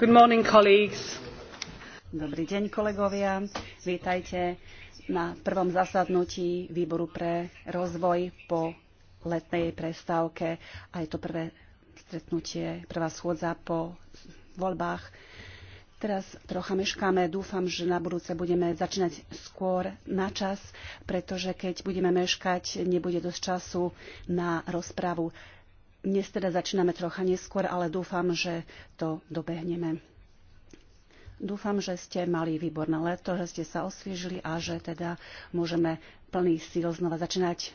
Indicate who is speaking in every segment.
Speaker 1: Dobrý deň, kolegovia. Vítajte na prvom zasadnutí výboru pre rozvoj po letnej prestávke a je to prvé stretnutie, prvá schôdza po voľbách. Teraz trocha meškáme, dúfam, že na budúce budeme začínať skôr na čas, pretože keď budeme meškať, nebude dosť času na rozpravu. Dnes teda začíname trocha neskôr, ale dúfam, že to dobehneme. Dúfam, že ste mali výborné leto, že ste sa osviežili a že teda môžeme plný síl znova začínať.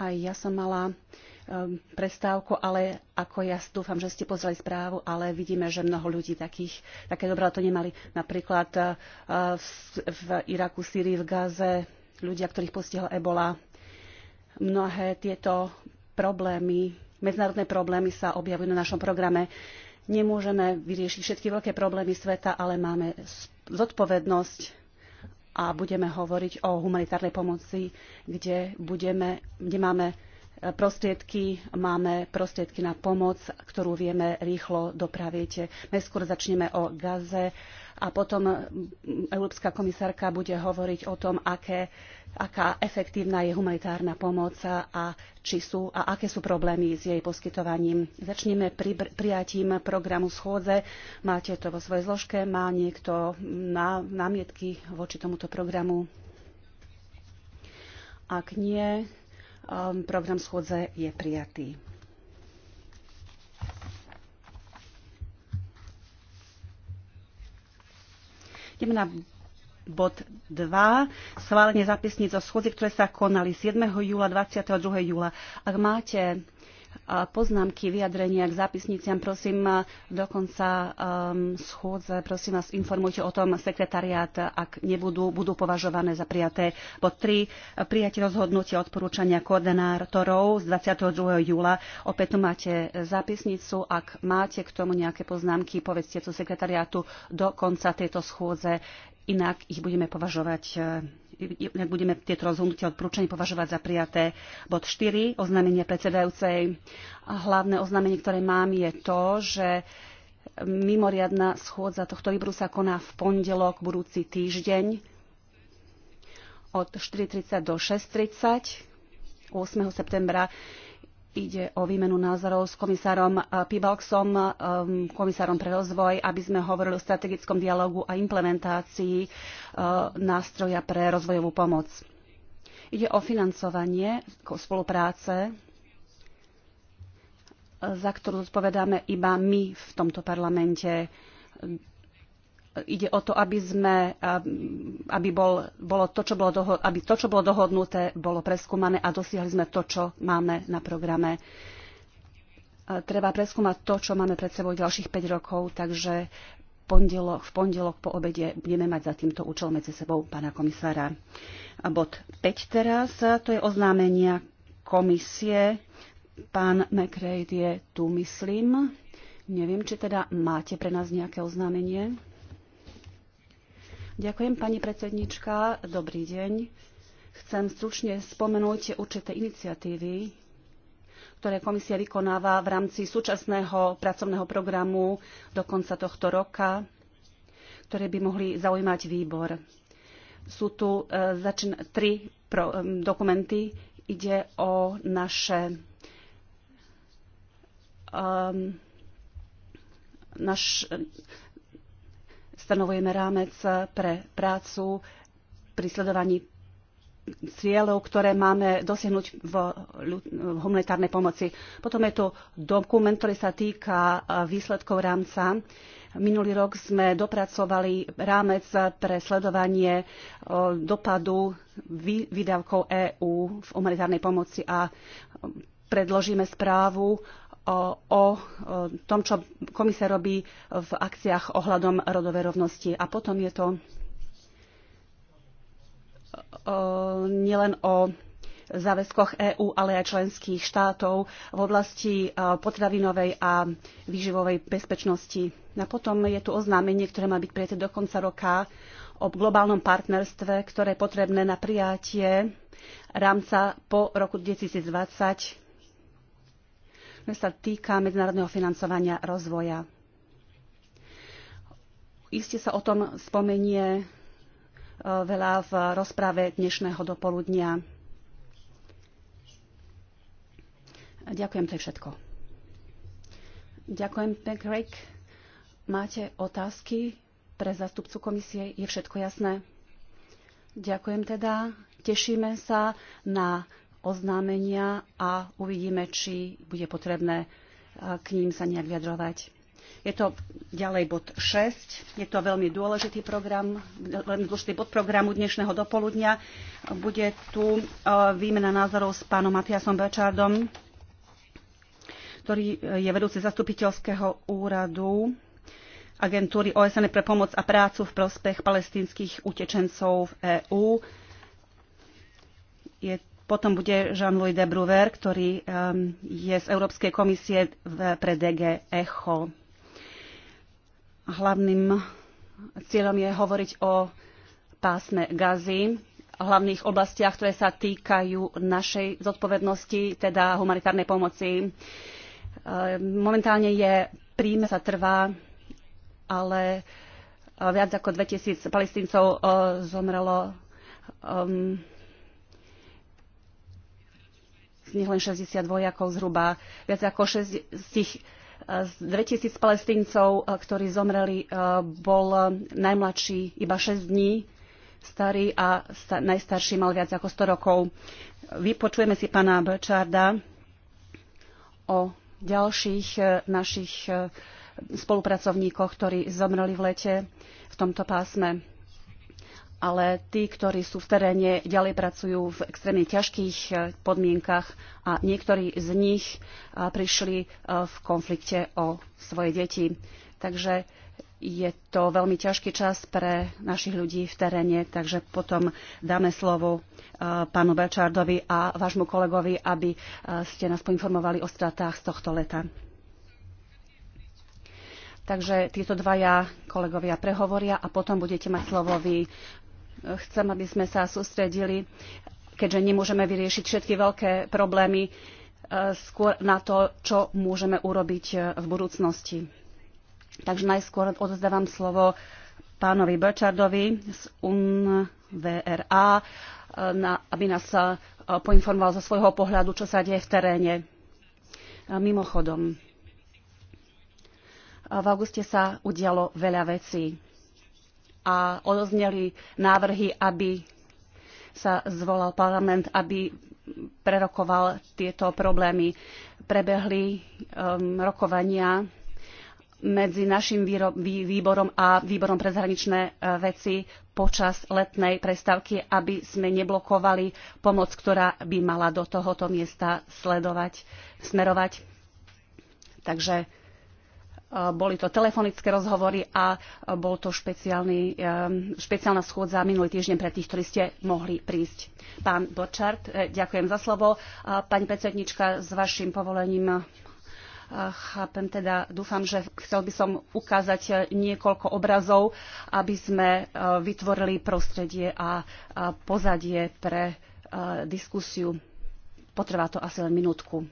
Speaker 1: Aj ja som mala um, prestávku, ale ako ja dúfam, že ste pozreli správu, ale vidíme, že mnoho ľudí takých, také dobré to nemali. Napríklad uh, v, v Iraku, Syrii, v Gaze, ľudia, ktorých postihla ebola, Mnohé tieto problémy, medzinárodné problémy sa objavujú na našom programe. Nemôžeme vyriešiť všetky veľké problémy sveta, ale máme zodpovednosť a budeme hovoriť o humanitárnej pomoci, kde, budeme, kde máme prostriedky, máme prostriedky na pomoc, ktorú vieme rýchlo dopraviť. Najskôr začneme o Gaze a potom mm, Európska komisárka bude hovoriť o tom, aké, aká efektívna je humanitárna pomoc a, či sú, a aké sú problémy s jej poskytovaním. Začneme pri, prijatím programu schôdze. Máte to vo svojej zložke. Má niekto mm, na, námietky voči tomuto programu? Ak nie, um, program schôdze je prijatý. Ideme na bod 2. Schválenie zapisníc o schôdzi, ktoré sa konali 7. júla, 22. júla. Ak máte poznámky, vyjadrenia k zápisniciam, prosím, e, do konca um, schôdze, prosím vás, informujte o tom sekretariát, ak nebudú, budú považované za prijaté. Bod 3. Prijatie rozhodnutia odporúčania koordinátorov z 22. júla. Opäť tu máte zápisnicu. Ak máte k tomu nejaké poznámky, povedzte to sekretariátu do konca tejto schôdze, inak ich budeme považovať e, inak budeme tieto rozhodnutia odporúčania považovať za prijaté. Bod 4, oznámenie predsedajúcej. Hlavné oznámenie, ktoré mám, je to, že mimoriadná schôdza tohto výboru sa koná v pondelok, budúci týždeň od 4.30 do 6.30 8. septembra Ide o výmenu názorov s komisárom eh, Pibalksom, eh, komisárom pre rozvoj, aby sme hovorili o strategickom dialogu a implementácii eh, nástroja pre rozvojovú pomoc. Ide o financovanie spolupráce, za ktorú zodpovedáme iba my v tomto parlamente ide o to, aby, sme, aby bol, bolo to, čo bolo doho- aby to, čo bolo dohodnuté, bolo preskúmané a dosiahli sme to, čo máme na programe. E, treba preskúmať to, čo máme pred sebou ďalších 5 rokov, takže pondelok, v pondelok po obede budeme mať za týmto účel medzi sebou pána komisára. A bod 5 teraz, to je oznámenia komisie. Pán McRae je tu, myslím. Neviem, či teda máte pre nás nejaké oznámenie. Ďakujem, pani predsednička. Dobrý deň. Chcem stručne spomenúť určité iniciatívy, ktoré komisia vykonáva v rámci súčasného pracovného programu do konca tohto roka, ktoré by mohli zaujímať výbor. Sú tu e, začín, tri pro, e, dokumenty. Ide o naše um, naš, stanovujeme rámec pre prácu pri sledovaní cieľov, ktoré máme dosiahnuť v, humanitárnej pomoci. Potom je tu dokument, ktorý sa týka e, výsledkov rámca. Minulý rok sme dopracovali rámec pre sledovanie e, dopadu výdavkov EÚ v humanitárnej pomoci a e, predložíme správu o, o tom, čo komisia robí v akciách ohľadom rodovej rovnosti. A potom je to nielen o záväzkoch EÚ, ale aj členských štátov v oblasti e, potravinovej a výživovej bezpečnosti. A potom je tu oznámenie, ktoré má byť prijaté do konca roka o globálnom partnerstve, ktoré je potrebné na prijatie rámca po roku 2020 sa týka medzinárodného financovania rozvoja. Iste sa o tom spomenie e, veľa v rozprave dnešného dopoludnia. Ďakujem, to je všetko. Ďakujem, Pek Greg. Máte otázky pre zastupcu komisie? Je všetko jasné? Ďakujem teda. Tešíme sa na oznámenia a uvidíme, či bude potrebné e, k ním sa nejak vyjadrovať. Je to ďalej bod 6. Je to veľmi dôležitý, program, veľmi dôležitý bod programu dnešného dopoludnia. Bude tu e, výmena názorov s pánom Matiasom Bečardom, ktorý je vedúci zastupiteľského úradu agentúry OSN pre pomoc a prácu v prospech palestínskych utečencov v EÚ. Je potom bude Jean-Louis de Bruver, ktorý je z Európskej komisie pre DG ECHO. Hlavným cieľom je hovoriť o pásme Gazy, hlavných oblastiach, ktoré sa týkajú našej zodpovednosti, teda humanitárnej pomoci. Momentálne je príjme sa trvá, ale e, viac ako 2000 palestíncov e, zomrelo um, nich len 60 vojakov zhruba, viac ako 6 z tých z 2000 palestíncov, eh, ktorí zomreli, eh, bol najmladší iba 6 dní starý a najstarší mal viac ako 100 rokov. Vypočujeme si pána Bčarda o ďalších eh, našich spolupracovníkoch, ktorí zomreli v lete v tomto pásme ale tí, ktorí sú v teréne, ďalej pracujú v extrémne ťažkých eh, podmienkach a niektorí z nich eh, prišli eh, v konflikte o svoje deti. Takže je to veľmi ťažký čas pre našich ľudí v teréne, takže potom dáme slovo pánu Bečardovi a vášmu kolegovi, aby ste nás poinformovali o stratách z tohto leta. Takže títo dvaja kolegovia prehovoria a potom budete mať slovo vy, Chcem, aby sme sa sústredili, keďže nemôžeme vyriešiť všetky veľké problémy, e, skôr na to, čo môžeme urobiť e, v budúcnosti. Takže najskôr odozdávam slovo pánovi Burchardovi z UNVRA, e, aby nás poinformoval zo svojho pohľadu, čo sa deje v teréne. Mimochodom, v auguste sa udialo veľa vecí a odozneli návrhy, aby sa zvolal parlament, aby prerokoval tieto problémy. Prebehli um, rokovania medzi našim výborom a výborom pre zahraničné uh, veci počas letnej prestávky, aby sme neblokovali pomoc, ktorá by mala do tohoto miesta sledovať, smerovať. Takže boli to telefonické rozhovory a bol to špeciálny, eh, špeciálna schôdza minulý týždeň pre tých, ktorí ste mohli prísť. Pán Borčart, eh, ďakujem za slovo. Pani predsednička, s vašim povolením eh, chápem teda, dúfam, že chcel by som ukázať niekoľko obrazov, aby sme vytvorili prostredie a pozadie pre diskusiu. Potrvá to asi len minútku.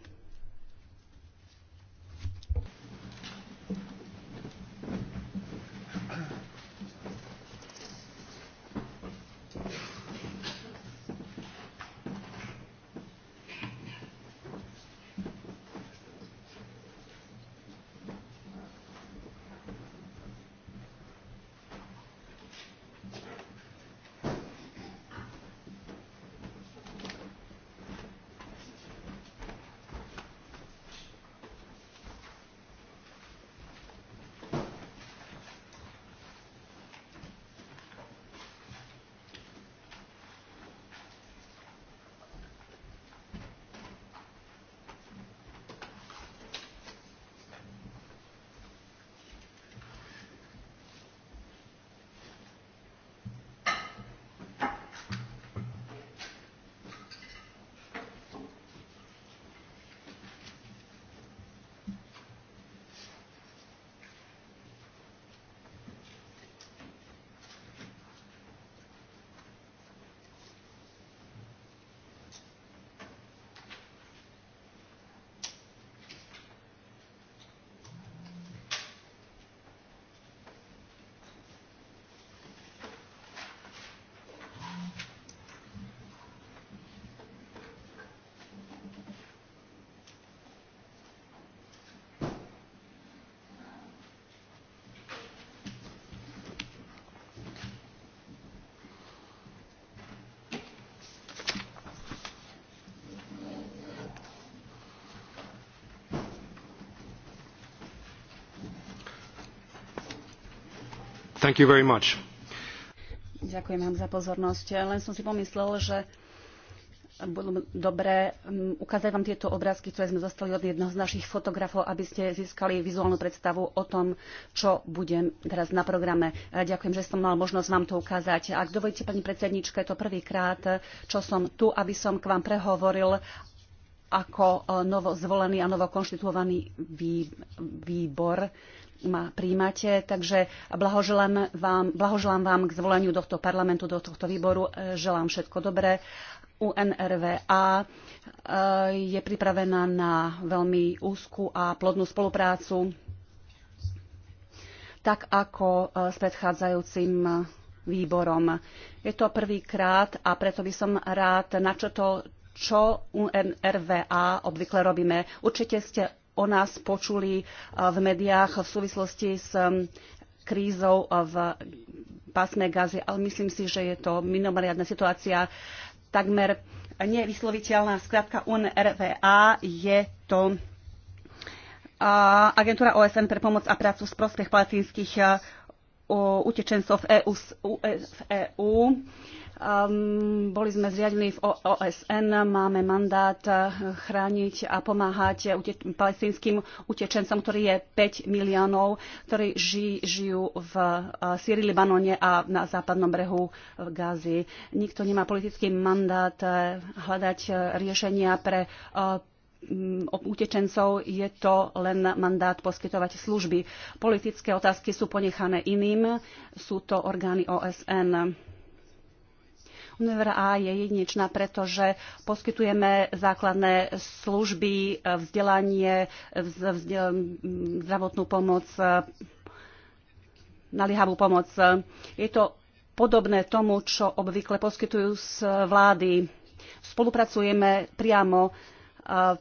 Speaker 1: Ďakujem vám za pozornosť. Len som si pomyslel, že bolo dobré mm, ukázať vám tieto obrázky, ktoré sme dostali od jedného z našich fotografov, aby ste získali vizuálnu predstavu o tom, čo budem teraz na programe. Ďakujem, že som mal možnosť vám to ukázať. Ak dovolíte, pani predsedníčka, je to prvýkrát, čo som tu, aby som k vám prehovoril ako e, novozvolený a novokonštituovaný výbor ma príjmate. Takže blahoželám vám, blahoželám vám k zvoleniu tohto parlamentu, do tohto výboru. E, želám všetko dobré. UNRVA e, je pripravená na veľmi úzku a plodnú spoluprácu, tak ako s predchádzajúcim výborom. Je to prvýkrát a preto by som rád načrtol čo UNRVA obvykle robíme. Určite ste o nás počuli eh, v médiách v súvislosti s mm, krízou eh, v pásme gazy, ale myslím si, že je to minomariadná situácia takmer nevysloviteľná. Skrátka UNRVA je to eh, agentúra OSN pre pomoc a prácu z prospech palestínskych utečencov v e e- V EU Um, boli sme zriadení v OSN, máme mandát eh, chrániť a pomáhať uteč- palestinským utečencom, ktorí je 5 miliónov, ktorí ži- žijú v uh, eh, Syrii, Libanone a na západnom brehu v eh, Gázi. Nikto nemá politický mandát hľadať riešenia pre uh, utečencov je to len mandát poskytovať služby. Politické otázky sú ponechané iným, sú to orgány OSN Univer A je jedinečná, pretože poskytujeme základné služby, vzdelanie, zdravotnú pomoc, naliehavú pomoc. Je to podobné tomu, čo obvykle poskytujú z vlády. Spolupracujeme priamo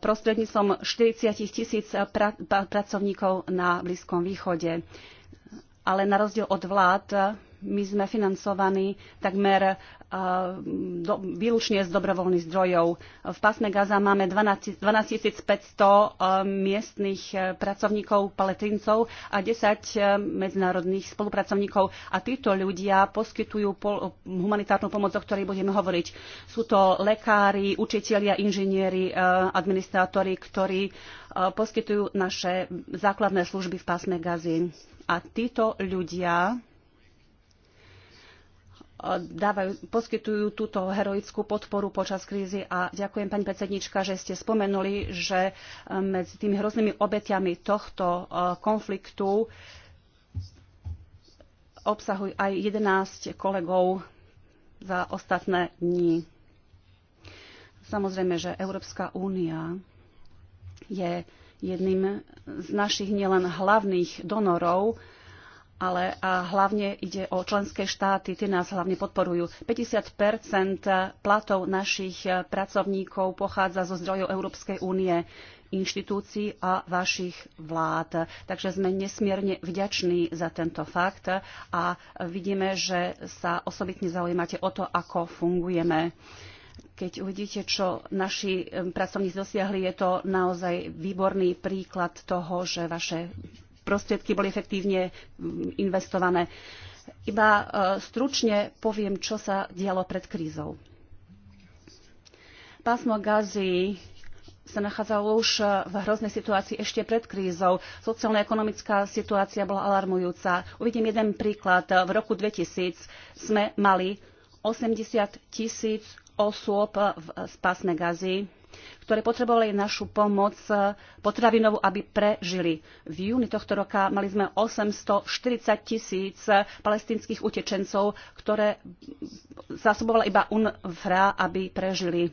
Speaker 1: prostredníctvom 40 tisíc pra- pracovníkov na Blízkom východe. Ale na rozdiel od vlád my sme financovaní takmer eh, do, výlučne z dobrovoľných zdrojov. V pásme Gaza máme 12 500 eh, miestnych eh, pracovníkov, paletincov a 10 medzinárodných spolupracovníkov. A títo ľudia poskytujú pol, humanitárnu pomoc, o ktorej budeme hovoriť. Sú to lekári, učitelia, inžinieri, administrátori, ktorí poskytujú naše základné služby v pásme Gazy. A títo ľudia dávajú, poskytujú túto heroickú podporu počas krízy a ďakujem pani predsednička, že ste spomenuli, že eh, medzi tými hroznými obetiami tohto eh, konfliktu obsahujú aj 11 kolegov za ostatné dni. Samozrejme, že Európska únia je jedným z našich nielen hlavných donorov, ale a hlavne ide o členské štáty, tie nás hlavne podporujú. 50 platov našich e, pracovníkov pochádza zo zdrojov Európskej únie inštitúcií a vašich vlád. Takže sme nesmierne vďační za tento fakt a vidíme, že sa osobitne zaujímate o to, ako fungujeme. Keď uvidíte, čo naši e, pracovníci dosiahli, je to naozaj výborný príklad toho, že vaše prostriedky boli efektívne mm, investované. Iba e, stručne poviem, čo sa dialo pred krízou. Pásmo Gazi sa nachádzalo už e, v hroznej situácii ešte pred krízou. Sociálno-ekonomická situácia bola alarmujúca. Uvidím jeden príklad. E, v roku 2000 sme mali 80 tisíc osôb v pásme gazy ktoré potrebovali našu pomoc eh, potravinovú, aby prežili. V júni tohto roka mali sme 840 tisíc palestinských utečencov, ktoré zásobovala iba UNFRA, aby prežili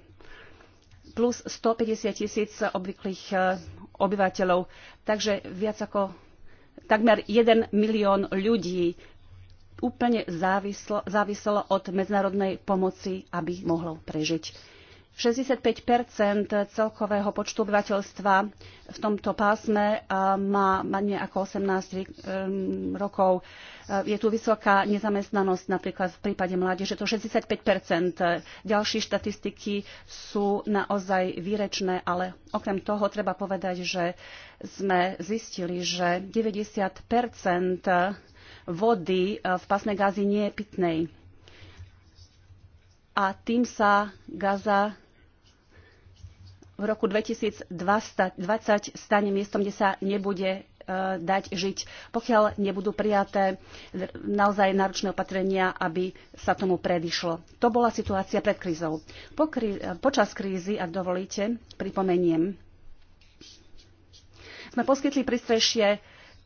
Speaker 1: plus 150 tisíc obvyklých eh, obyvateľov. Takže viac ako takmer 1 milión ľudí úplne závislo, záviselo od medzinárodnej pomoci, aby mohlo prežiť. 65 celkového počtu obyvateľstva v tomto pásme eh, má menej ako 18 eh, rokov. Eh, je tu vysoká nezamestnanosť, napríklad v prípade mládeže to 65 Ďalšie štatistiky sú naozaj výrečné, ale okrem toho treba povedať, že sme zistili, že 90 vody v pásme gázy nie je pitnej. A tým sa Gaza v roku 2020 stane miestom, kde sa nebude e, dať žiť, pokiaľ nebudú prijaté naozaj náročné opatrenia, aby sa tomu predišlo. To bola situácia pred krízou. Po krí- počas krízy, ak dovolíte, pripomeniem, sme poskytli pristrešie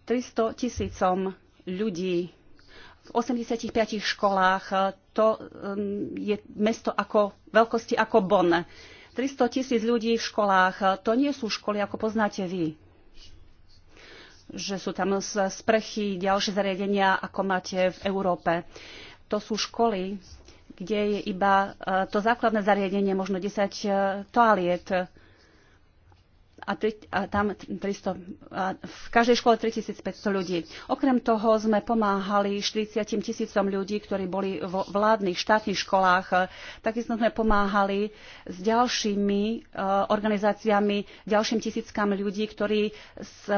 Speaker 1: 300 tisícom ľudí v 85 školách. E, to e, je mesto ako, veľkosti ako Bonn 300 tisíc ľudí v školách. E, to nie sú školy, ako poznáte vy že sú tam sprechy, ďalšie zariadenia, ako máte v Európe. To sú školy, kde je iba e, to základné zariadenie, možno 10 e, toaliet a, tri, a tam 300, a v každej škole 3500 ľudí. Okrem toho sme pomáhali 40 tisícom ľudí, ktorí boli vo vládnych štátnych školách. Takisto sme pomáhali s ďalšími e, organizáciami, ďalším tisíckam ľudí, ktorí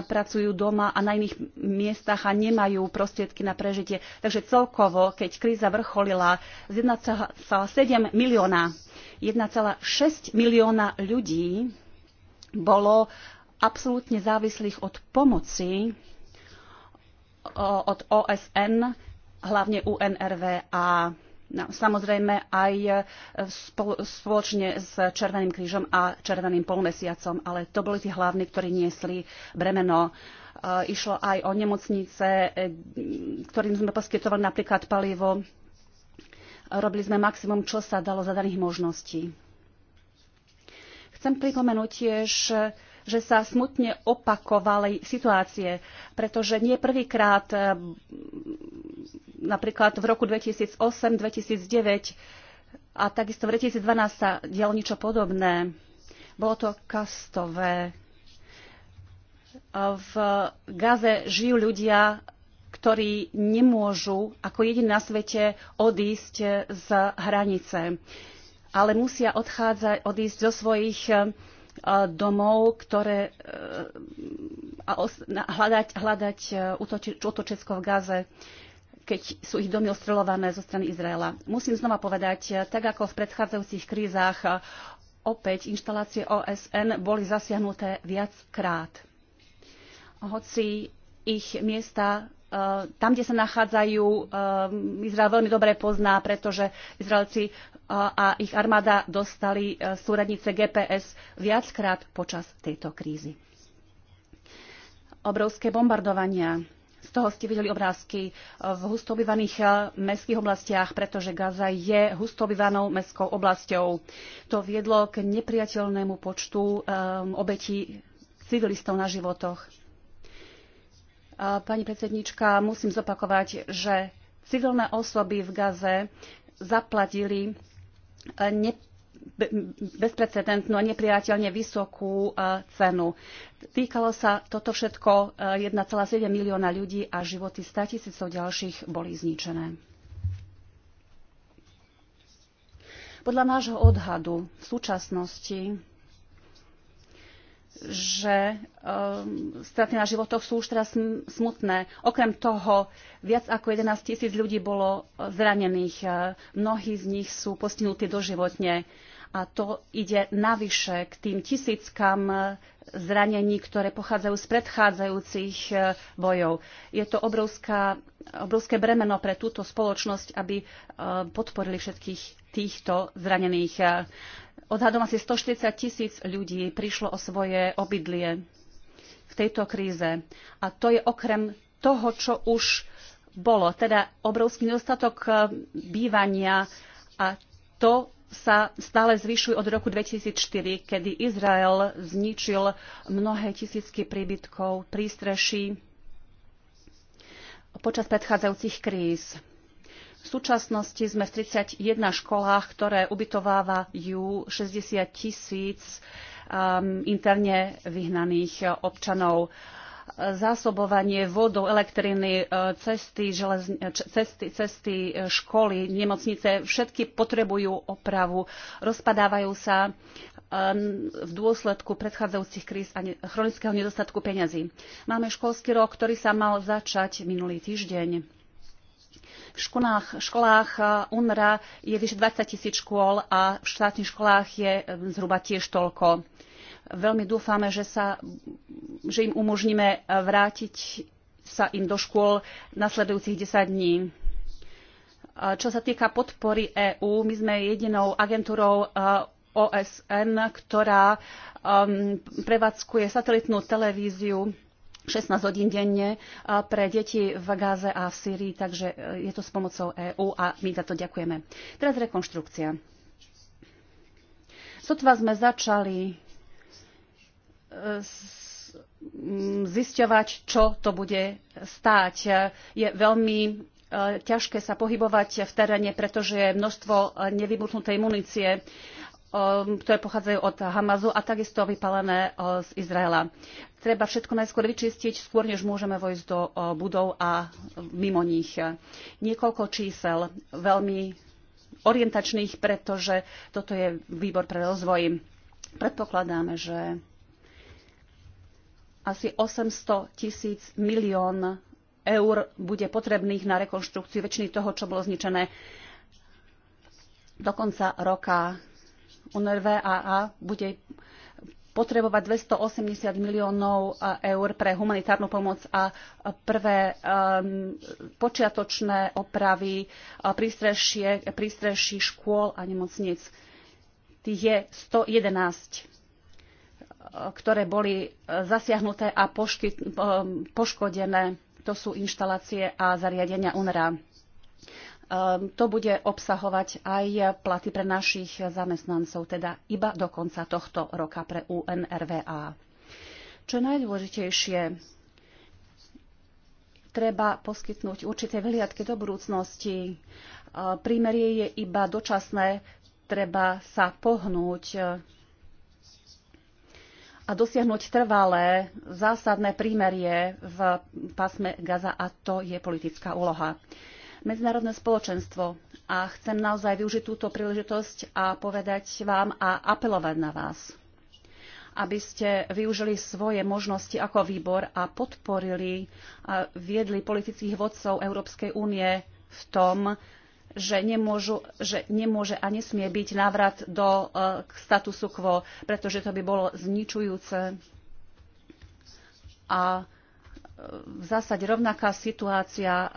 Speaker 1: pracujú doma a na iných miestach a nemajú prostriedky na prežitie. Takže celkovo, keď kríza vrcholila z 1,7 milióna, 1,6 milióna ľudí bolo absolútne závislých od pomoci od OSN, hlavne UNRV no, samozrejme aj e, spoločne s Červeným krížom a Červeným polmesiacom, ale to boli tí hlavní, ktorí niesli bremeno. E, išlo aj o nemocnice, e, ktorým sme poskytovali napríklad palivo. Robili sme maximum, čo sa dalo za daných možností. Chcem pripomenúť tiež, že sa smutne opakovali situácie, pretože nie prvýkrát, eh, napríklad v roku 2008-2009 a takisto v 2012 sa dialo niečo podobné. Bolo to kastové. V Gaze žijú ľudia, ktorí nemôžu ako jediní na svete odísť z hranice ale musia odchádzať, odísť zo svojich e, domov, ktoré e, a hľadať, hľadať e, útočisko v Gaze, keď sú ich domy ostreľované zo strany Izraela. Musím znova povedať, tak ako v predchádzajúcich krízach, opäť inštalácie OSN boli zasiahnuté viackrát. Hoci ich miesta Eh, tam, kde sa nachádzajú, eh, Izrael veľmi dobre pozná, pretože Izraelci eh, a ich armáda dostali súradnice GPS viackrát počas tejto krízy. Obrovské bombardovania. Z toho ste videli obrázky v husto obývaných mestských oblastiach, pretože Gaza je husto obývanou mestskou oblasťou. To viedlo k nepriateľnému počtu obetí civilistov na životoch Pani predsednička, musím zopakovať, že civilné osoby v Gaze zaplatili e, bezprecedentnú a nepriateľne vysokú e, cenu. Týkalo sa toto všetko 1,7 e, milióna ľudí a životy 100 tisícov ďalších boli zničené. Podľa nášho odhadu v súčasnosti že ehm, straty na životoch sú už teraz smutné. Okrem toho, viac ako 11 tisíc ľudí bolo e, zranených. E, mnohí z nich sú postihnutí doživotne. A to ide navyše k tým tisíckam e, zranení, ktoré pochádzajú z predchádzajúcich bojov. Je to obrovská, obrovské bremeno pre túto spoločnosť, aby podporili všetkých týchto zranených. Odhadom asi 140 tisíc ľudí prišlo o svoje obydlie v tejto kríze. A to je okrem toho, čo už bolo, teda obrovský nedostatok eh, bývania a to sa stále zvyšuje od roku 2004, kedy Izrael zničil mnohé tisícky príbytkov, prístreší počas predchádzajúcich kríz. V súčasnosti sme v 31 školách, ktoré ubytovávajú 60 tisíc um, interne vyhnaných občanov zásobovanie vodou, elektriny, uh, cesty, železne, cesty, cesty, uh, školy, nemocnice, všetky potrebujú opravu, rozpadávajú sa um, v dôsledku predchádzajúcich kríz a chronického nedostatku peňazí. Máme školský rok, ktorý sa mal začať minulý týždeň. V školách, školách eh, UNRA je vyše 20 tisíc škôl a v štátnych školách je eh, zhruba tiež toľko. Veľmi dúfame, že, sa, že im umožníme eh, vrátiť sa im do škôl nasledujúcich 10 dní. Čo sa týka podpory EÚ, my sme jedinou agentúrou OSN, ktorá ehm, prevádzkuje satelitnú televíziu 16 hodín denne pre deti v Gáze a v Sýrii, takže e, je to s pomocou EÚ a my za to ďakujeme. Teraz rekonštrukcia. Sotva sme začali e, zisťovať, čo to bude stáť. Je veľmi e, ťažké sa pohybovať v teréne, pretože je množstvo nevybuchnutej munície Um, ktoré pochádzajú od Hamazu a takisto vypálené uh, z Izraela. Treba všetko najskôr vyčistiť, skôr než môžeme vojsť do uh, budov a uh, mimo nich. Niekoľko čísel, veľmi orientačných, pretože toto je výbor pre rozvoj. Predpokladáme, že asi 800 tisíc milión eur bude potrebných na rekonštrukciu väčšiny toho, čo bolo zničené do konca roka VAA bude potrebovať 280 miliónov e, eur pre humanitárnu pomoc a e, prvé um, počiatočné opravy e, prístrešie, škôl a nemocnic. Tých je 111 ktoré boli zasiahnuté a poškodené. To sú inštalácie a zariadenia UNRA. Ehm, to bude obsahovať aj platy pre našich zamestnancov, teda iba do konca tohto roka pre UNRVA. Čo najdôležitejšie, treba poskytnúť určité vyhliadky do budúcnosti. Ehm, prímerie je iba dočasné, treba sa pohnúť ehm, a dosiahnuť trvalé, zásadné prímerie v pásme Gaza a to je politická úloha medzinárodné spoločenstvo. A chcem naozaj využiť túto príležitosť a povedať vám a apelovať na vás, aby ste využili svoje možnosti ako výbor a podporili a viedli politických vodcov Európskej únie v tom, že, nemôžu, že nemôže a nesmie byť návrat do uh, statusu quo, pretože to by bolo zničujúce a v zásade rovnaká situácia e,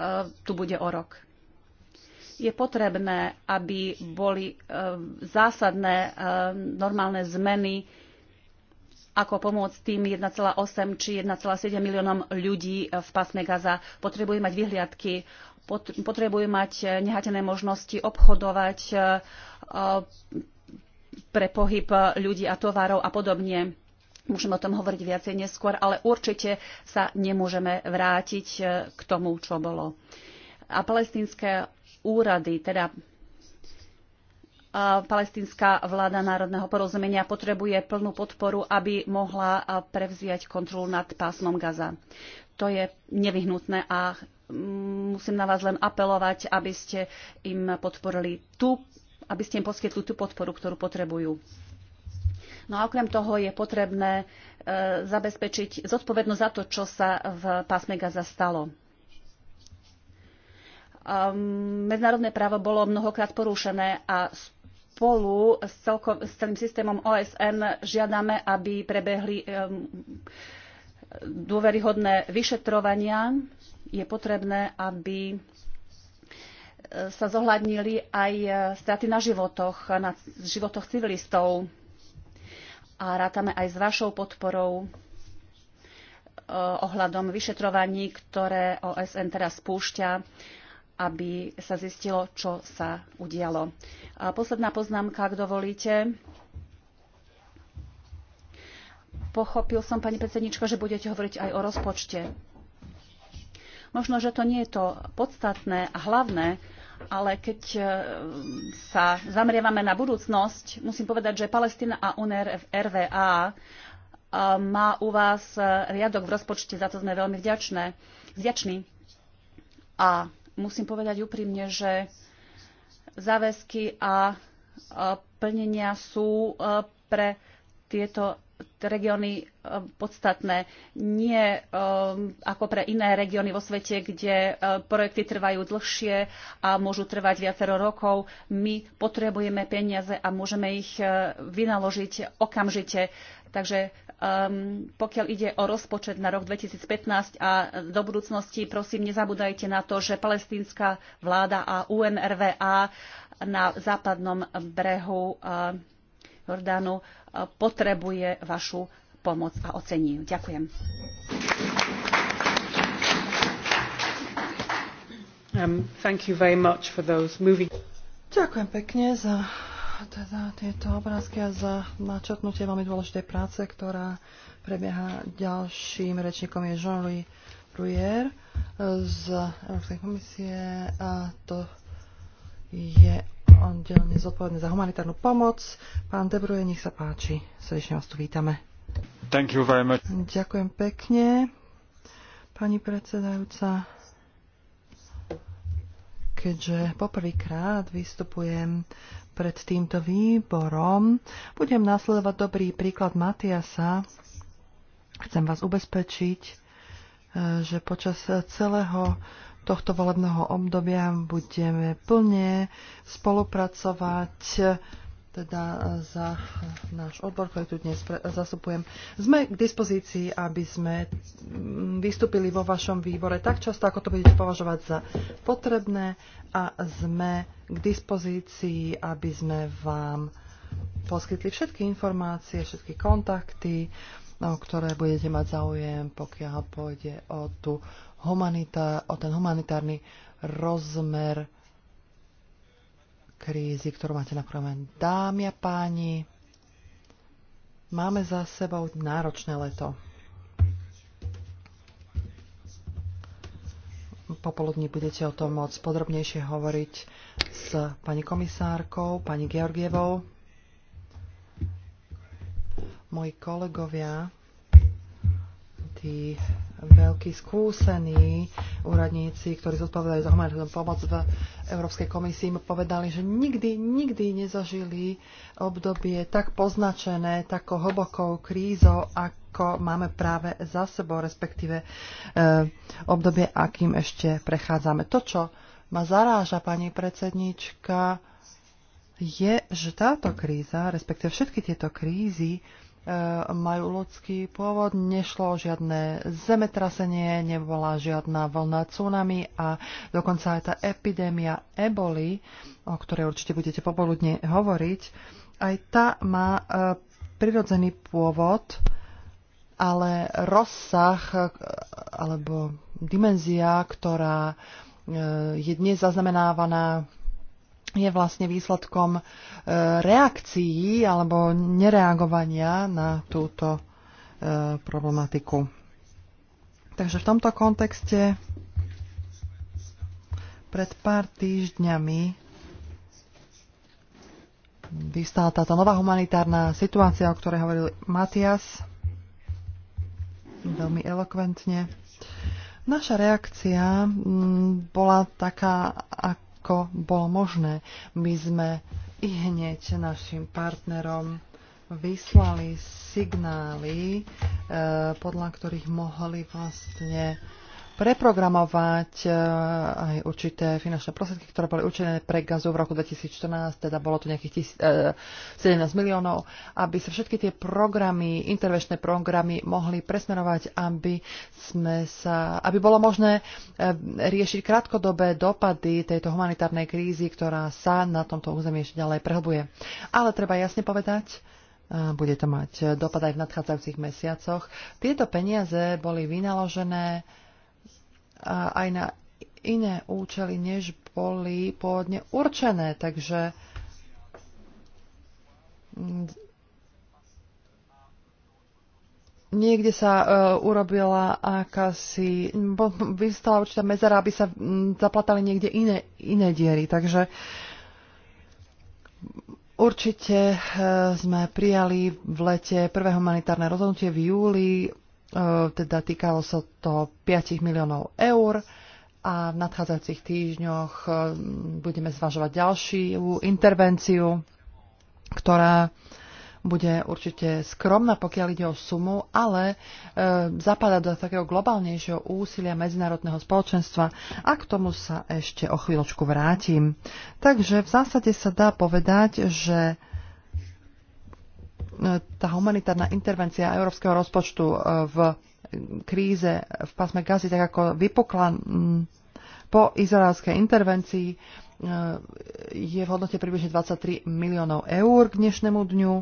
Speaker 1: tu bude o rok. Je potrebné, aby boli e, zásadné e, normálne zmeny, ako pomôcť tým 1,8 či 1,7 miliónom ľudí v pásme Gaza. Potrebujú mať vyhliadky, potrebujú mať nehatené možnosti obchodovať pre pohyb ľudí a tovarov a podobne Môžeme o tom hovoriť viacej neskôr, ale určite sa nemôžeme vrátiť e, k tomu, čo bolo. A palestinské úrady, teda e, palestinská vláda národného porozumenia potrebuje plnú podporu, aby mohla e, prevziať kontrolu nad pásmom Gaza. To je nevyhnutné a mm, musím na vás len apelovať, aby ste im podporili tú, aby ste im poskytli tú podporu, ktorú potrebujú. No a okrem toho je potrebné e, zabezpečiť zodpovednosť za to, čo sa v pásme Gaza stalo. Medzinárodné právo bolo mnohokrát porušené a spolu s, celko, s celým systémom OSN žiadame, aby prebehli dôveryhodné vyšetrovania. Je potrebné, aby e, sa zohľadnili aj e, straty na životoch, na životoch civilistov a rátame aj s vašou podporou e, ohľadom vyšetrovaní, ktoré OSN teraz spúšťa, aby sa zistilo, čo sa udialo. A posledná poznámka, ak dovolíte. Pochopil som, pani predsednička, že budete hovoriť aj o rozpočte. Možno, že to nie je to podstatné a hlavné, ale keď e, sa zamrievame na budúcnosť, musím povedať, že Palestina a UNRWA e, má u vás e, riadok v rozpočte, za to sme veľmi vďačné, vďační. A musím povedať úprimne, že záväzky a plnenia sú pre tieto regióny e, podstatné. Nie e, ako pre iné regióny vo svete, kde e, projekty trvajú dlhšie a môžu trvať viacero rokov. My potrebujeme peniaze a môžeme ich vynaložiť okamžite. Takže um, pokiaľ ide o rozpočet na rok 2015 a do budúcnosti, prosím, nezabúdajte na to, že palestínska vláda a UNRVA na západnom brehu uh, Jordánu e, potrebuje vašu pomoc a ocení ju. Ďakujem.
Speaker 2: Um, thank you very much for those moving...
Speaker 3: Ďakujem pekne za teda tieto obrázky a za načrtnutie veľmi dôležitej práce, ktorá prebieha ďalším rečníkom je Jean-Louis Bruyère e, z Európskej komisie a to je oddelenie zodpovedné za humanitárnu pomoc. Pán Debruje, nech sa páči. Srdečne vás tu vítame.
Speaker 4: Thank you very much.
Speaker 3: Ďakujem pekne, pani predsedajúca. Keďže poprvýkrát vystupujem pred týmto výborom, budem nasledovať dobrý príklad Matiasa. Chcem vás ubezpečiť, eh, že počas celého tohto volebného obdobia budeme plne spolupracovať teda za náš odbor, ktorý tu dnes zastupujem. Sme k dispozícii, aby sme mm, vystúpili vo vašom výbore tak často, ako to budete považovať za potrebné a sme k dispozícii, aby sme vám poskytli všetky informácie, všetky kontakty, o ktoré budete mať záujem, pokiaľ pôjde o, tú humanita- o ten humanitárny rozmer krízy, ktorú máte na prvom. Dámy a páni, máme za sebou náročné leto. Popoludní budete o tom môcť podrobnejšie hovoriť s pani komisárkou, pani Georgievou moji kolegovia, tí veľkí skúsení úradníci, ktorí zodpovedajú za humanitárnu pomoc v Európskej komisii, mi povedali, že nikdy, nikdy nezažili obdobie tak poznačené takou hlbokou krízou, ako máme práve za sebou, respektíve e, obdobie, akým ešte prechádzame. To, čo ma zaráža, pani predsednička, je, že táto kríza, respektíve všetky tieto krízy, E, majú ľudský pôvod, nešlo o žiadne zemetrasenie, nebola žiadna vlna tsunami a dokonca aj tá epidémia eboli, o ktorej určite budete popoludne hovoriť, aj tá má e, prirodzený pôvod, ale rozsah e, alebo dimenzia, ktorá je dnes zaznamenávaná je vlastne výsledkom e, reakcií alebo nereagovania na túto e, problematiku. Takže v tomto kontexte pred pár týždňami vystala táto nová humanitárna situácia, o ktorej hovoril Matias veľmi elokventne. Naša reakcia bola taká, ak všetko bolo možné. My sme i hneď našim partnerom vyslali signály, eh, podľa ktorých mohli vlastne preprogramovať eh, aj určité finančné prostriedky, ktoré boli určené pre gazu v roku 2014, teda bolo to nejakých 17 eh, miliónov, aby sa všetky tie programy, intervenčné programy mohli presmerovať, aby, sme sa, aby bolo možné eh, riešiť krátkodobé dopady tejto humanitárnej krízy, ktorá sa na tomto území ešte ďalej prehlbuje. Ale treba jasne povedať, bude to mať dopad aj v nadchádzajúcich mesiacoch. Tieto peniaze boli vynaložené aj na iné účely, než boli pôvodne určené. Takže mm, niekde sa uh, urobila akási, vystala určitá mezera, aby sa mm, zaplatali niekde iné, iné diery. Takže určite uh, sme prijali v lete prvé humanitárne rozhodnutie v júli E, teda týkalo sa to 5 miliónov eur a v nadchádzajúcich týždňoch e, budeme zvažovať ďalšiu intervenciu, ktorá bude určite skromná, pokiaľ ide o sumu, ale e, zapadá do takého globálnejšieho úsilia medzinárodného spoločenstva a k tomu sa ešte o chvíľočku vrátim. Takže v zásade sa dá povedať, že tá humanitárna intervencia európskeho rozpočtu e, v kríze v pásme Gazi tak ako vypukla mm, po izraelskej intervencii, e, je v hodnote približne 23 miliónov eur k dnešnému dňu.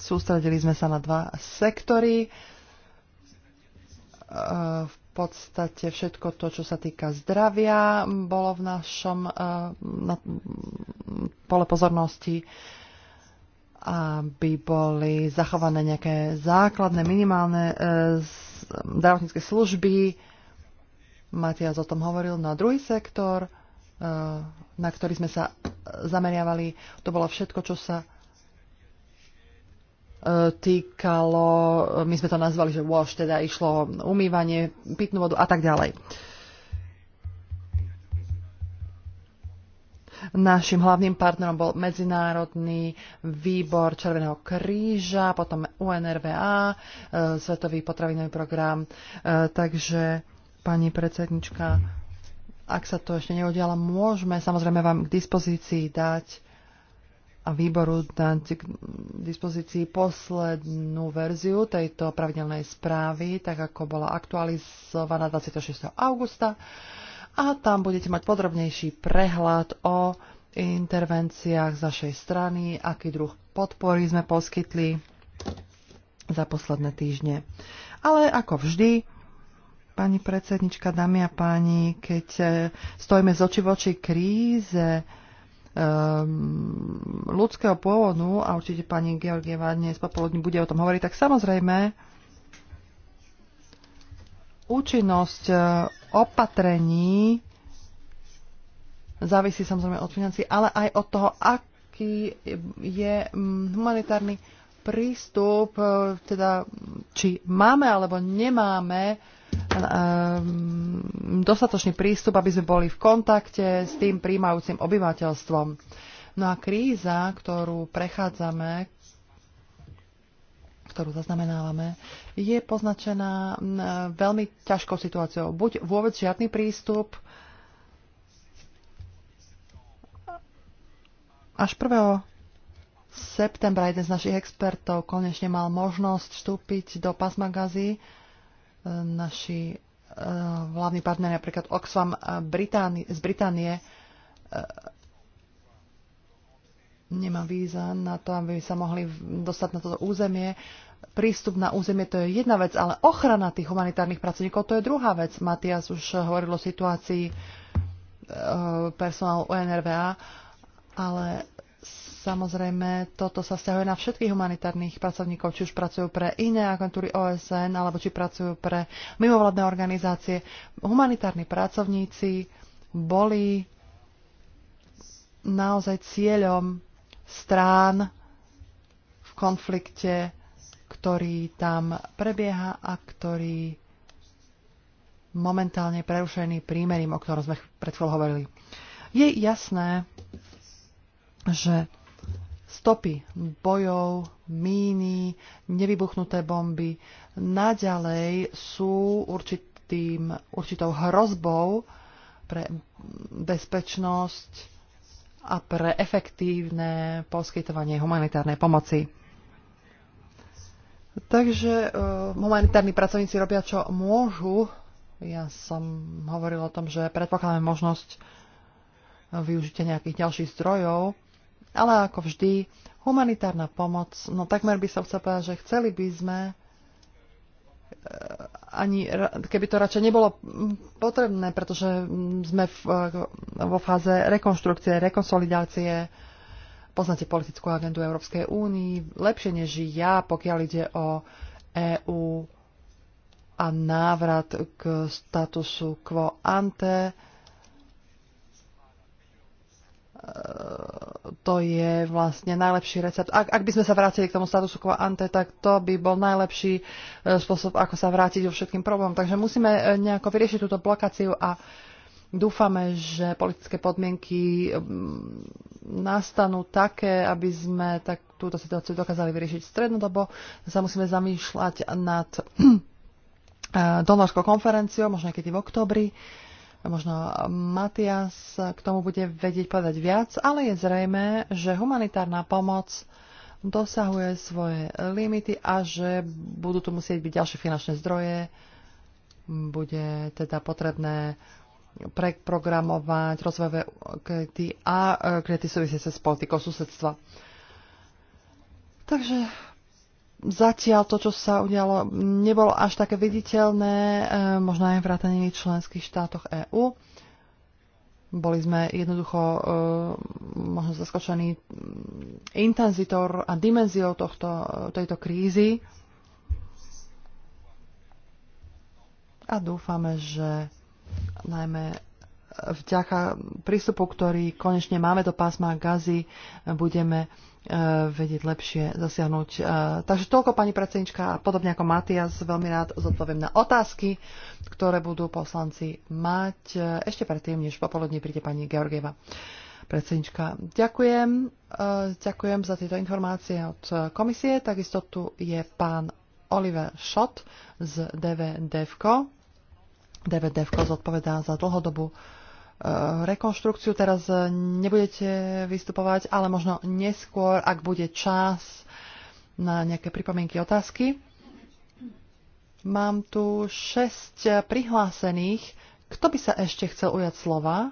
Speaker 3: Sústredili sme sa na dva sektory. E, v podstate všetko to, čo sa týka zdravia, bolo v našom eh, na, pole pozornosti, aby boli zachované nejaké základné, minimálne eh, zdravotnícke služby. Matias o tom hovoril. No a druhý sektor, eh, na ktorý sme sa zameriavali, to bolo všetko, čo sa E, týkalo, e, my sme to nazvali, že wash, teda išlo umývanie, pitnú vodu a tak ďalej. Našim hlavným partnerom bol Medzinárodný výbor Červeného kríža, potom UNRVA, e, Svetový potravinový program. Takže, pani predsednička, ak sa to ešte neudiala, môžeme samozrejme vám k dispozícii dať a výboru k dispozícii poslednú verziu tejto pravidelnej správy, tak ako bola aktualizovaná 26. augusta. A tam budete mať podrobnejší prehľad o intervenciách z našej strany, aký druh podpory sme poskytli za posledné týždne. Ale ako vždy, pani predsednička, dámy a páni, keď stojíme z oči v oči kríze, Ehm, ľudského pôvodu, a určite pani Georgieva dnes popoludní bude o tom hovoriť, tak samozrejme účinnosť e, opatrení závisí samozrejme od financí, ale aj od toho, aký je humanitárny prístup, e, teda či máme alebo nemáme e, dostatočný prístup, aby sme boli v kontakte s tým príjmajúcim obyvateľstvom. No a kríza, ktorú prechádzame, ktorú zaznamenávame, je poznačená veľmi ťažkou situáciou. Buď vôbec žiadny prístup, až 1 septembra jeden z našich expertov konečne mal možnosť vstúpiť do pasmagazí. E, naši hlavní e, partneri, napríklad Oxfam e, z Británie, nemá víza na to, aby sa mohli dostať na toto územie. Prístup na územie to je jedna vec, ale ochrana tých humanitárnych pracovníkov to je druhá vec. Matias už hovoril o situácii personálu UNRVA, ale Samozrejme, toto sa stiahuje na všetkých humanitárnych pracovníkov, či už pracujú pre iné agentúry OSN, alebo či pracujú pre mimovládne organizácie. Humanitárni pracovníci boli naozaj cieľom strán v konflikte, ktorý tam prebieha a ktorý momentálne prerušený prímerím, o ktorom sme pred chvíľou hovorili. Je jasné, že stopy bojov, míny, nevybuchnuté bomby naďalej sú určitým, určitou hrozbou pre bezpečnosť a pre efektívne poskytovanie humanitárnej pomoci. Takže uh, humanitárni pracovníci robia, čo môžu. Ja som hovoril o tom, že predpokladáme možnosť využitia nejakých ďalších zdrojov ale ako vždy, humanitárna pomoc, no takmer by som chcel povedať, že chceli by sme eh, ani, keby to radšej nebolo potrebné, pretože sme v, eh, vo fáze rekonštrukcie, rekonsolidácie, poznáte politickú agendu Európskej únii, lepšie než ja, pokiaľ ide o EÚ a návrat k statusu quo ante, to je vlastne najlepší recept. Ak, ak by sme sa vrátili k tomu statusu quo ante, tak to by bol najlepší e, spôsob, ako sa vrátiť vo všetkým problémom. Takže musíme e, nejako vyriešiť túto blokáciu a dúfame, že politické podmienky mm, nastanú také, aby sme tak túto situáciu dokázali vyriešiť strednodobo. Sa musíme zamýšľať nad e, donorskou konferenciou, možno niekedy v oktobri. Uh, Možno Matias k tomu bude vedieť povedať viac, ale je zrejme, že humanitárna pomoc dosahuje svoje limity a že budú tu musieť byť ďalšie finančné zdroje. Bude teda potrebné preprogramovať rozvojové kredity a e, kredity súvisiace s politikou susedstva. Takže Zatiaľ to, čo sa udialo, nebolo až také viditeľné, e, možno aj v vrátane členských štátoch EÚ. Boli sme jednoducho e, možno zaskočení intenzitor a dimenziou tohto, tejto krízy. A dúfame, že najmä vďaka prístupu, ktorý konečne máme do pásma Gazy, budeme Eh, vedieť lepšie zasiahnuť. Eh, takže toľko, pani predsednička, a podobne ako Matias, veľmi rád zodpoviem na otázky, ktoré budú poslanci mať eh, ešte predtým, než popoludne príde pani Georgieva. Predsednička, ďakujem. Ďakujem za tieto informácie od komisie. Takisto tu je pán Oliver Schott z DVDFko. DVDFko zodpovedá za dlhodobú Eh, rekonštrukciu. Teraz eh, nebudete vystupovať, ale možno neskôr, ak bude čas na nejaké pripomienky, otázky. Mám tu 6 prihlásených. Kto by sa ešte chcel ujať slova,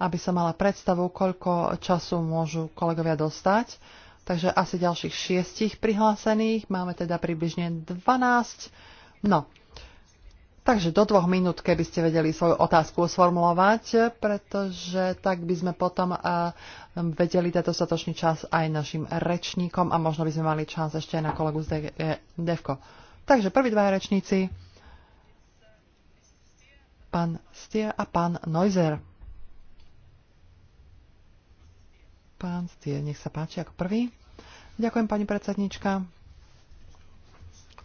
Speaker 3: aby sa mala predstavu, koľko času môžu kolegovia dostať? Takže asi ďalších šiestich prihlásených. Máme teda približne 12. No, Takže do dvoch minút, keby ste vedeli svoju otázku sformulovať, pretože tak by sme potom eh, vedeli dať dostatočný čas aj našim rečníkom a možno by sme mali čas ešte aj na kolegu z eh, Devko. Takže prví dva rečníci, pán Stier a pán Neuser. Pán Stier, nech sa páči ako prvý. Ďakujem, pani predsednička.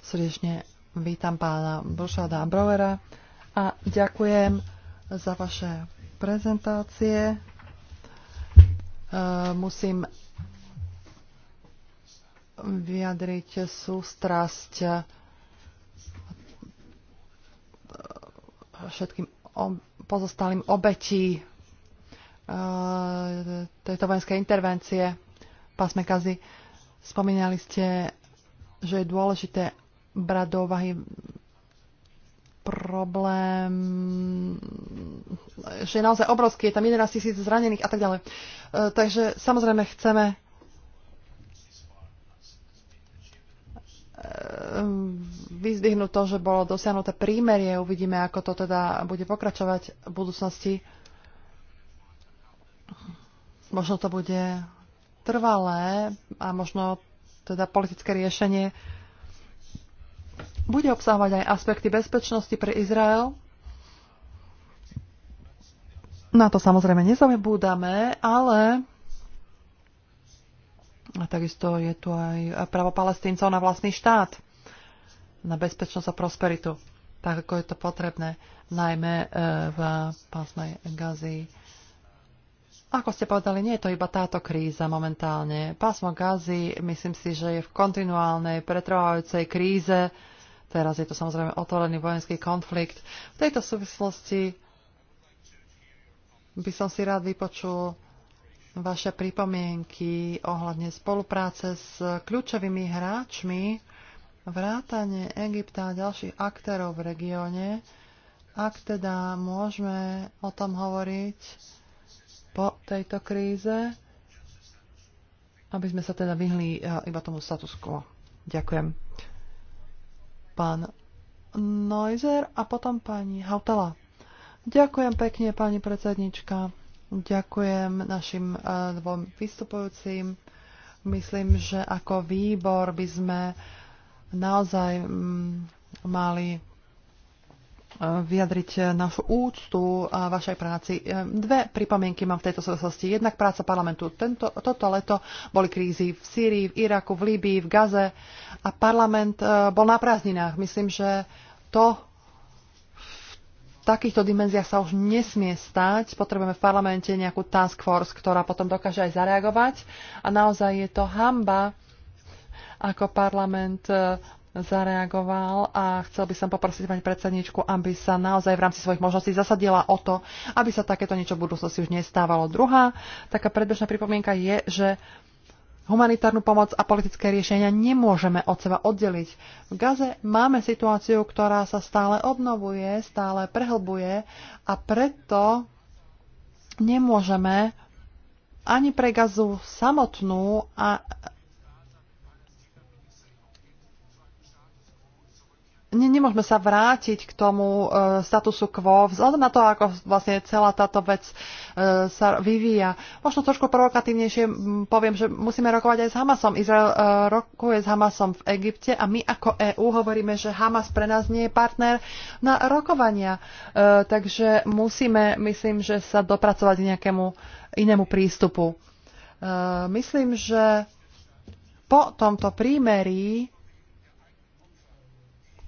Speaker 3: Srdečne Vítam pána Bošada Brovera a ďakujem za vaše prezentácie. E, musím vyjadriť sústrasť všetkým pozostalým obetí e, tejto vojenskej intervencie. Pásme Kazi, spomínali ste, že je dôležité, brať do úvahy problém, že je naozaj obrovský, je tam 11 tisíc zranených a tak ďalej. E, takže samozrejme chceme e, vyzdvihnúť to, že bolo dosiahnuté prímerie. Uvidíme, ako to teda bude pokračovať v budúcnosti. Možno to bude trvalé a možno teda politické riešenie bude obsahovať aj aspekty bezpečnosti pre Izrael. Na to samozrejme nezabúdame, ale a takisto je tu aj právo palestíncov na vlastný štát, na bezpečnosť a prosperitu, tak ako je to potrebné, najmä e, v pásmej Gazi. Ako ste povedali, nie je to iba táto kríza momentálne. Pásmo Gazy, myslím si, že je v kontinuálnej, pretrvávajúcej kríze, Teraz je to samozrejme otvorený vojenský konflikt. V tejto súvislosti by som si rád vypočul vaše pripomienky ohľadne spolupráce s kľúčovými hráčmi, vrátane Egypta a ďalších aktérov v regióne. Ak teda môžeme o tom hovoriť po tejto kríze, aby sme sa teda vyhli e, iba tomu status quo. Ďakujem pán Noizer a potom pani Hautala. Ďakujem pekne, pani predsednička. Ďakujem našim eh, dvom vystupujúcim. Myslím, že ako výbor by sme naozaj mm, mali Eh, vyjadriť našu úctu a vašej práci. Eh, dve pripomienky mám v tejto súvislosti. Jednak práca parlamentu. Tento, toto leto boli krízy v Sýrii, v Iraku, v Líbii, v Gaze a parlament eh, bol na prázdninách. Myslím, že to v takýchto dimenziách sa už nesmie stať. Potrebujeme v parlamente nejakú task force, ktorá potom dokáže aj zareagovať. A naozaj je to hamba, ako parlament zareagoval a chcel by som poprosiť pani predsedničku, aby sa naozaj v rámci svojich možností zasadila o to, aby sa takéto niečo v budúcnosti už nestávalo. Druhá taká predbežná pripomienka je, že humanitárnu pomoc a politické riešenia nemôžeme od seba oddeliť. V Gaze máme situáciu, ktorá sa stále obnovuje, stále prehlbuje a preto nemôžeme ani pre gazu samotnú a ne, nemôžeme sa vrátiť k tomu e, statusu quo, vzhľadom na to, ako vlastne celá táto vec e, sa vyvíja. Možno trošku provokatívnejšie poviem, že musíme rokovať aj s Hamasom. Izrael e, rokuje s Hamasom v Egypte a my ako EÚ hovoríme, že Hamas pre nás nie je partner na rokovania. E, takže musíme, myslím, že sa dopracovať k nejakému inému prístupu. E, myslím, že po tomto prímerí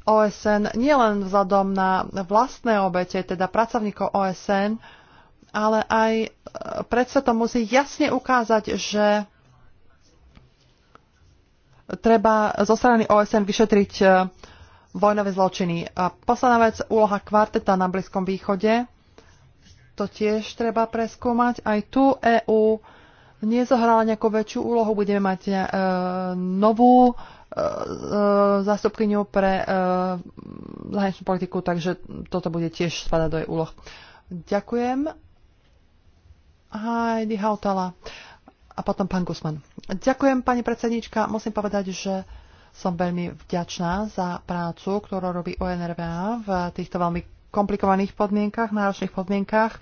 Speaker 3: OSN nielen vzhľadom na vlastné obete, teda pracovníkov OSN, ale aj e, predsa to musí jasne ukázať, že treba zo strany OSN vyšetriť e, vojnové zločiny. A posledná vec, úloha kvarteta na Blízkom východe. To tiež treba preskúmať. Aj tu EÚ nezohrala nejakú väčšiu úlohu. Budeme mať e, novú e, e, zástupkyňu pre e, zahraničnú politiku, takže toto bude tiež spadať do jej úloh. Ďakujem. Heidi Hautala a potom pán Gusman. Ďakujem, pani predsednička. Musím povedať, že som veľmi vďačná za prácu, ktorú robí ONRVA v týchto veľmi komplikovaných podmienkach, náročných podmienkach. E,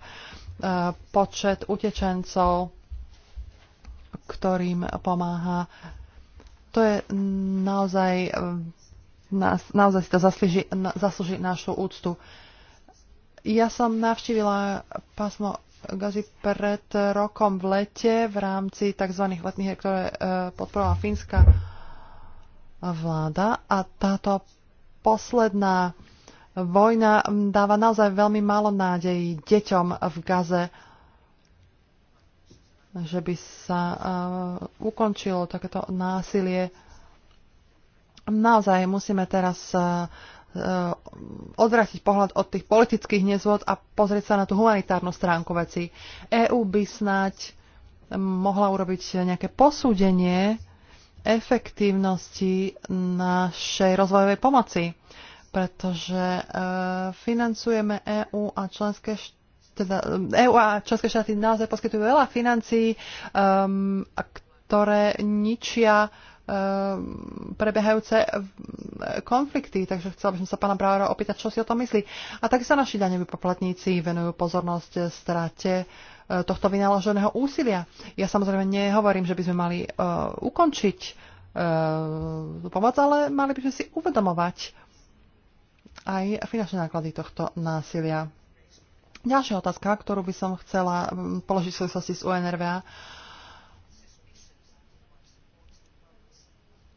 Speaker 3: počet utečencov ktorým pomáha. To je naozaj, naozaj si to zaslúži, zaslúži našu úctu. Ja som navštívila pásmo Gazi pred rokom v lete v rámci tzv. letných her, ktoré e, podporovala fínska vláda a táto posledná vojna dáva naozaj veľmi málo nádejí deťom v Gaze že by sa uh, ukončilo takéto násilie. Naozaj musíme teraz uh, odvrátiť pohľad od tých politických nezvod a pozrieť sa na tú humanitárnu stránku veci. EÚ by snáď mohla urobiť nejaké posúdenie efektívnosti našej rozvojovej pomoci, pretože financujeme EÚ a členské štáty teda EU eh, e a české štáty naozaj poskytujú veľa financií, um, ktoré ničia ehm, prebiehajúce eh, konflikty. Takže chcela by som sa pána Brauera opýtať, čo si o tom myslí. A tak sa naši daňoví poplatníci venujú pozornosť strate eh, tohto vynaloženého úsilia. Ja samozrejme nehovorím, že by sme mali uh, ukončiť uh, pomoc, ale mali by sme si uvedomovať aj finančné náklady tohto násilia. Ďalšia otázka, ktorú by som chcela mm, položiť v súvislosti s UNRVA.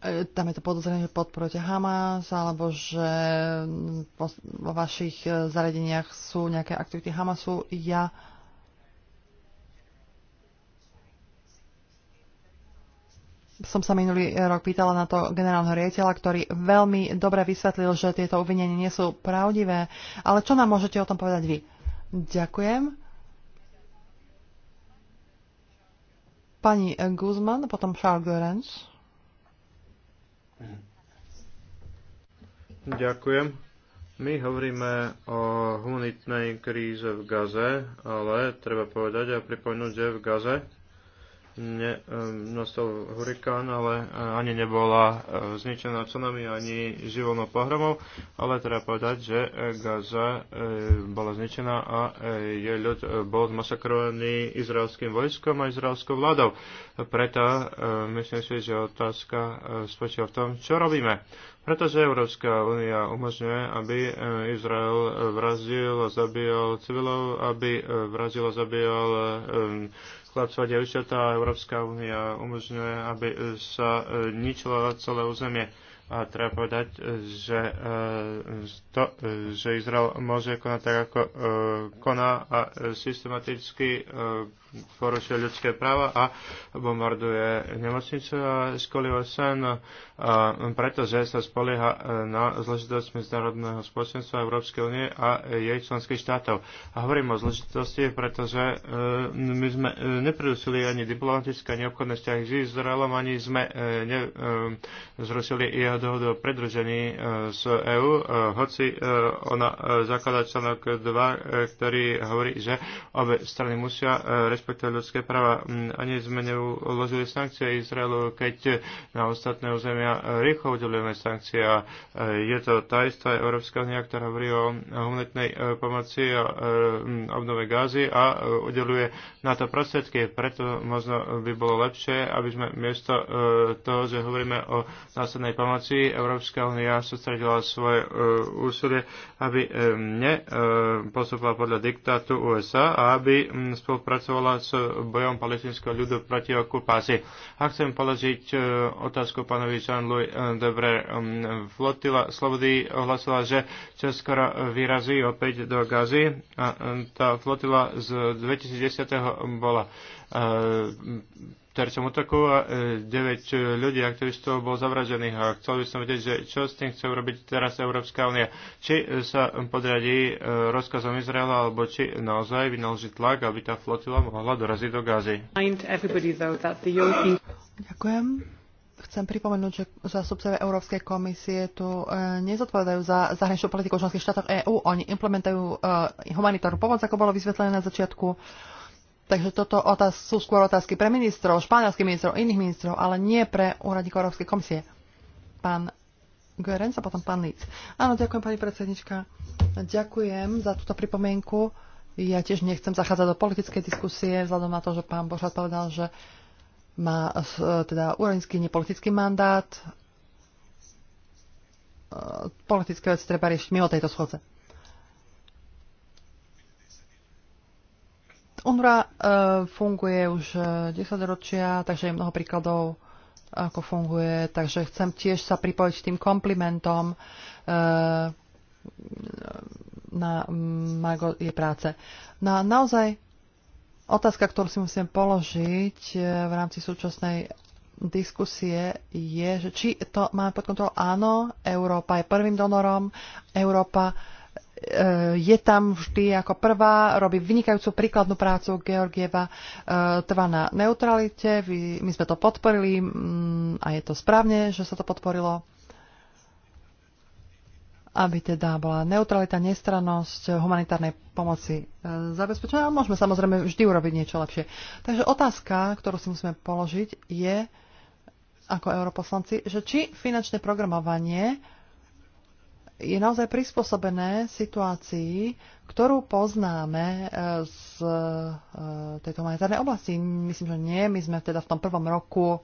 Speaker 3: E, tam je to podozrenie, že podporujete Hamas, alebo že mm, vo vašich e, zariadeniach sú nejaké aktivity Hamasu. Ja som sa minulý rok pýtala na to generálneho riaditeľa, ktorý veľmi dobre vysvetlil, že tieto obvinenia nie sú pravdivé. Ale čo nám môžete o tom povedať vy? Ďakujem. Pani Guzman, potom Charles Gorenc.
Speaker 4: Ďakujem. My hovoríme o humanitnej kríze v Gaze, ale treba povedať a pripomenúť, že v Gaze ne, ehm, nastal hurikán, ale eh, ani nebola eh, zničená tsunami, ani živolnou pohromou, ale treba povedať, že eh, Gaza bola zničená a jej ľud bol zmasakrovaný izraelským vojskom a izraelskou vládou. Preto myslím si, že otázka spočíva v tom, čo robíme. Pretože Európska únia umožňuje, aby Izrael vrazil a zabíjal civilov, aby vrazil a zabíjal chlapcov a devčatá Európska únia umožňuje, aby sa e, ničilo celé územie a treba povedať, že, e, to, že Izrael môže konať tak, ako e, koná a systematicky e, porušuje ľudské práva a bombarduje nemocnice a školy OSN, pretože sa spolieha na zložitosť medzinárodného spoločenstva Európskej únie a jej členských štátov. A hovorím o zložitosti, pretože my sme neprerušili ani diplomatické, ani obchodné vzťahy s Izraelom, ani sme zrušili jeho dohodu o predržení z e, EÚ, e, hoci e, ona zakladá článok 2, ktorý hovorí, že obe strany musia respektovať ľudské práva. Ani mm, sme neuložili sankcie Izraelu, keď na ostatné územia rýchlo udelujeme sankcie a je to tá istá Európska unia, ktorá hovorí o humanitnej pomoci a mm, obnove gázy a udeluje na to prostriedky. Preto možno by bolo lepšie, aby sme miesto toho, že hovoríme o následnej pomoci, situácii Európska únia sústredila svoje e, úsilie, aby e, nepostupovala e, podľa diktátu USA a aby spolupracovala s bojom palestinského ľudu proti okupácii. A chcem položiť otázku pánovi Jean-Louis Debre. Flotila Slobody ohlasila, že Českora vyrazí opäť do Gazy a tá flotila z 2010. bola terčom útoku a 9 e, e, ľudí, aktivistov, bol zavražených. A chcel by som vedieť, že čo s tým chce urobiť teraz Európska únia. Či e, sa podriadí rozkazom Izraela, alebo či naozaj vynaloží tlak, aby tá flotila mohla doraziť do Gázy.
Speaker 3: Ďakujem. Chcem pripomenúť, že zástupcovia Európskej komisie tu e, nezodpovedajú za zahraničnú politiku členských štátov EÚ. Oni implementujú e, humanitárnu pomoc, ako bolo vysvetlené na začiatku. E, Takže toto otáz, sú skôr otázky pre ministrov, španielských ministrov, iných ministrov, ale nie pre úradníkov Európskej komisie. Pán Görenc a potom pán Líc. Áno, ďakujem pani predsednička. Ďakujem za túto pripomienku. Ja tiež nechcem zachádzať do politickej diskusie, vzhľadom na to, že pán Božat povedal, že má teda úradnícky nepolitický mandát. E, politické veci treba riešiť mimo tejto schodze. UNRWA e, funguje už 10 e, ročia, takže je mnoho príkladov, ako funguje. Takže chcem tiež sa pripojiť tým komplimentom e, na Margo je práce. No naozaj otázka, ktorú si musím položiť v rámci súčasnej diskusie je, že či to máme pod kontrolou. Áno, Európa je prvým donorom, Európa E, je tam vždy ako prvá, robí vynikajúcu príkladnú prácu Georgieva, e, trvá na neutralite, my sme to podporili a je to správne, že sa to podporilo aby teda bola neutralita, nestrannosť humanitárnej pomoci e, zabezpečená. Môžeme samozrejme vždy urobiť niečo lepšie. Takže otázka, ktorú si musíme položiť, je ako europoslanci, že či finančné programovanie je naozaj prispôsobené situácii, ktorú poznáme e, z e, tejto humanitárnej oblasti. Myslím, že nie. My sme teda v tom prvom roku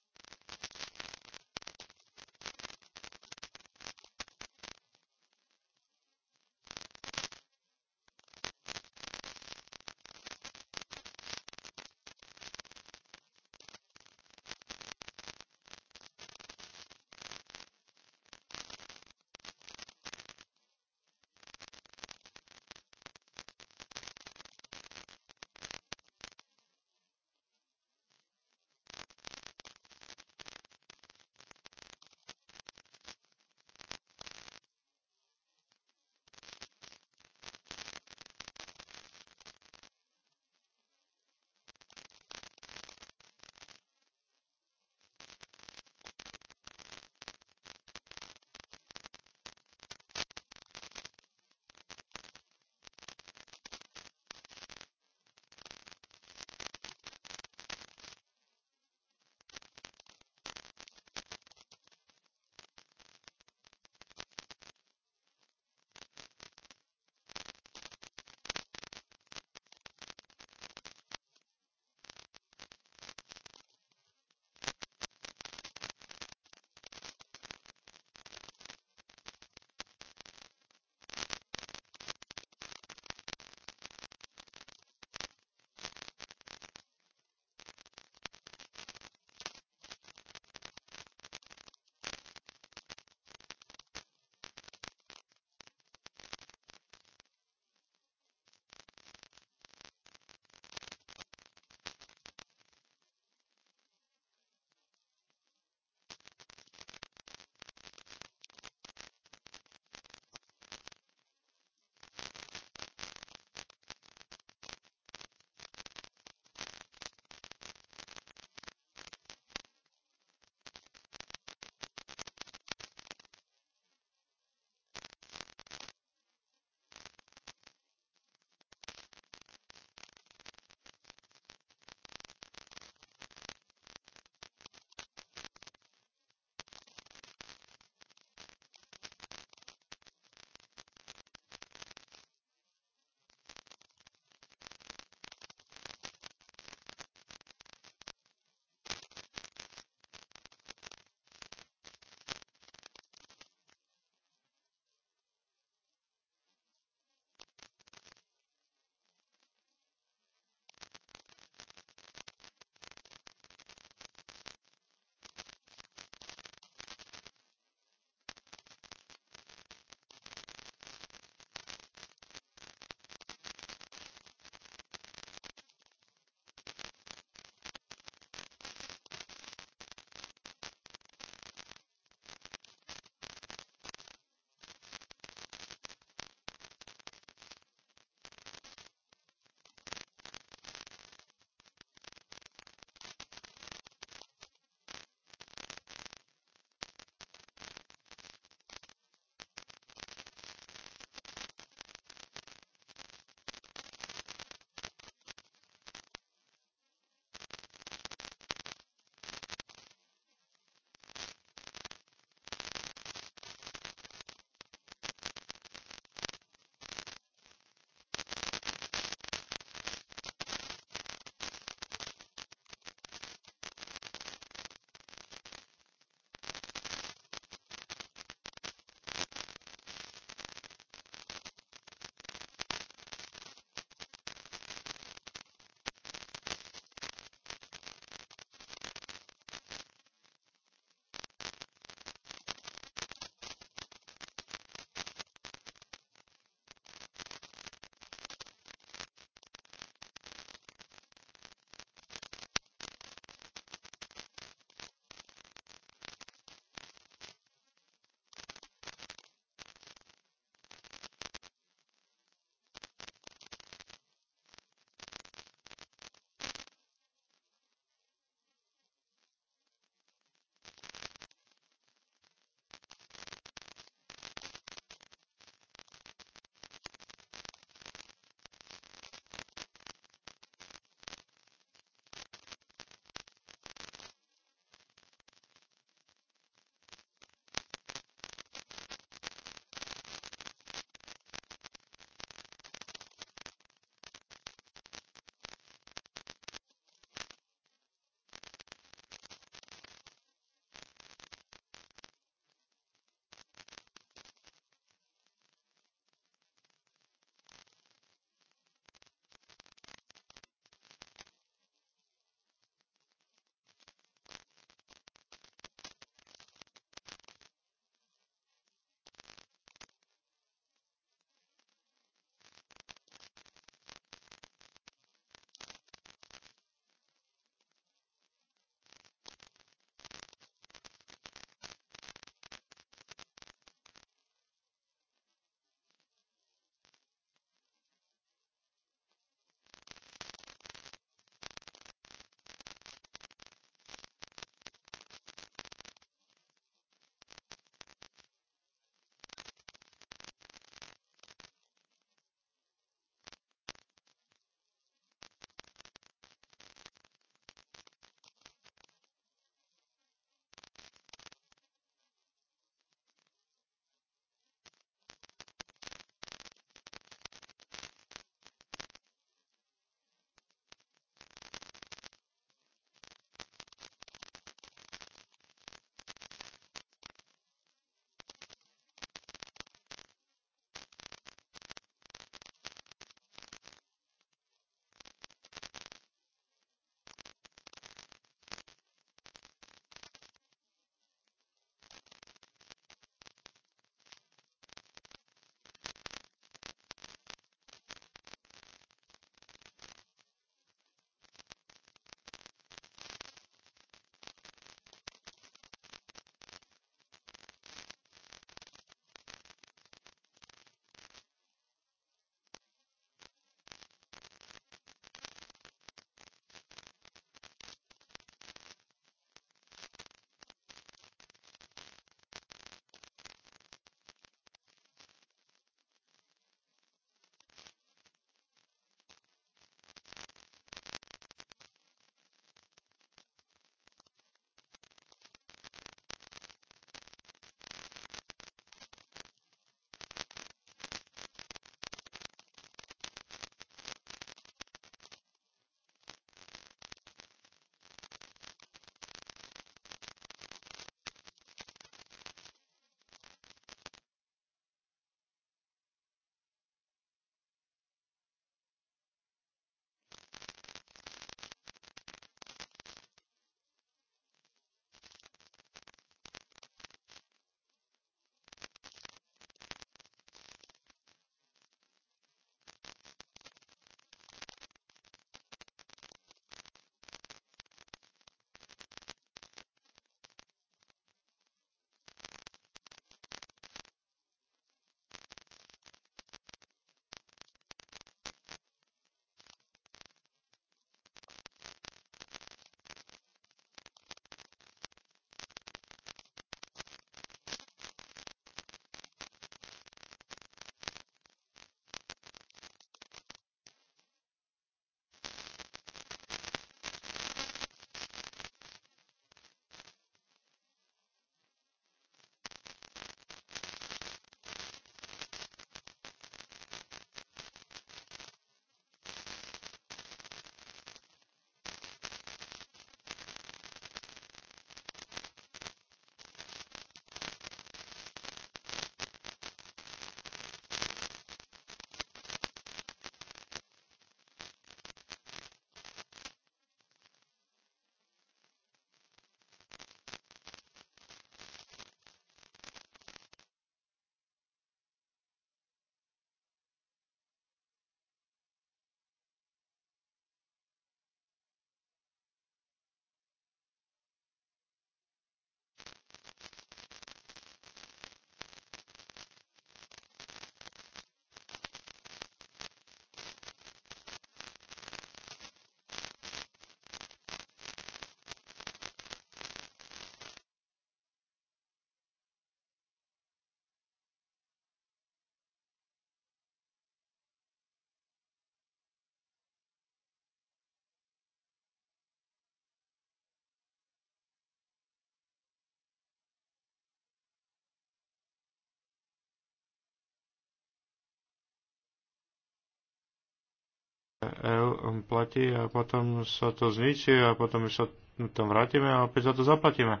Speaker 4: eur platí a potom sa to zničí a potom my sa tam vrátime a opäť za to zaplatíme.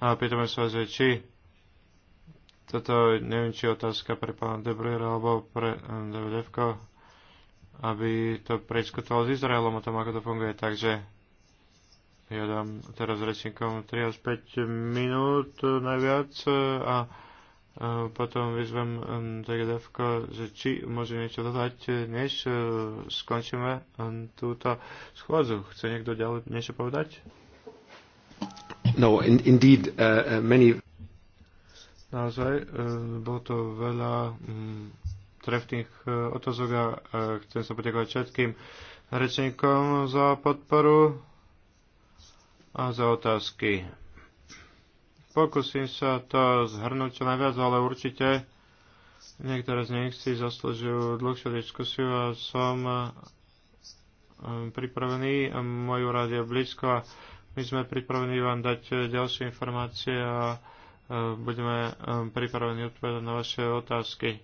Speaker 4: A pýtame sa, že či toto neviem, či je otázka pre pána Debrera alebo pre e, dvdf aby to preskutovalo s Izraelom o tom, ako to funguje. Takže ja dám teraz rečníkom 3 až 5 minút najviac e, a potom vyzvem um, tgdf že či môže niečo dodať, než uh, skončíme um, túto schôdzu. Chce niekto ďalej niečo povedať? No, in, indeed, uh, uh, many... Naozaj, uh, bolo to veľa um, trefných uh, otázok a uh, chcem sa poďakovať všetkým rečníkom za podporu a za otázky. Pokúsim sa to zhrnúť čo najviac, ale určite niektoré z nich si zaslúžujú dlhšiu diskusiu a som eh, pripravený. Moju rád je blízko a my sme pripravení vám dať ďalšie informácie a eh, budeme eh, pripravení odpovedať na vaše otázky.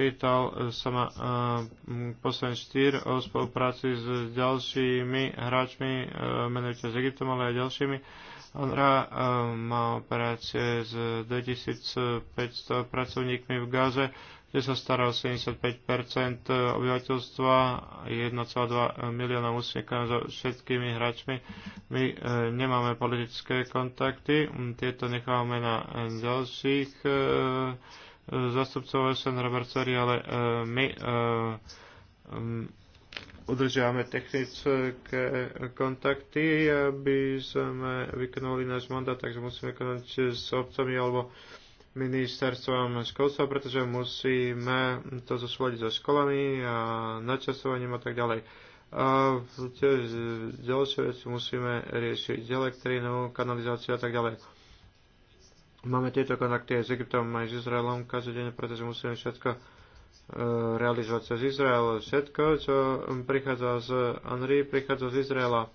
Speaker 4: Pýtal sa ma posledný štýr o spolupráci s ďalšími hráčmi, menujte s Egyptom, ale aj ďalšími Andra e, má operácie s 2500 pracovníkmi v Gaze, kde sa stará o 75 obyvateľstva, 1,2 milióna muslimkám so všetkými hráčmi. My e, nemáme politické kontakty, tieto nechávame na ďalších e, e zastupcov SN Robert Sari, ale e, my e, udržiavame technické kontakty, aby sme vykonali náš mandát, takže musíme konať s obcami alebo ministerstvom školstva, pretože musíme to zosúľadiť so školami a načasovaním a tak ďalej. A tiež ďalšie veci musíme riešiť elektrínu, kanalizáciu a tak ďalej. Máme tieto kontakty aj s Egyptom, aj s Izraelom každý deň, pretože musíme všetko realizácia z Izraela. Všetko, čo prichádza z Anri, prichádza z Izraela.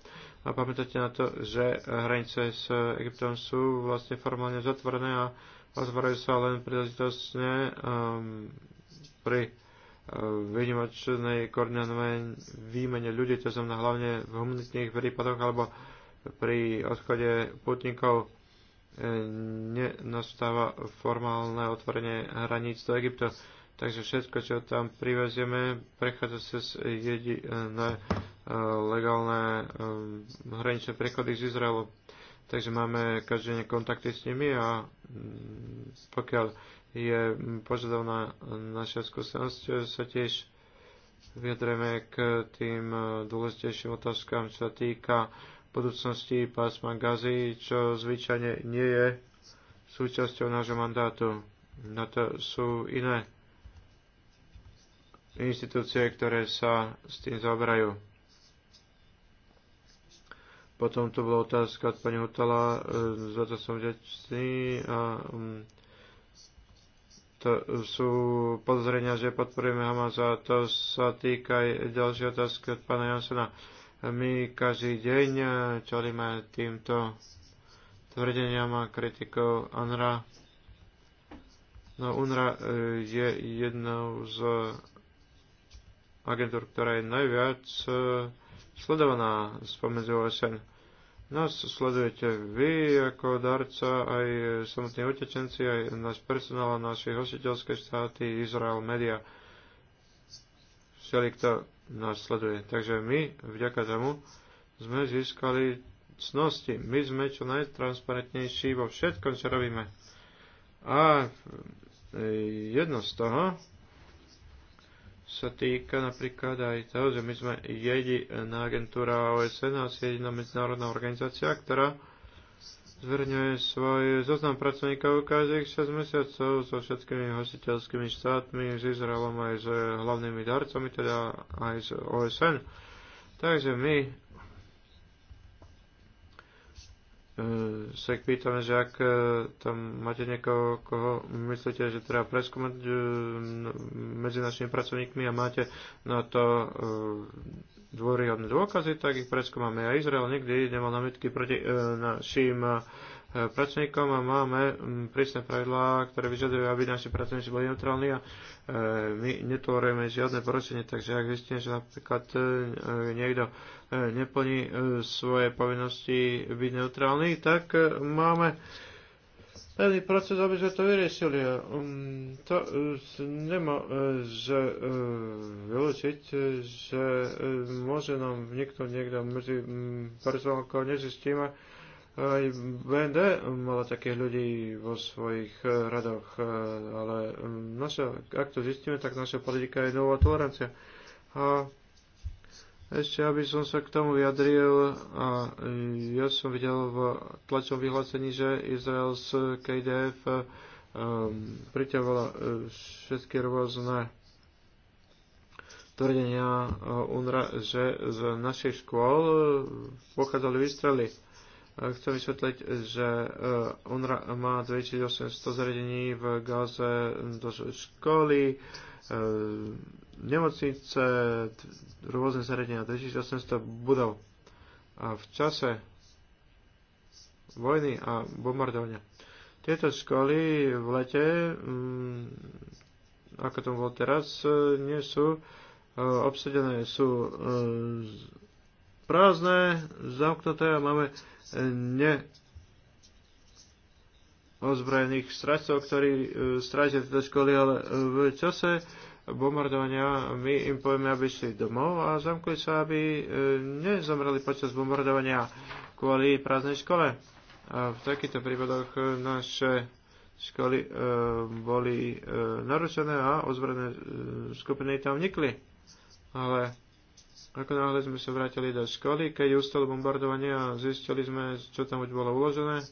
Speaker 4: A pamätáte na to, že hranice s Egyptom sú vlastne formálne zatvorené a otvárajú sa len príležitostne um, pri ehm, výnimočnej koordinovanej výmene ľudí, to znamená hlavne v humanitných prípadoch alebo pri odchode putníkov e, nenastáva formálne otvorenie hraníc do Egypta. Takže všetko, čo tam privezieme, prechádza cez jediné e, e, legálne e, hraničné prechody z Izraelu. Takže máme každodenne kontakty s nimi a mm, pokiaľ je požadovná naša skúsenosť, sa tiež vyjadrujeme k tým dôležitejším otázkam, čo sa týka budúcnosti pásma Gazy, čo zvyčajne nie je súčasťou nášho mandátu. Na to sú iné inštitúcie, ktoré sa s tým zaoberajú. Potom to bola otázka od pani Hutala, za to som vďačný. A, mm, to sú podozrenia, že podporujeme Hamas a to sa týka aj ďalšej otázky od pána Jansona. My každý deň e, čelíme týmto tvrdeniam a kritikou Anra. No UNRA e, je jednou z agentúr, ktorá je najviac e, sledovaná spomedzi OSN. Nás sledujete vy ako darca, aj samotní utečenci, aj náš personál, naši hostiteľské štáty, Izrael, média, všeli, kto nás sleduje. Takže my, vďaka tomu, sme získali cnosti. My sme čo najtransparentnejší vo všetkom, čo robíme. A e, jedno z toho, sa týka napríklad aj toho, že my sme jediná agentúra OSN a jediná medzinárodná organizácia, ktorá zverňuje svoj zoznam pracovníkov každých 6 mesiacov so všetkými hostiteľskými štátmi, s Izraelom aj s hlavnými darcami, teda aj z OSN. Takže my Eh, sa pýtame, že ak eh, tam máte niekoho, koho myslíte, že treba preskúmať eh, no, medzi našimi pracovníkmi a máte na to dôryhodné dôkazy, tak ich preskúmame. A Izrael nikdy nemal námitky proti našim pracovníkom a máme mm, prísne pravidlá, ktoré vyžadujú, aby naši pracovníci boli neutrálni a e, my netvorujeme žiadne porušenie, takže ak zistíme, že napríklad e, niekto e, neplní svoje povinnosti byť neutrálny, tak máme Pevný proces, aby sme to vyriešili. Mm, to nemôže vylúčiť, že môže nám niekto niekto medzi mm, personálkou nezistíme, aj BND mala takých ľudí vo svojich eh, radoch, eh, ale mm, naša, ak to zistíme, tak naša politika je nová tolerancia. A ešte, aby som sa k tomu vyjadril, a ja som videl v tlačom vyhlásení, že Izrael z KDF um, eh, mm, priťahovala všetky rôzne tvrdenia UNRA, že z našich škôl pochádzali výstrely chcem vysvetliť, že e, UNRWA má 2800 zariadení v Gaze do školy, e, nemocnice, rôzne zariadenia, 2800 budov. A v čase vojny a bombardovania. Tieto školy v lete, mm, ako to bolo teraz, e, nie sú obsadené, sú prázdne, zamknuté a máme eh, ne ozbrojených strážcov, ktorí eh, strážia tieto školy, ale eh, v čase bombardovania my im povieme, aby šli domov a zamkli sa, aby nezomreli počas bombardovania kvôli prázdnej škole. A v takýchto prípadoch naše školy e, boli e, narušené a ozbrojené e, skupiny tam vnikli. Ale ako náhle sme sa vrátili do školy, keď ustalo bombardovanie a zistili sme, čo tam už bolo uložené,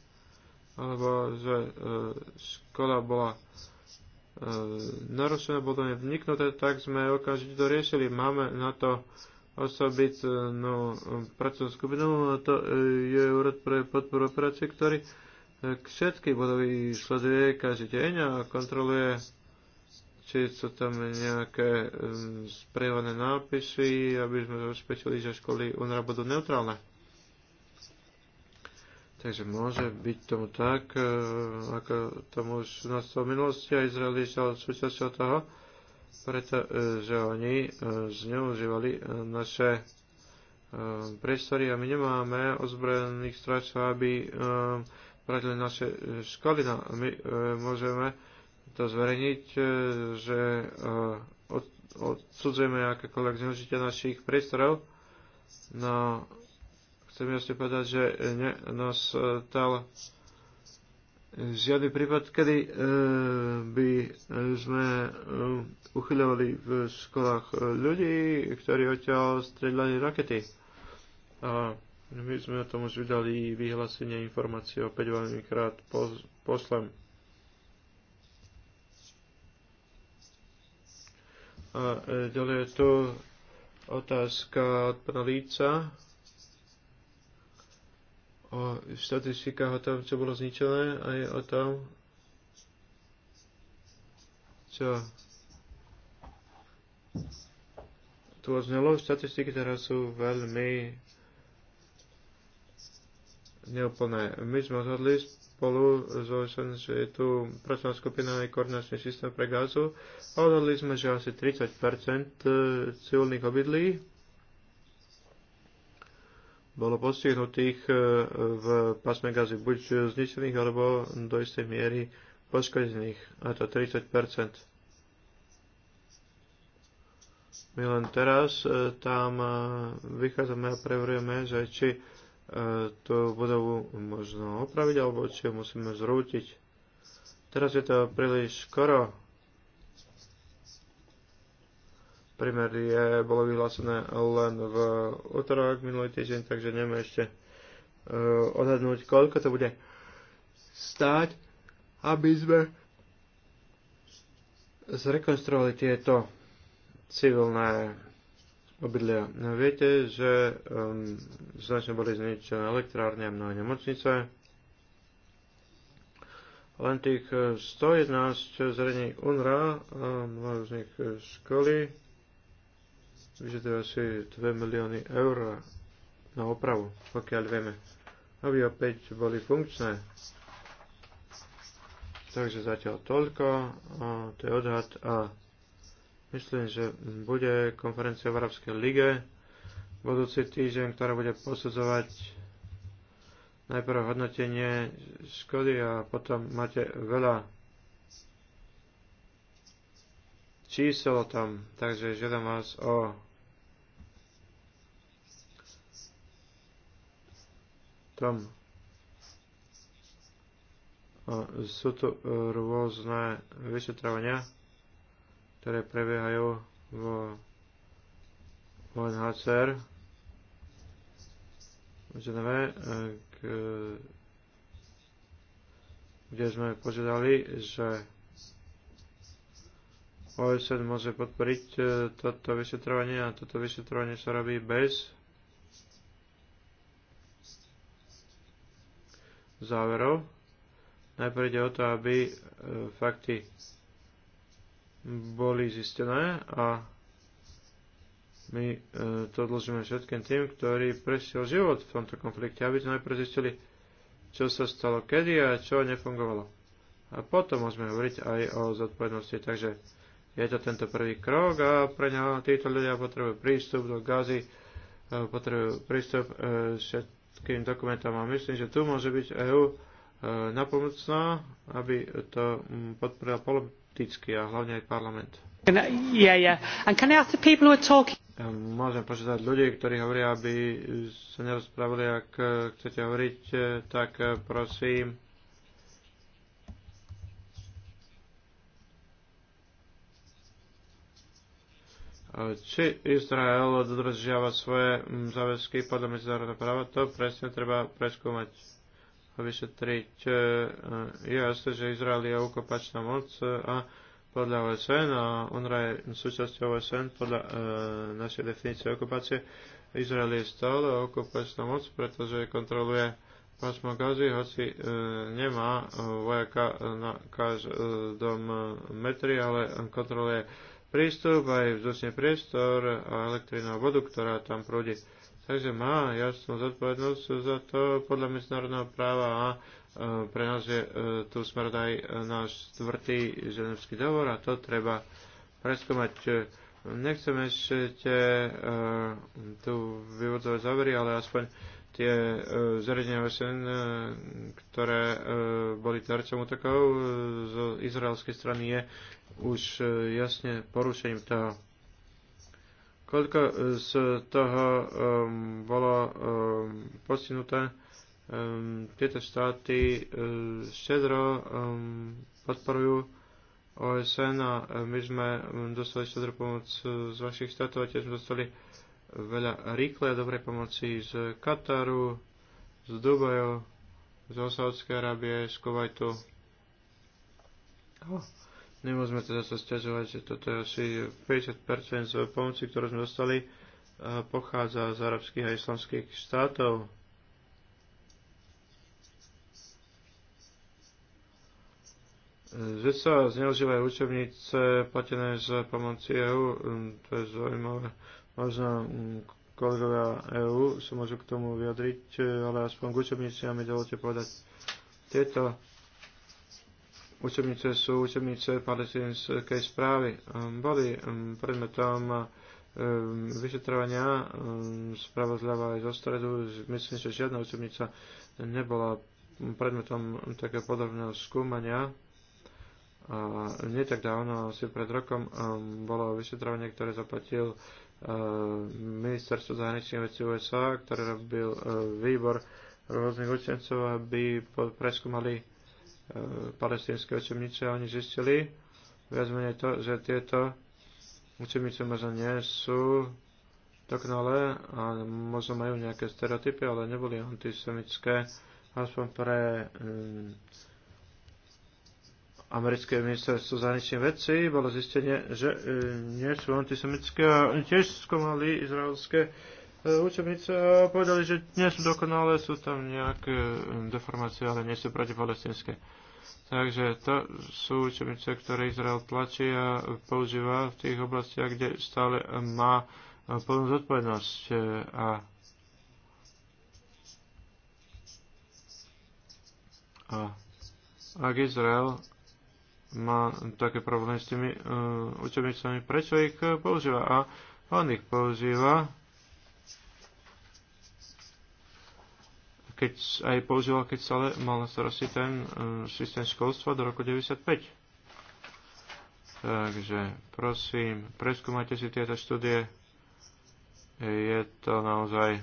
Speaker 4: alebo že e, škola bola e, narušená, bolo to nevniknuté, tak sme okamžite to riešili. Máme na to osobitnú e, pracovnú skupinu, a to e, je úrad pre podporu operácie, ktorý e, všetky budovy sleduje každý deň a kontroluje či sú tam nejaké um, sprievané nápisy, aby sme zabezpečili, že školy UNRA budú neutrálne. Takže môže byť tomu tak, eh, ako tomu už nastalo v minulosti a Izrael išiel súčasťou toho, pretože oni eh, zneužívali eh, naše priestory a my nemáme ozbrojených stráčov, aby pradili naše školy. No my môžeme to zverejniť, e, že e, odsudzujeme akékoľvek zneužitia našich priestorov, no chcem jasne povedať, že ne, nás tal žiadny prípad, kedy e, by sme e, uchyľovali v školách e, ľudí, ktorí odtiaľ strieľali rakety. A my sme o tom už vydali vyhlásenie informácie opäť veľmi krát poslem. A e, ďalej je tu otázka od pana Líca o statistikách o tom, čo bolo zničené, aj o tom, čo tu oznelo. Statistiky teraz sú veľmi neúplné. My sme odhodli spolu s OSN, že je tu pracovná skupina aj koordinačný systém pre gázu. A odhodli sme, že asi 30% e, civilných obydlí bolo postihnutých e, v pásme gazy, buď zničených, alebo do istej miery poškodených, a to 30 My len teraz e, tam vychádzame a preverujeme, že či tú budovu možno opraviť alebo či ju musíme zrútiť. Teraz je to príliš skoro. Primer je, bolo vyhlásené len v útorok minulý týždeň, takže neviem ešte e, odhadnúť, koľko to bude stáť, aby sme zrekonstruovali tieto civilné obydlia. Viete, že um, značne boli zničené elektrárne a mnohé nemocnice. Len tých 111 zrení UNRA a um, mnoho z nich školy vyžaduje asi 2 milióny eur na opravu, pokiaľ vieme, aby opäť boli funkčné. Takže zatiaľ toľko, a to je odhad a Myslím, že bude konferencia v Arabskej lige budúci týždeň, ktorá bude posudzovať najprv hodnotenie škody a potom máte veľa čísel tam, takže žiadam vás o tom. Sú tu rôzne vyšetrovania ktoré prebiehajú v UNHCR v eh, kde sme požiadali, že OSN môže podporiť eh, toto vyšetrovanie a toto vyšetrovanie sa robí bez záverov. Najprv ide o to, aby eh, fakty boli zistené a my e, to dlžíme všetkým tým, ktorí presil život v tomto konflikte, aby sme najprv zistili, čo sa stalo kedy a čo nefungovalo. A potom môžeme hovoriť aj o zodpovednosti. Takže je to tento prvý krok a pre ňa títo ľudia potrebujú prístup do gazy, e, potrebujú prístup e, všetkým dokumentom a myslím, že tu môže byť EU napomocná, aby to podporila politický a hlavne aj parlament.
Speaker 2: Yeah,
Speaker 3: yeah. And can I ask the people who are talking...
Speaker 4: Môžem požiadať ľudí, ktorí hovoria, aby sa nerozprávali, ak eh, chcete hovoriť, eh, tak eh, prosím. Či Izrael dodržiava svoje mm, záväzky podľa medzinárodného práva, to presne treba preskúmať vyšetriť. E, e, je jasné, že Izrael je okupačná moc e, a podľa OSN a UNRWA je súčasťou OSN podľa e, našej definície okupácie. Izrael je stále okupačná moc, pretože kontroluje pásmo Gazy, hoci e, nemá vojaka na každom metri, ale kontroluje prístup aj vzdušný priestor a elektrinu a vodu, ktorá tam prúdi. E, Takže má jasnú zodpovednosť za to podľa medzinárodného práva a e, pre nás je e, tu smrť aj e, náš tvrdý ženevský dohovor a to treba preskúmať. Nechcem ešte tu vyvodzovať závery, ale aspoň tie e, zariadenia VSN, e, ktoré e, boli terčom útokov e, z izraelskej strany, je už e, jasne porušením toho. Koľko z toho um, bolo um, postihnuté? Um, tieto štáty um, štedro um, podporujú OSN a um, my sme um, dostali štedro pomoc uh, z vašich štátov a tiež sme dostali veľa rýchlej a dobrej pomoci z Kataru, z Dubaju, z Osaudskej Arábie, z Kuwaitu. Oh Nemôžeme teda sa stiažovať, že toto je asi 50% z pomoci, ktorú sme dostali, eh, pochádza z arabských a islamských štátov. Zde sa zneužívajú učebnice platené z pomoci EU, hm, to je zaujímavé. Možno hm, kolegovia EU sa môžu k tomu vyjadriť, eh, ale aspoň k učebnici a mi dovolte povedať tieto učebnice sú učebnice palestinskej správy. Ehm, boli ehm, predmetom ehm, vyšetrovania správa zľava aj zo stredu. Myslím, že žiadna učebnica nebola predmetom také podobného skúmania. A nie tak dávno, asi pred rokom, bolo vyšetrovanie, ktoré zaplatil ministerstvo zahraničných vecí USA, ktoré robil výbor rôznych učencov, aby preskúmali E, palestinské učebnice oni zistili viac menej to, že tieto učebnice možno nie sú dokonalé a možno majú nejaké stereotypy, ale neboli antisemické, aspoň pre um, americké ministerstvo zahraničných vecí bolo zistenie, že um, nie sú antisemické a tiež skúmali izraelské učebnice povedali, že nie sú dokonalé, sú tam nejaké hm, deformácie, ale nie sú protipalestinské. Takže to sú učebnice, ktoré Izrael tlačí a používa v tých oblastiach, kde stále má plnú zodpovednosť. A, a ak Izrael má také problémy s tými uh, učebnicami, prečo ich používa? A on ich používa keď aj používal, keď le, mal na starosti ten e, systém školstva do roku 95. Takže prosím, preskúmajte si tieto štúdie. Je to naozaj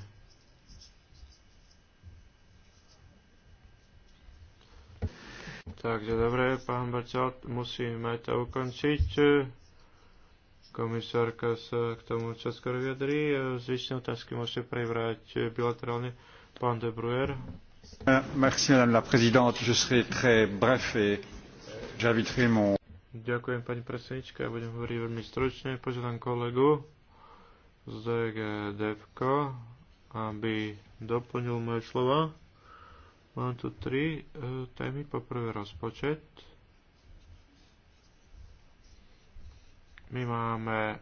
Speaker 4: Takže dobre, pán Bačat, musíme to ukončiť. Komisárka sa k tomu skoro vyjadrí. E, Zvyšné otázky môžete prebrať bilaterálne madame la présidente. Je serai très bref et j'inviterai mon... Ďakujem, pani predsednička. Ja budem hovoriť veľmi stručne. Požiadam kolegu z DGDFK, aby doplnil moje slova. Mám tu tri e, témy. Poprvé rozpočet. My máme e,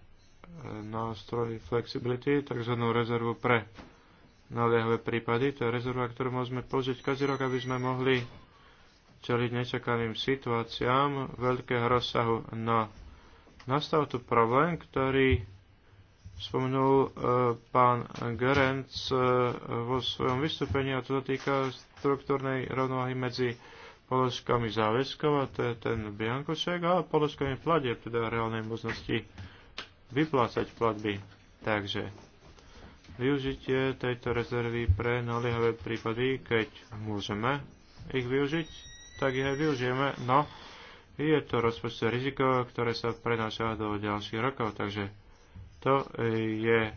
Speaker 4: nástroj flexibility, takzvanú rezervu pre naliehavé prípady. To je rezerva, ktorú môžeme použiť každý rok, aby sme mohli čeliť nečakaným situáciám veľkého rozsahu. No, nastal tu problém, ktorý spomenul e, pán Gerenc e, vo svojom vystúpení a to sa týka struktúrnej rovnováhy medzi položkami záväzkov, a to je ten biankošek, a položkami platieb, teda reálnej možnosti vyplácať platby. Takže využitie tejto rezervy pre naliehavé prípady, keď môžeme ich využiť, tak ich aj využijeme, no je to rozpočtové riziko, ktoré sa prenáša do ďalších rokov, takže to je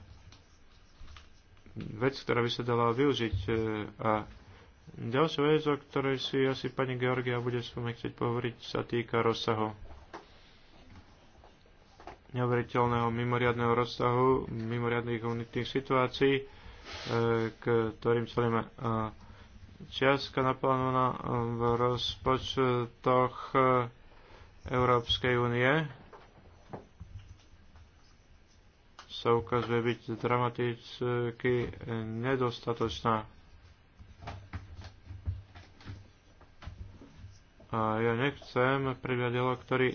Speaker 4: vec, ktorá by sa dala využiť a Ďalšia vec, o ktorej si asi pani Georgia bude s vami chcieť pohovoriť, sa týka rozsahu neuveriteľného mimoriadného rozsahu, mimoriadných unitných situácií, e, k ktorým čelíme e, čiastka naplánovaná e, v rozpočtoch Európskej únie sa ukazuje byť dramaticky nedostatočná. A ja nechcem prijať ktorý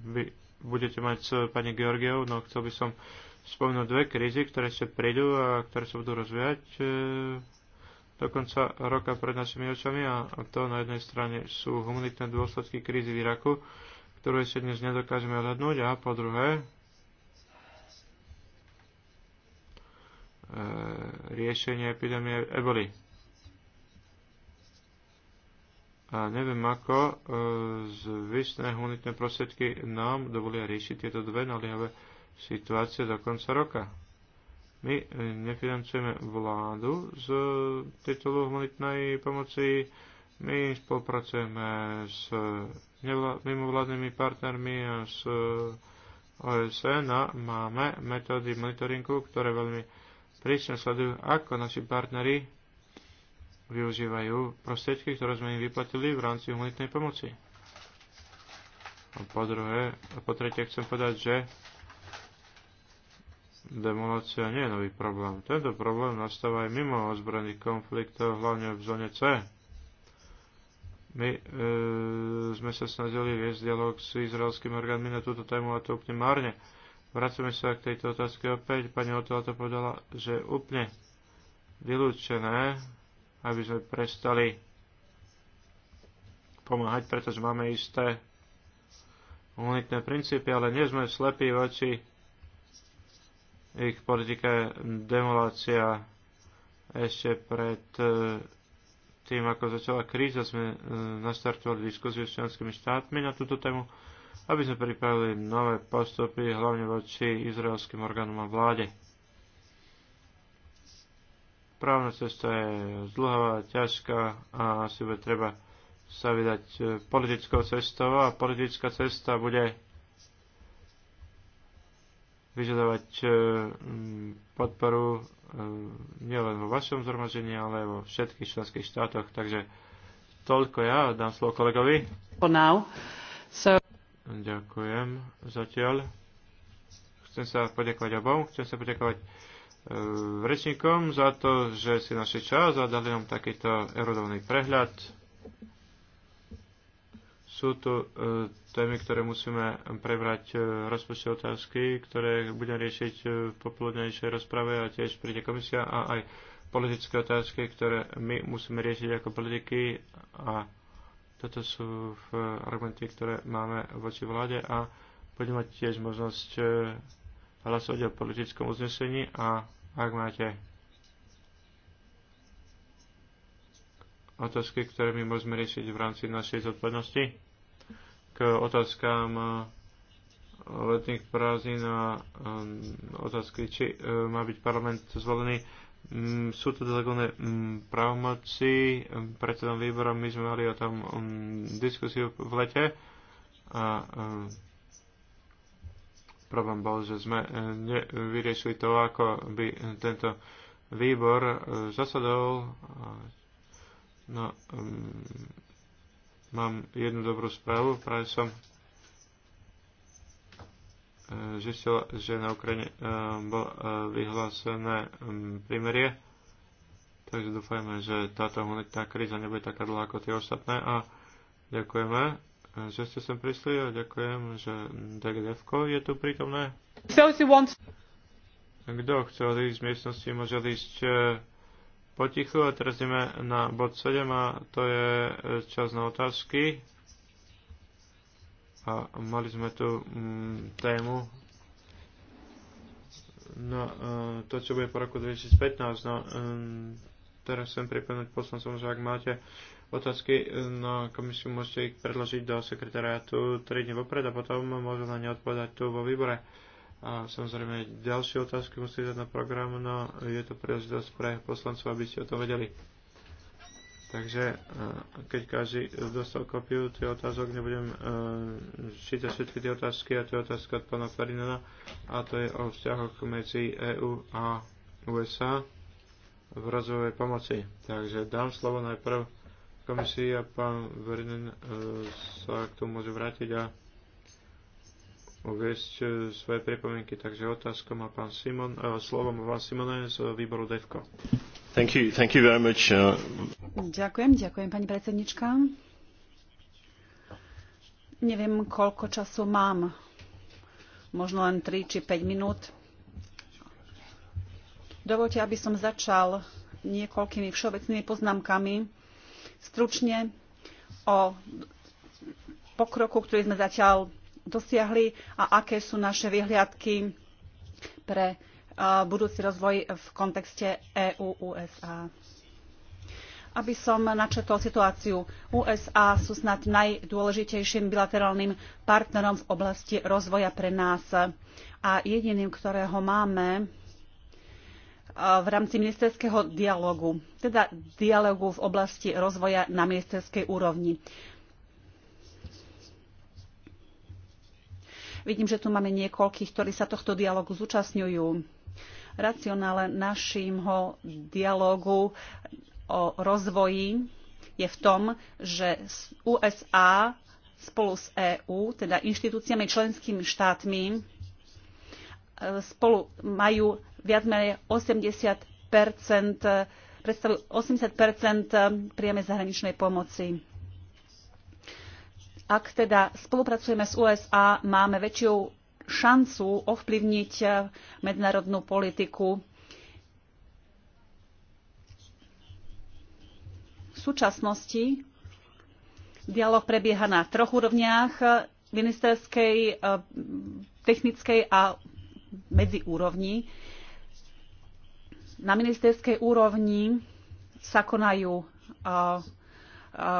Speaker 4: by budete mať s pani Georgiou, no chcel by som spomenúť dve krízy, ktoré sa prídu a ktoré sa budú rozvíjať e, do konca roka pred našimi očami a to na jednej strane sú humanitné dôsledky krízy v Iraku, ktorú si dnes nedokážeme odhadnúť a po druhé e, riešenie epidémie eboli a neviem ako e, zvyšné humanitné prostriedky nám dovolia riešiť tieto dve naliehavé situácie do konca roka. My e, nefinancujeme vládu z e, titulu humanitnej pomoci, my spolupracujeme s mimovládnymi partnermi a s OSN a máme metódy monitoringu, ktoré veľmi prísne sledujú, ako naši partneri využívajú prostriedky, ktoré sme im vyplatili v rámci humanitnej pomoci. A po druhé, a po tretie chcem povedať, že demolácia nie je nový problém. Tento problém nastáva aj mimo ozbrojených konfliktov, hlavne v zóne C. My e, sme sa snažili viesť dialog s izraelskými orgánmi na túto tému a to úplne márne. Vracame sa k tejto otázke opäť. Pani Otela to povedala, že je úplne vylúčené aby sme prestali pomáhať, pretože máme isté unitné princípy, ale nie sme slepí voči ich politike demolácia ešte pred e, tým, ako začala kríza, sme e, nastartovali diskusiu s členskými štátmi na túto tému, aby sme pripravili nové postupy, hlavne voči izraelským orgánom a vláde. Právna cesta je zdlhavá, ťažká a asi bude treba sa vydať e, politickou cestou a politická cesta bude vyžadovať e, podporu e, nielen vo vašom zhromažení, ale vo všetkých členských štátoch. Takže toľko ja, dám slovo kolegovi. For now. So... Ďakujem zatiaľ. Chcem sa poďakovať obom, chcem sa poďakovať E, rečníkom za to, že si našli čas a dali nám takýto erodovný prehľad. Sú tu e, témy, ktoré musíme prebrať e, rozpočte otázky, ktoré budem riešiť v popoludnejšej rozprave a tiež príde komisia a aj politické otázky, ktoré my musíme riešiť ako politiky a toto sú argumenty, ktoré máme voči vláde a budeme mať tiež možnosť hlasovať o politickom uznesení a ak máte otázky, ktoré my môžeme riešiť v rámci našej zodpovednosti, k otázkám eh, letných prázdnin a ehm, otázky, či eh, má byť parlament zvolený mm, sú to zákonné mm, právomoci ehm, predsedom výborom. My sme mali o tom mm, diskusiu v lete a ehm, Problém bol, že sme e, nevyriešili to, ako by tento výbor e, zasadol. No, mám jednu dobrú správu. Práve som e, zistil, že na Ukrajine bol vyhlásené primerie. Takže dúfajme, že táto humanitná kríza nebude taká dlhá ako tie ostatné a ďakujeme že ste sem prišli a ďakujem, že DGDF ko je tu prítomné. Kto chcel ísť z miestnosti, môže ísť eh, potichu a teraz ideme na bod 7 a to je eh, čas na otázky. A mali sme tu mm, tému no, eh, to, čo bude po roku 2015. No, teraz chcem pripomenúť poslancom, že ak máte otázky na komisiu môžete ich predložiť do sekretariátu 3 dní vopred a potom môžu na ne odpovedať tu vo výbore. A samozrejme ďalšie otázky musíte dať na program, no je to príležitosť pre poslancov, aby ste o tom vedeli. Takže e, keď každý dostal kopiu tie otázok, nebudem uh, čítať všetky tie otázky a to je otázka od pána Ferdinanda a to je o vzťahoch medzi EU a USA v rozvojovej pomoci. Takže dám slovo najprv komisii a pán Vernen e, sa k tomu môže vrátiť a uviesť e, svoje pripomienky. Takže otázka má pán Simon, e, slovo má pán Simone z výboru DEVKO. Thank you, thank you very much. Uh,
Speaker 1: ďakujem, ďakujem pani predsednička. Neviem, koľko času mám. Možno len 3 či 5 minút. Dovolte, aby som začal niekoľkými všeobecnými poznámkami stručne o pokroku, ktorý sme zatiaľ dosiahli a aké sú naše vyhliadky pre budúci rozvoj v kontexte EU-USA. Aby som načetol situáciu, USA sú snad najdôležitejším bilaterálnym partnerom v oblasti rozvoja pre nás a jediným, ktorého máme v rámci ministerského dialogu, teda dialogu v oblasti rozvoja na ministerskej úrovni. Vidím, že tu máme niekoľkých, ktorí sa tohto dialogu zúčastňujú. Racionále našimho dialogu o rozvoji je v tom, že USA spolu s EÚ, teda inštitúciami členskými štátmi, spolu majú viac menej 80 predstavujú 80 priamej zahraničnej pomoci. Ak teda spolupracujeme s USA, máme väčšiu šancu ovplyvniť medzinárodnú politiku. V súčasnosti dialog prebieha na troch úrovniach ministerskej, eh, technickej a medzi Na ministerskej úrovni sa konajú uh, uh,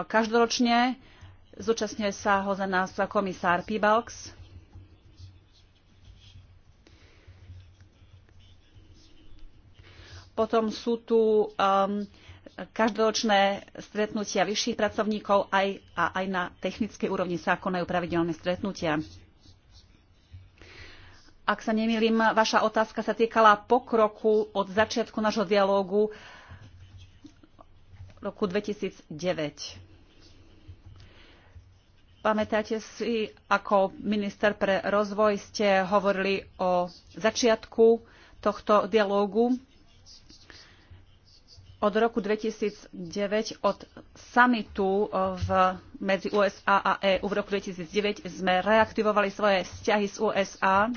Speaker 1: každoročne. Zúčastňuje sa ho za nás komisár Pibalks. Potom sú tu um, každoročné stretnutia vyšších pracovníkov aj, a aj na technickej úrovni sa konajú pravidelné stretnutia. Ak sa nemýlim, vaša otázka sa týkala pokroku od začiatku nášho dialógu roku 2009. Pamätáte si, ako minister pre rozvoj ste hovorili o začiatku tohto dialógu od roku 2009, od samitu v, medzi USA a EU v roku 2009 sme reaktivovali svoje vzťahy s USA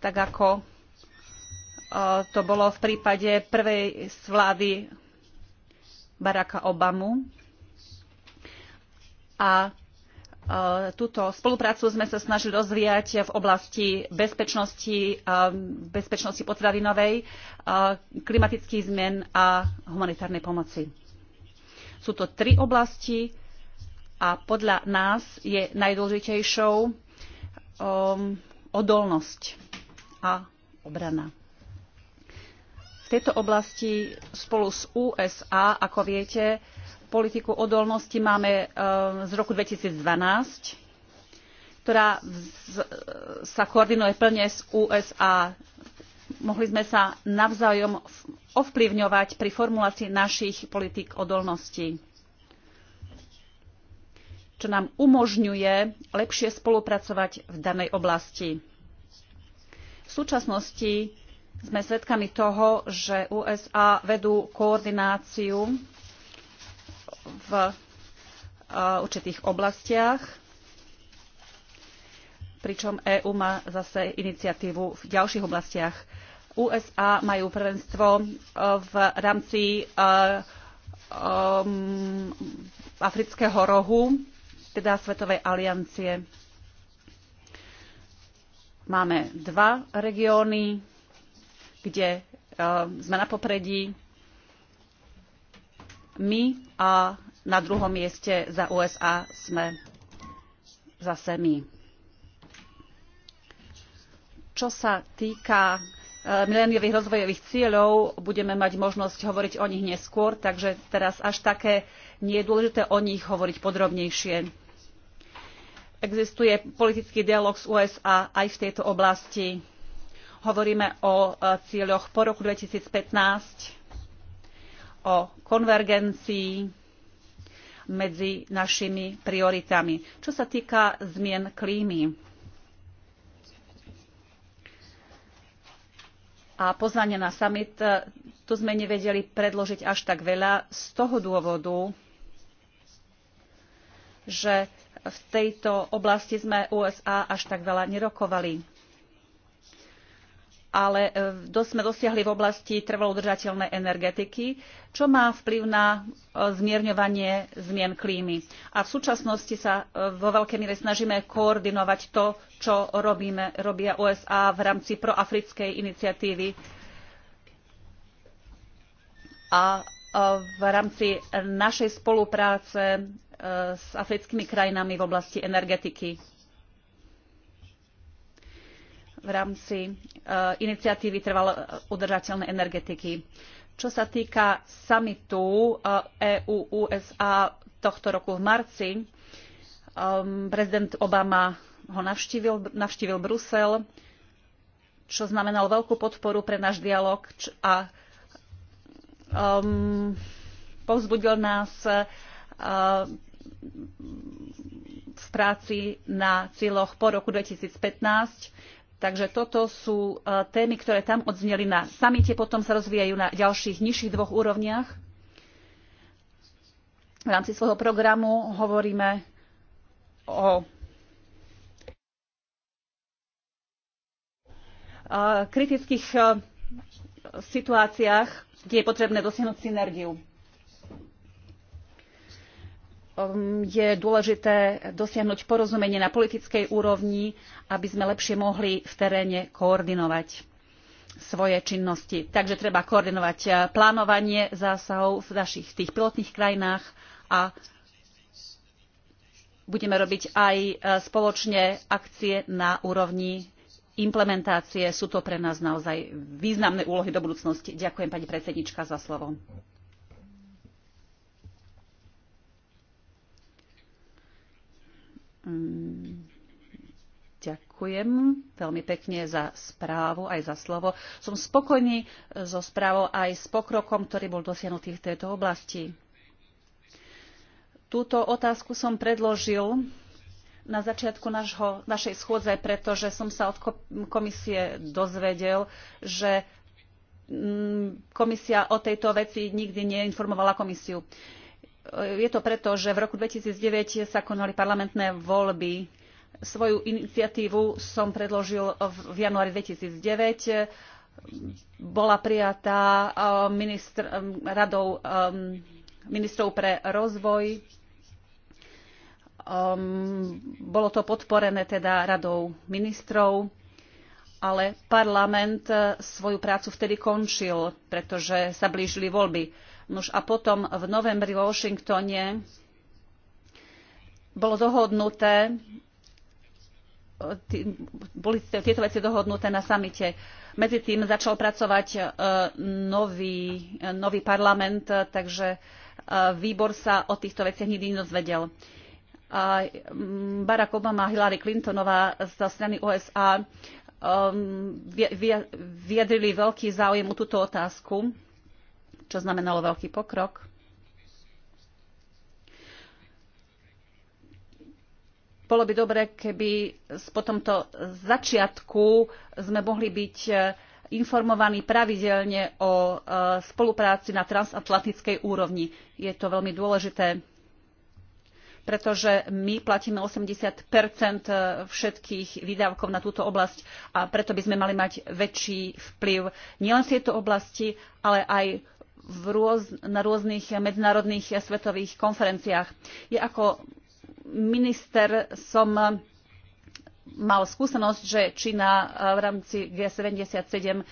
Speaker 1: tak ako e, to bolo v prípade prvej vlády Baracka Obamu. A e, túto spoluprácu sme sa snažili rozvíjať v oblasti bezpečnosti, e, bezpečnosti potravinovej, klimatických zmien a humanitárnej pomoci. Sú to tri oblasti a podľa nás je najdôležitejšou odolnosť a obrana. V tejto oblasti spolu s USA, ako viete, politiku odolnosti máme e, z roku 2012, ktorá sa koordinuje plne s USA. Mohli sme sa navzájom ovplyvňovať pri formulácii našich politik odolnosti, čo nám umožňuje lepšie spolupracovať v danej oblasti. V súčasnosti sme svedkami toho, že USA vedú koordináciu v eh, určitých oblastiach, pričom EÚ má zase iniciatívu v ďalších oblastiach. USA majú prvenstvo eh, v rámci eh, mm, afrického rohu, teda Svetovej aliancie. Máme dva regióny, kde eh, sme na popredí my a na druhom mieste za USA sme zase my. Čo sa týka eh, mileniových rozvojových cieľov, budeme mať možnosť hovoriť o nich neskôr, takže teraz až také nie je dôležité o nich hovoriť podrobnejšie existuje politický dialog s USA aj v tejto oblasti. Hovoríme o e, cieľoch po roku 2015, o konvergencii medzi našimi prioritami. Čo sa týka zmien klímy a pozvanie na summit, e, tu sme nevedeli predložiť až tak veľa z toho dôvodu, že v tejto oblasti sme USA až tak veľa nerokovali. Ale e, dosť sme dosiahli v oblasti trvalo udržateľnej energetiky, čo má vplyv na e, zmierňovanie zmien klímy. A v súčasnosti sa e, vo veľkej miere snažíme koordinovať to, čo robíme, robia USA v rámci proafrickej iniciatívy a v rámci našej spolupráce s africkými krajinami v oblasti energetiky v rámci e, iniciatívy trvalo udržateľnej energetiky. Čo sa týka samitu EU-USA e tohto roku v marci, e, prezident Obama ho navštívil, navštívil Brusel, čo znamenalo veľkú podporu pre náš dialog a um, povzbudil nás uh, v práci na cieľoch po roku 2015. Takže toto sú e, témy, ktoré tam odzneli na samite, potom sa rozvíjajú na ďalších nižších dvoch úrovniach. V rámci svojho programu hovoríme o e, kritických e, situáciách, kde je potrebné dosiahnuť synergiu Ehm, je dôležité dosiahnuť porozumenie na politickej úrovni, aby sme lepšie mohli v teréne koordinovať svoje činnosti. Takže treba koordinovať eh, plánovanie zásahov v našich tých pilotných krajinách a budeme robiť aj eh, spoločne akcie na úrovni implementácie. Sú to pre nás naozaj významné úlohy do budúcnosti. Ďakujem pani predsednička za slovo. Mm, ďakujem veľmi pekne za správu aj za slovo. Som spokojný e, so správou aj s pokrokom, ktorý bol dosiahnutý v tejto oblasti. Túto otázku som predložil na začiatku našho, našej schôdze, pretože som sa od komisie dozvedel, že mm, komisia o tejto veci nikdy neinformovala komisiu. Uh, je to preto, že v roku 2009 sa konali parlamentné voľby. Svoju iniciatívu som predložil v januári 2009. Bola prijatá um, um, radou um, ministrov pre rozvoj. Bolo to podporené teda radou ministrov ale parlament eh, svoju prácu vtedy končil, pretože sa blížili voľby Nož a potom v novembri vo Washingtone bolo dohodnuté, tý, boli tieto veci dohodnuté na samite. Medzi tým začal pracovať e, nový, e, nový parlament, e, takže výbor sa o týchto veciach nikdy nedozvedel. Barack Obama a Hillary Clintonová zo strany USA vyjadrili veľký záujem o túto otázku čo znamenalo veľký pokrok. Bolo by dobre, keby po tomto začiatku sme mohli byť e, informovaní pravidelne o e, spolupráci na transatlantickej úrovni. Je to veľmi dôležité, pretože my platíme 80 e, všetkých výdavkov na túto oblasť a preto by sme mali mať väčší vplyv nielen v tejto oblasti, ale aj rôz, na rôznych medzinárodných svetových konferenciách. Ja ako minister som mal skúsenosť, že Čína v rámci G77 eh,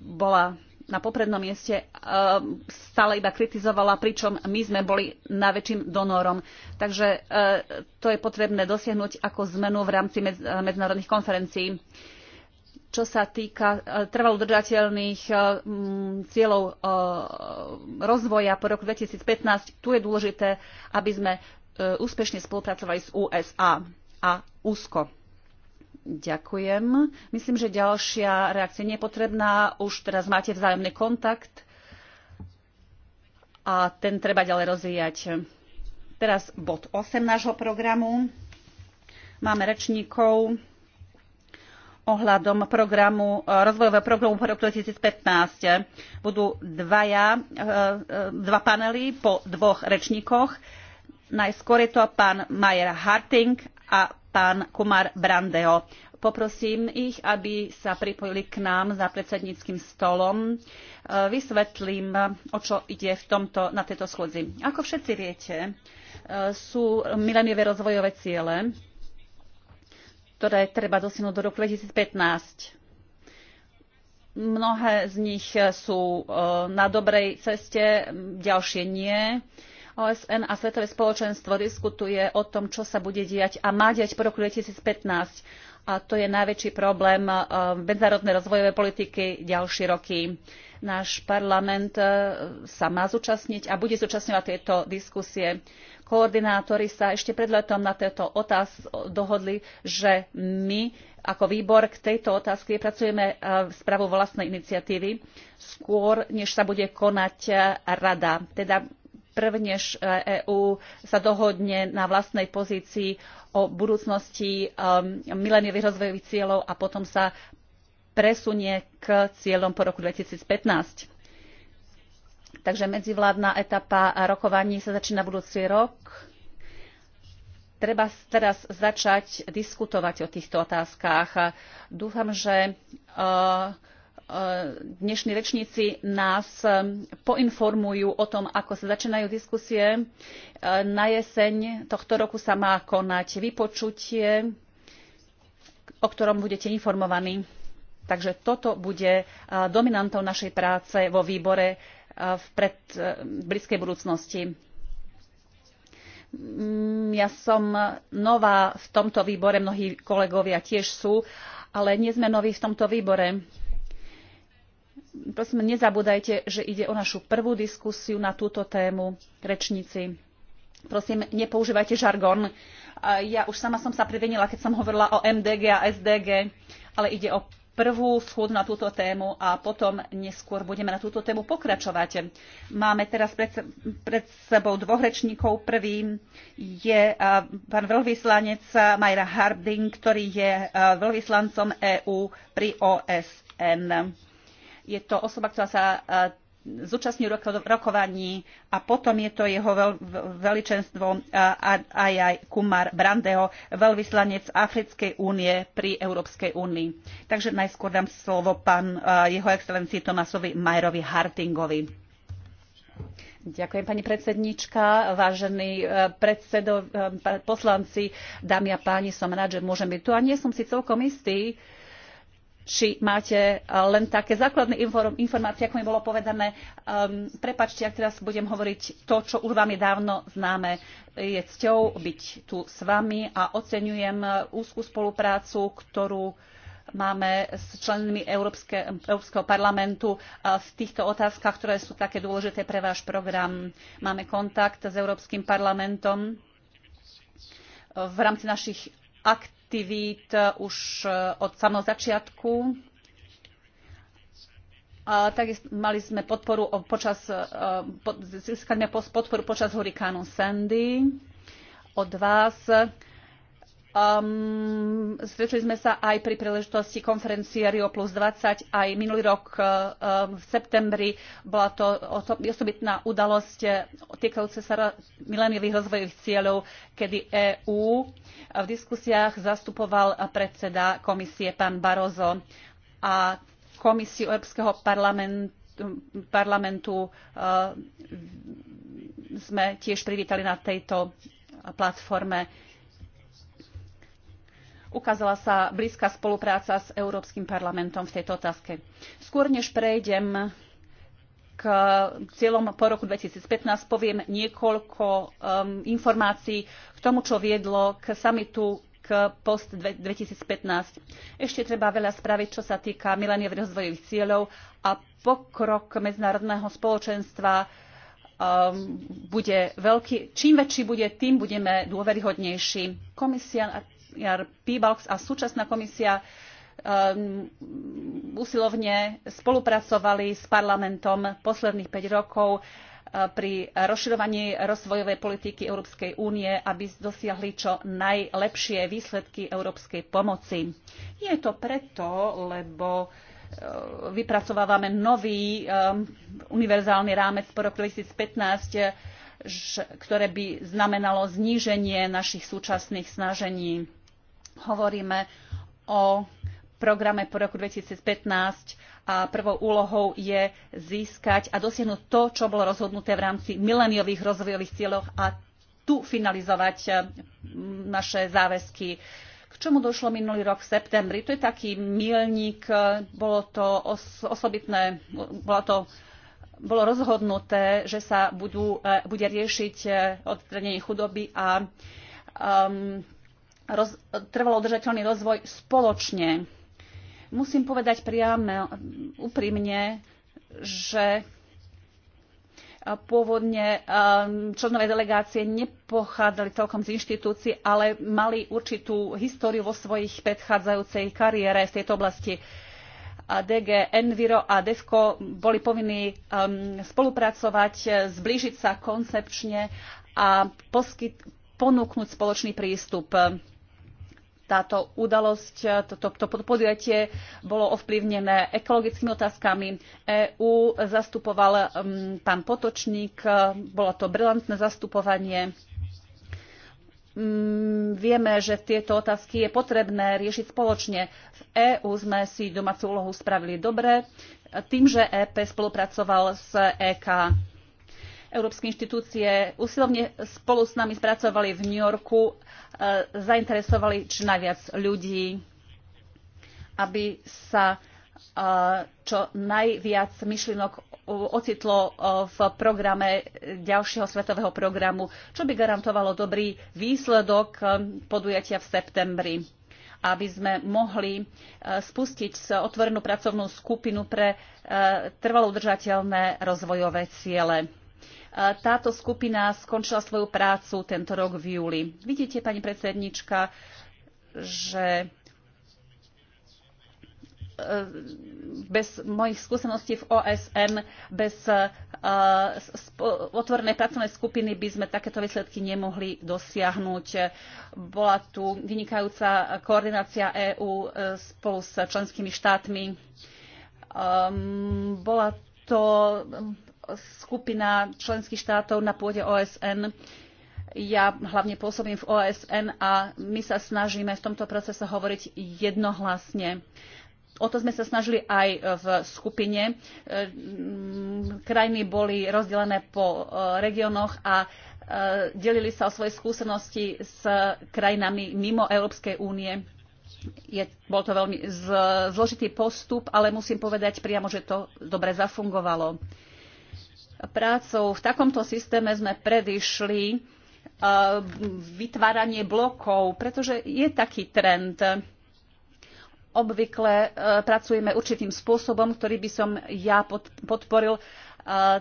Speaker 1: bola na poprednom mieste, eh, stále iba kritizovala, pričom my sme boli najväčším donorom. Takže eh, to je potrebné dosiahnuť ako zmenu v rámci medzinárodných konferencií čo sa týka e, trvalodržateľných e, cieľov e, rozvoja po roku 2015, tu je dôležité, aby sme úspešne spolupracovali s USA a úzko. Ďakujem. Myslím, že ďalšia reakcia nie je potrebná. Už teraz máte vzájomný kontakt a ten treba ďalej rozvíjať. Teraz bod 8 nášho programu. Máme rečníkov ohľadom programu, e, rozvojového programu po roku 2015. Budú dvaja, e, e, dva panely po dvoch rečníkoch. Najskôr je to pán Majer Harting a pán Kumar Brandeo. Poprosím ich, aby sa pripojili k nám za predsedníckým stolom. Vysvetlím, o čo ide v tomto, na tejto schodzi. Ako všetci viete, sú mileniové rozvojové ciele ktoré treba dosiahnuť do roku 2015. Mnohé z nich sú e, na dobrej ceste, ďalšie nie. OSN a Svetové spoločenstvo diskutuje o tom, čo sa bude diať a má diať po roku 2015. A to je najväčší problém e, medzárodnej rozvojovej politiky ďalšie roky. Náš parlament e, sa má zúčastniť a bude zúčastňovať tieto diskusie Koordinátori sa ešte pred letom na tejto otázku dohodli, že my ako výbor k tejto otázke pracujeme e, správu vlastnej iniciatívy skôr, než sa bude konať e, rada. Teda prvnež eú e sa dohodne na vlastnej pozícii o budúcnosti mileniových rozvojových cieľov a potom sa presunie k cieľom po roku fifteen Takže medzivládna etapa rokovaní sa začína budúci rok. Treba teraz začať diskutovať o týchto otázkach. Dúfam, že e, e, dnešní rečníci nás e, poinformujú o tom, ako sa začínajú diskusie. Na jeseň tohto roku sa má konať vypočutie, o ktorom budete informovaní. Takže toto bude dominantou našej práce vo výbore Eh, v, pred, eh, blízkej budúcnosti. Mm, ja som nová v tomto výbore, mnohí kolegovia tiež sú, ale nie sme noví v tomto výbore. Prosím, nezabúdajte, že ide o našu prvú diskusiu na túto tému, rečníci. Prosím, nepoužívajte žargon. Eh, ja už sama som sa prevenila, keď som hovorila o MDG a SDG, ale ide o prvú schôdzu na túto tému a potom neskôr budeme na túto tému pokračovať. Máme teraz pred, pred sebou dvoch rečníkov. Prvým je pán veľvyslanec Majra Harding, ktorý je veľvyslancom EÚ pri OSN. Je to osoba, ktorá sa zúčastní rokovaní a potom je to jeho veľ, veličenstvo Aj Kumar Brandeho, veľvyslanec Africkej únie pri Európskej únii. Takže najskôr dám slovo pán jeho excelencii Tomasovi Majerovi Hartingovi. Ďakujem, pani predsednička, vážení e, predsedo, e, poslanci, dámy a páni, som rád, že môžem byť tu a nie som si celkom istý, či máte eh, len také základné informácie, ako mi bolo povedané. Um, prepačte, ak teraz budem hovoriť to, čo už vám je dávno známe. Je cťou byť tu s vami a oceňujem eh, úzkú spoluprácu, ktorú máme s členmi Európske, Európskeho parlamentu eh, v týchto otázkach, ktoré sú také dôležité pre váš program. Máme kontakt s Európskym parlamentom v rámci našich aktivít aktivít eh, už eh, od samého začiatku. A mali sme podporu počas, eh, získali podporu počas hurikánu Sandy od vás Um, stretli sme sa aj pri príležitosti konferencie Rio plus 20 aj minulý rok uh, um, v septembri. Bola to osobitná udalosť eh, týkajúce sa mileniových rozvojových cieľov, kedy EÚ eh, v diskusiách zastupoval predseda komisie pán Barroso a komisiu Európskeho parlamentu, parlamentu uh, sme tiež privítali na tejto platforme ukázala sa blízka spolupráca s Európskym parlamentom v tejto otázke. Skôr než prejdem k cieľom po roku 2015 poviem niekoľko um, informácií k tomu, čo viedlo k samitu k post 2015. Ešte treba veľa spraviť, čo sa týka mileniových rozvojových cieľov a pokrok medzinárodného spoločenstva um, bude veľký. Čím väčší bude, tým budeme dôveryhodnejší. Komisia komisár Peebalks a súčasná komisia ehm, usilovne spolupracovali s parlamentom posledných 5 rokov e, pri rozširovaní rozvojovej politiky Európskej únie, aby dosiahli čo najlepšie výsledky európskej pomoci. Nie je to preto, lebo e, vypracovávame nový ehm, univerzálny rámec po roku 2015, ktoré by znamenalo zníženie našich súčasných snažení Hovoríme o programe po roku 2015 a prvou úlohou je získať a dosiahnuť to, čo bolo rozhodnuté v rámci mileniových rozvojových cieľov a tu finalizovať eh, naše záväzky k čomu došlo minulý rok v septembri. To je taký milník, eh, bolo to osobitné, bolo to bolo rozhodnuté, že sa budú, eh, bude riešiť odstranenie chudoby a um, roz, trvalo udržateľný rozvoj spoločne. Musím povedať priame, úprimne, že e, pôvodne e, členové delegácie nepochádzali celkom z inštitúcií, ale mali určitú históriu vo svojich predchádzajúcej kariére v tejto oblasti. DG Enviro a DEFCO boli povinní e, spolupracovať, zblížiť sa koncepčne a poskyt, ponúknuť spoločný prístup táto udalosť, toto to, to podujatie bolo ovplyvnené ekologickými otázkami. EÚ zastupoval um, pán Potočník, bolo to brilantné zastupovanie. Um, vieme, že tieto otázky je potrebné riešiť spoločne. V EÚ sme si domácu úlohu spravili dobre tým, že EP spolupracoval s EK Európske inštitúcie usilovne spolu s nami spracovali v New Yorku, e, zainteresovali čo najviac ľudí, aby sa e, čo najviac myšlienok ocitlo e, v programe ďalšieho svetového programu, čo by garantovalo dobrý výsledok podujatia v septembri aby sme mohli spustiť otvorenú pracovnú skupinu pre trvalo udržateľné rozvojové ciele. Táto skupina skončila svoju prácu tento rok v júli. Vidíte, pani predsednička, že e, bez mojich skúseností v OSN, bez e, otvorenej pracovnej skupiny by sme takéto výsledky nemohli dosiahnuť. Bola tu vynikajúca koordinácia EÚ e, spolu s členskými štátmi. Ehm, bola to skupina členských štátov na pôde OSN. Ja hlavne pôsobím v OSN a my sa snažíme v tomto procese hovoriť jednohlasne. O to sme sa snažili aj v skupine. E, krajiny boli rozdelené po e, regiónoch a e, delili sa o svoje skúsenosti s krajinami mimo Európskej únie. Je, bol to veľmi zložitý postup, ale musím povedať priamo, že to dobre zafungovalo prácou v takomto systéme sme predišli e, vytváranie blokov, pretože je taký trend. Obvykle e, pracujeme určitým spôsobom, ktorý by som ja podporil, e,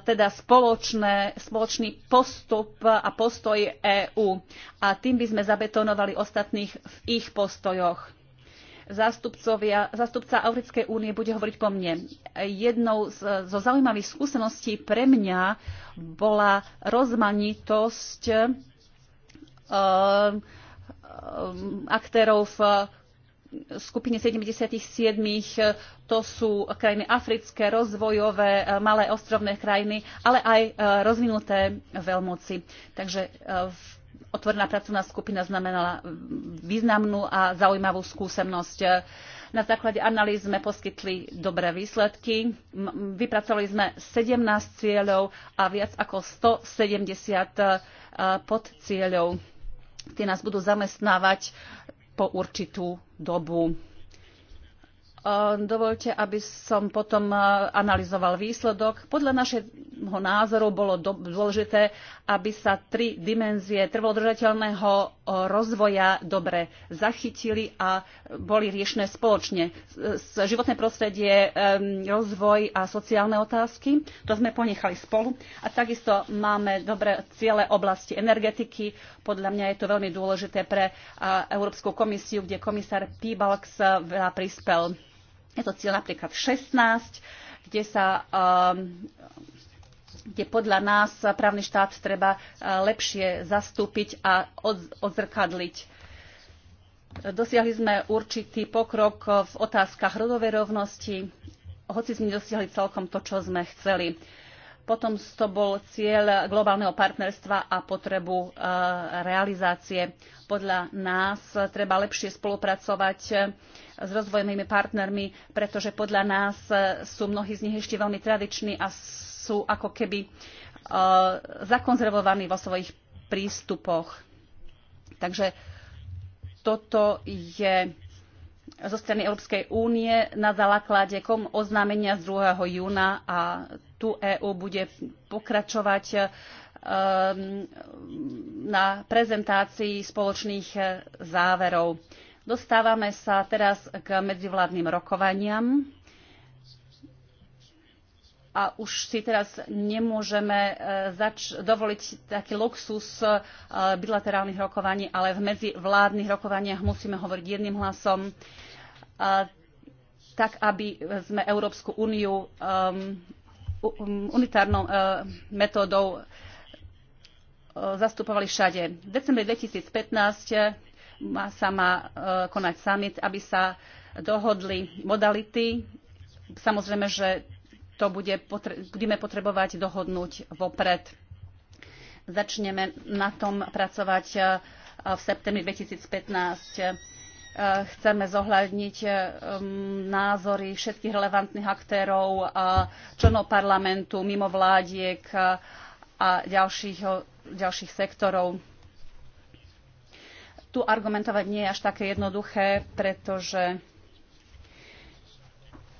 Speaker 1: teda spoločné, spoločný postup a postoj EÚ. A tým by sme zabetonovali ostatných v ich postojoch Zástupca Africkej únie bude hovoriť po mne. Jednou z, zo zaujímavých skúseností pre mňa bola rozmanitosť uh, um, aktérov v skupine 77. To sú krajiny africké, rozvojové, eh, malé ostrovné krajiny, ale aj rozvinuté veľmoci. Takže v otvorená pracovná skupina znamenala významnú a zaujímavú skúsenosť. Na základe analýz sme poskytli dobré výsledky. Vypracovali sme 17 cieľov a viac ako 170 e, podcieľov. Tie nás budú zamestnávať po určitú dobu Ehm, dovolte, aby som potom e, analyzoval výsledok. Podľa našeho názoru bolo dôležité, aby sa tri dimenzie trvodržateľného e, rozvoja dobre zachytili a boli riešené spoločne. Životné prostredie, ehm, rozvoj a sociálne otázky, to sme ponechali spolu. A takisto máme dobre ciele oblasti energetiky. Podľa mňa je to veľmi dôležité pre Európsku komisiu, kde komisár Pibalks e, veľa prispel je to cieľ napríklad 16, kde sa ehm, kde podľa nás právny štát treba e, lepšie zastúpiť a odzrkadliť. Dosiahli sme určitý pokrok v otázkach rodovej rovnosti, hoci sme nedosiahli celkom to, čo sme chceli. Potom to bol cieľ globálneho partnerstva a potrebu e, realizácie. Podľa nás treba lepšie spolupracovať e, s rozvojnými partnermi, pretože podľa nás e, sú mnohí z nich ešte veľmi tradiční a sú ako keby zakonzervovaní vo svojich prístupoch. Takže toto je zo strany Európskej únie na základe oznámenia z 2. júna a tu EÚ bude pokračovať e, na prezentácii spoločných e, záverov. Dostávame sa teraz k medzivládnym rokovaniam a už si teraz nemôžeme e, zač- dovoliť taký luxus e, bilaterálnych rokovaní, ale v medzivládnych rokovaniach musíme hovoriť jedným hlasom, e, tak aby sme Európsku úniu um, um, unitárnou metódou zastupovali všade. V decembri 2015 sa má konať summit, aby sa dohodli modality. Samozrejme, že to bude budeme potrebovať dohodnúť vopred. Začneme na tom pracovať eh, v septembri 2015. Eh, chceme zohľadniť eh, názory všetkých relevantných aktérov, členov parlamentu, mimovládiek a ďalších, ďalších sektorov. Tu argumentovať nie je až také jednoduché, pretože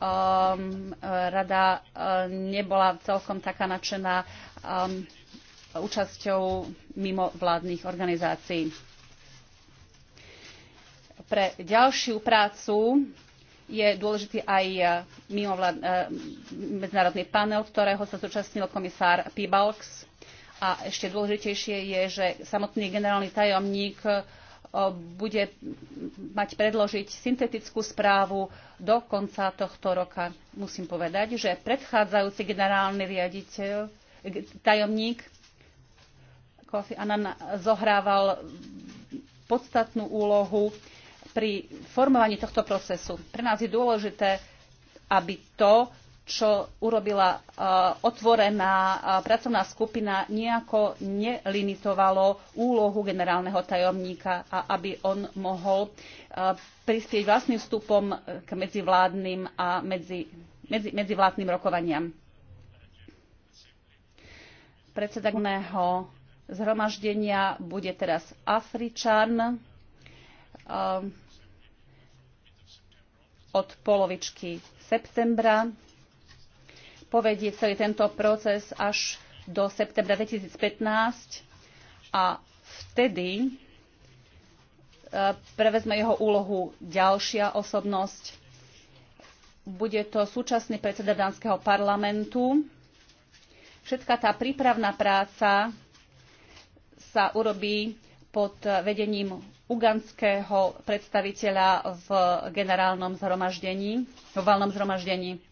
Speaker 1: um, rada um, nebola celkom taká nadšená um, účasťou mimo vládnych organizácií. Pre ďalšiu prácu je dôležitý aj uh, mimovlád, uh, medzinárodný panel, ktorého sa zúčastnil komisár Pibalks. A ešte dôležitejšie je, že samotný generálny tajomník bude mať predložiť syntetickú správu do konca tohto roka. Musím povedať, že predchádzajúci generálny riaditeľ, tajomník Kofi Annan zohrával podstatnú úlohu pri formovaní tohto procesu. Pre nás je dôležité, aby to čo urobila e, otvorená e, pracovná skupina, nejako nelimitovalo úlohu generálneho tajomníka a aby on mohol e, prispieť vlastným vstupom k medzivládnym a medzi, medzi, medzivládnym rokovaniam. Predseda zhromaždenia bude teraz Afričan od polovičky septembra povedie celý tento proces až do septembra 2015 a vtedy e, prevezme jeho úlohu ďalšia osobnosť. Bude to súčasný predseda Dánskeho parlamentu. Všetká tá prípravná práca sa urobí pod vedením uganského predstaviteľa v generálnom zhromaždení, v valnom zhromaždení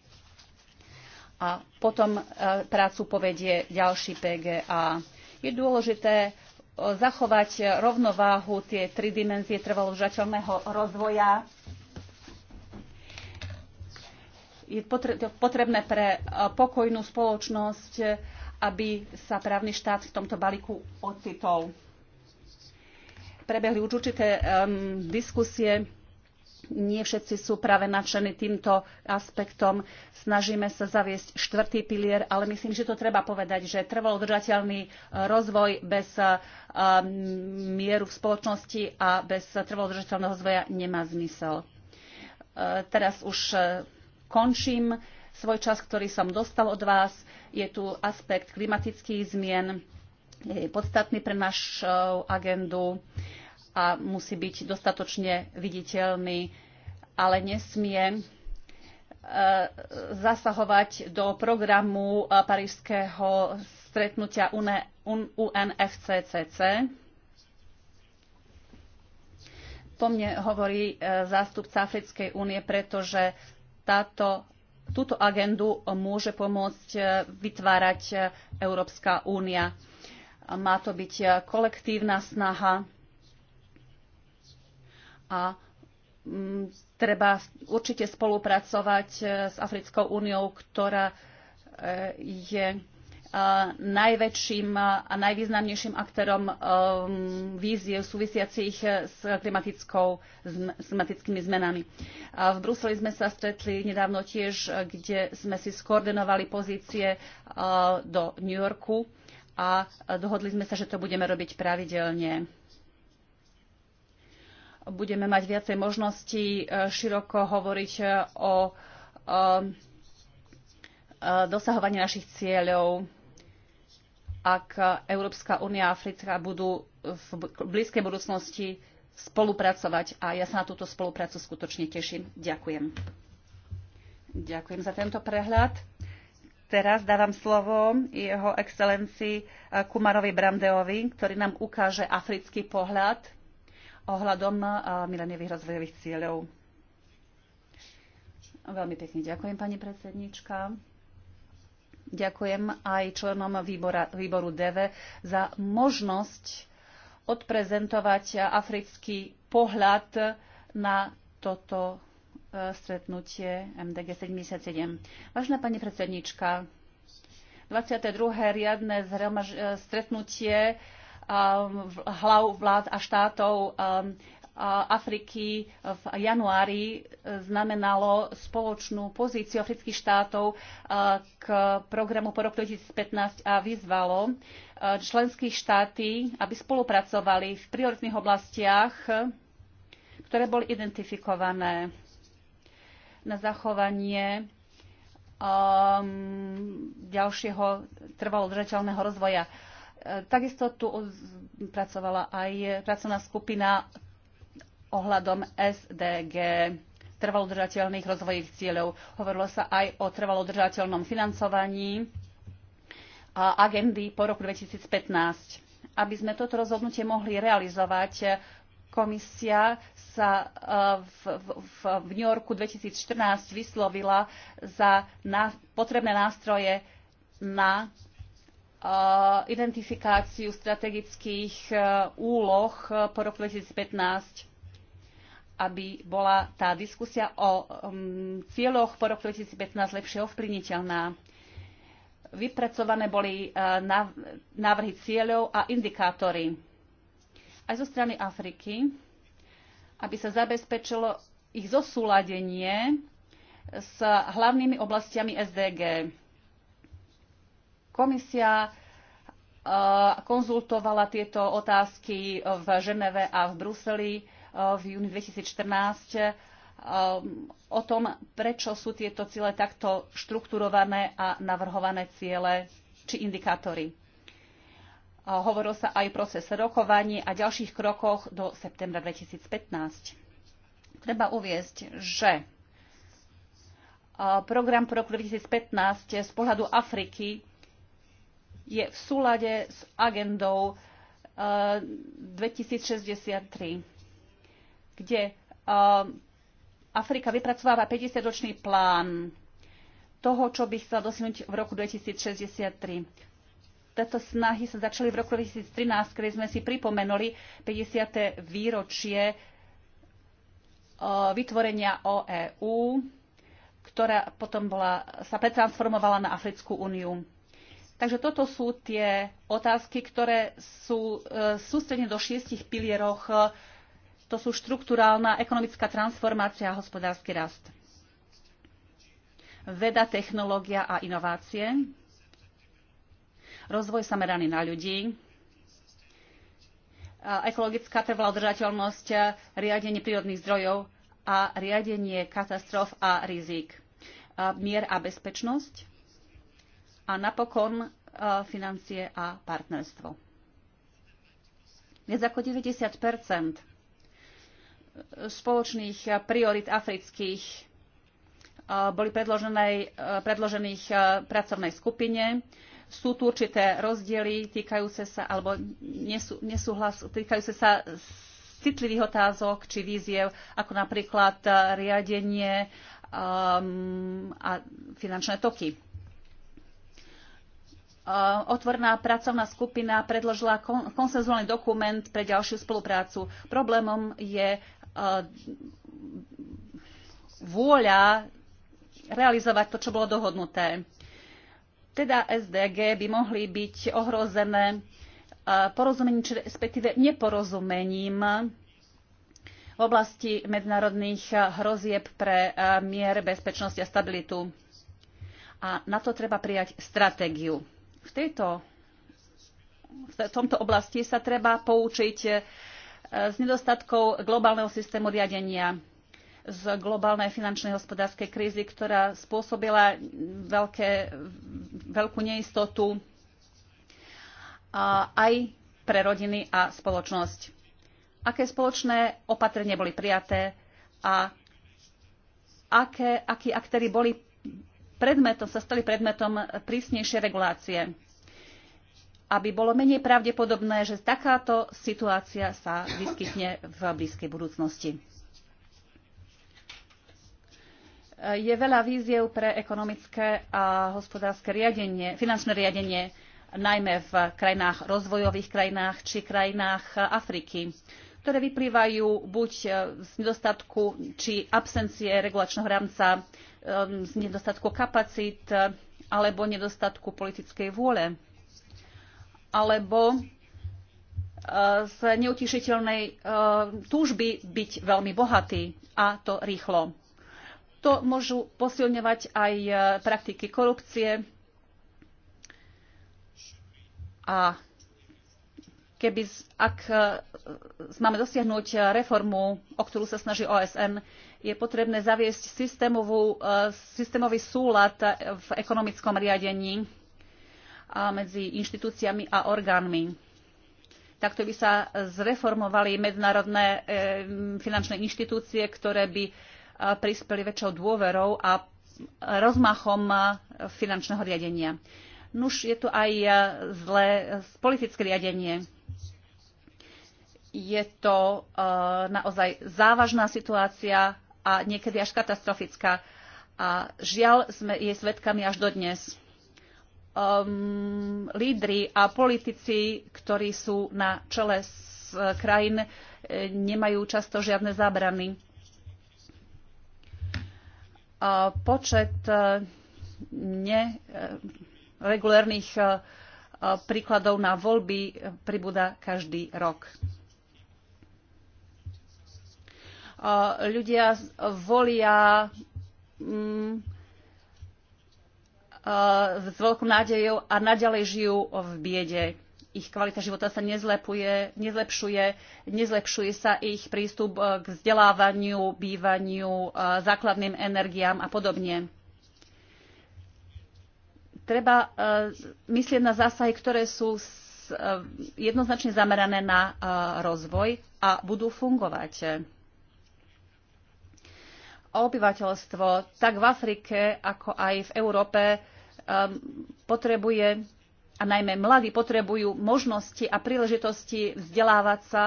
Speaker 1: a potom e, prácu povedie ďalší PGA. Je dôležité e, zachovať rovnováhu tie tri dimenzie trvaložateľného rozvoja. Je potrebné pre e, pokojnú spoločnosť, aby sa právny štát v tomto balíku ocitol. Prebehli už určité um, diskusie nie všetci sú práve nadšení týmto aspektom. Snažíme sa zaviesť štvrtý pilier, ale myslím, že to treba povedať, že trvalo udržateľný e, rozvoj bez e, mieru v spoločnosti a bez trvalo udržateľného rozvoja nemá zmysel. E, teraz už končím svoj čas, ktorý som dostal od vás. Je tu aspekt klimatických zmien, je podstatný pre našu agendu. Uh, a musí byť dostatočne viditeľný, ale nesmie e, zasahovať do programu e, parížského stretnutia UNFCCC. Po mne hovorí e, zástupca Africkej únie, pretože táto, túto agendu môže pomôcť vytvárať Európska únia. Má to byť kolektívna snaha a mm, treba určite spolupracovať e, s Africkou úniou, ktorá e, je e, najväčším a najvýznamnejším aktérom mm, vízie súvisiacich s, s klimatickými zmenami. A v Bruseli sme sa stretli nedávno tiež, kde sme si skoordinovali pozície do New Yorku a dohodli sme sa, že to budeme robiť pravidelne budeme mať viacej možností e, široko hovoriť e, o e, dosahovaní našich cieľov, ak Európska únia a Afrika budú v blízkej budúcnosti spolupracovať a ja sa na túto spoluprácu skutočne teším. Ďakujem. Ďakujem za tento prehľad. Teraz dávam slovo jeho excelencii Kumarovi Brandeovi, ktorý nám ukáže africký pohľad ohľadom mileniových rozvojových cieľov. Veľmi pekne ďakujem, pani predsednička. Ďakujem aj členom výbora, výboru DV za možnosť odprezentovať africký pohľad na toto e, stretnutie MDG 77. Vážna pani predsednička, 22. riadne e, stretnutie Um, hlav vlád a štátov um, Afriky v januári e, znamenalo spoločnú pozíciu afrických štátov e, k programu po roku 2015 a vyzvalo e, členské štáty, aby spolupracovali v prioritných oblastiach, ktoré boli identifikované na zachovanie um, ďalšieho trvalo rozvoja Takisto tu pracovala aj pracovná skupina ohľadom SDG trvalodržateľných rozvojových cieľov. Hovorilo sa aj o trvalodržateľnom financovaní a agendy po roku 2015. Aby sme toto rozhodnutie mohli realizovať, komisia sa v, v, v New Yorku 2014 vyslovila za potrebné nástroje na Uh, identifikáciu strategických uh, úloh uh, po roku 2015 aby bola tá diskusia o um, cieľoch po roku 2015 lepšie ovplyvniteľná. Vypracované boli návrhy cieľov a indikátory aj zo strany Afriky, aby sa zabezpečilo ich zosúladenie s hlavnými oblastiami SDG Komisia e, konzultovala tieto otázky v Ženeve a v Bruseli e, v júni 2014 e, o tom, prečo sú tieto ciele takto štrukturované a navrhované ciele či indikátory. Hovoril sa aj o procese rokovaní a ďalších krokoch do septembra 2015. Treba uviezť, že program pro 2015 z pohľadu Afriky je v súlade s agendou 2063, eh, kde eh, Afrika vypracováva 50-ročný plán toho, čo by chcela dosiahnuť v roku 2063. Tieto snahy sa začali v roku 2013, kedy sme si pripomenuli 50. výročie eh, vytvorenia OEU, ktorá potom bola, sa pretransformovala na Africkú úniu Takže toto sú tie otázky, ktoré sú e, sústredne do šiestich pilieroch. E, to sú štruktúrálna ekonomická transformácia a hospodársky rast. Veda, technológia a inovácie. Rozvoj sameraný na ľudí. Ekologická trvalá udržateľnosť, e, riadenie prírodných zdrojov a riadenie katastrof a rizik. Mier a bezpečnosť a napokon e, financie a partnerstvo. Viac ako 90 spoločných priorit afrických e, boli e, predložených pracovnej skupine. Sú tu určité rozdiely týkajúce sa, alebo nesúhlas, týkajúce sa citlivých otázok či víziev, ako napríklad riadenie a finančné toky E, otvorná pracovná skupina predložila konsenzuálny dokument pre ďalšiu spoluprácu. Problémom je e, vôľa realizovať to, čo bolo dohodnuté. Teda SDG by mohli byť ohrozené e, porozumením, či respektíve neporozumením v oblasti medzinárodných hrozieb pre mier, bezpečnosť a stabilitu. A na to treba prijať stratégiu v tejto v tomto oblasti sa treba poučiť eh, z nedostatkov globálneho systému riadenia z globálnej finančnej hospodárskej krízy, ktorá spôsobila veľké, veľkú neistotu a aj pre rodiny a spoločnosť. Aké spoločné opatrenia boli prijaté a aké, akí aktéry boli predmetom, sa stali predmetom prísnejšie regulácie aby bolo menej pravdepodobné, že takáto situácia sa vyskytne v blízkej budúcnosti. Je veľa víziev pre ekonomické a hospodárske riadenie, finančné riadenie, najmä v krajinách rozvojových krajinách či krajinách Afriky ktoré vyplývajú buď e, z nedostatku či absencie regulačného rámca, e, z nedostatku kapacít e, alebo nedostatku politickej vôle, alebo z neutišiteľnej túžby byť veľmi bohatý a to rýchlo. To môžu posilňovať aj praktiky korupcie a keby, ak e, máme dosiahnuť e, reformu, o ktorú sa snaží OSN, je potrebné zaviesť e, systémový súlad v ekonomickom riadení medzi inštitúciami a orgánmi. Takto by sa zreformovali medzinárodné finančné inštitúcie, ktoré by prispeli väčšou dôverou a rozmachom finančného riadenia. Nuž je tu aj zlé politické riadenie je to e, naozaj závažná situácia a niekedy až katastrofická. A žiaľ sme jej svedkami až dodnes. Um, lídry a politici, ktorí sú na čele z e, krajín, e, nemajú často žiadne zábrany. počet neregulérnych príkladov na voľby pribúda každý rok. Eh, ľudia volia mm, eh, s veľkou nádejou a naďalej žijú v biede. Ich kvalita života sa nezlepuje, nezlepšuje, nezlepšuje sa ich prístup eh, k vzdelávaniu, bývaniu, základným energiám a podobne. Treba myslieť na zásahy, ktoré sú jednoznačne zamerané na rozvoj a budú fungovať obyvateľstvo tak v Afrike, ako aj v Európe um, potrebuje, a najmä mladí potrebujú možnosti a príležitosti vzdelávať sa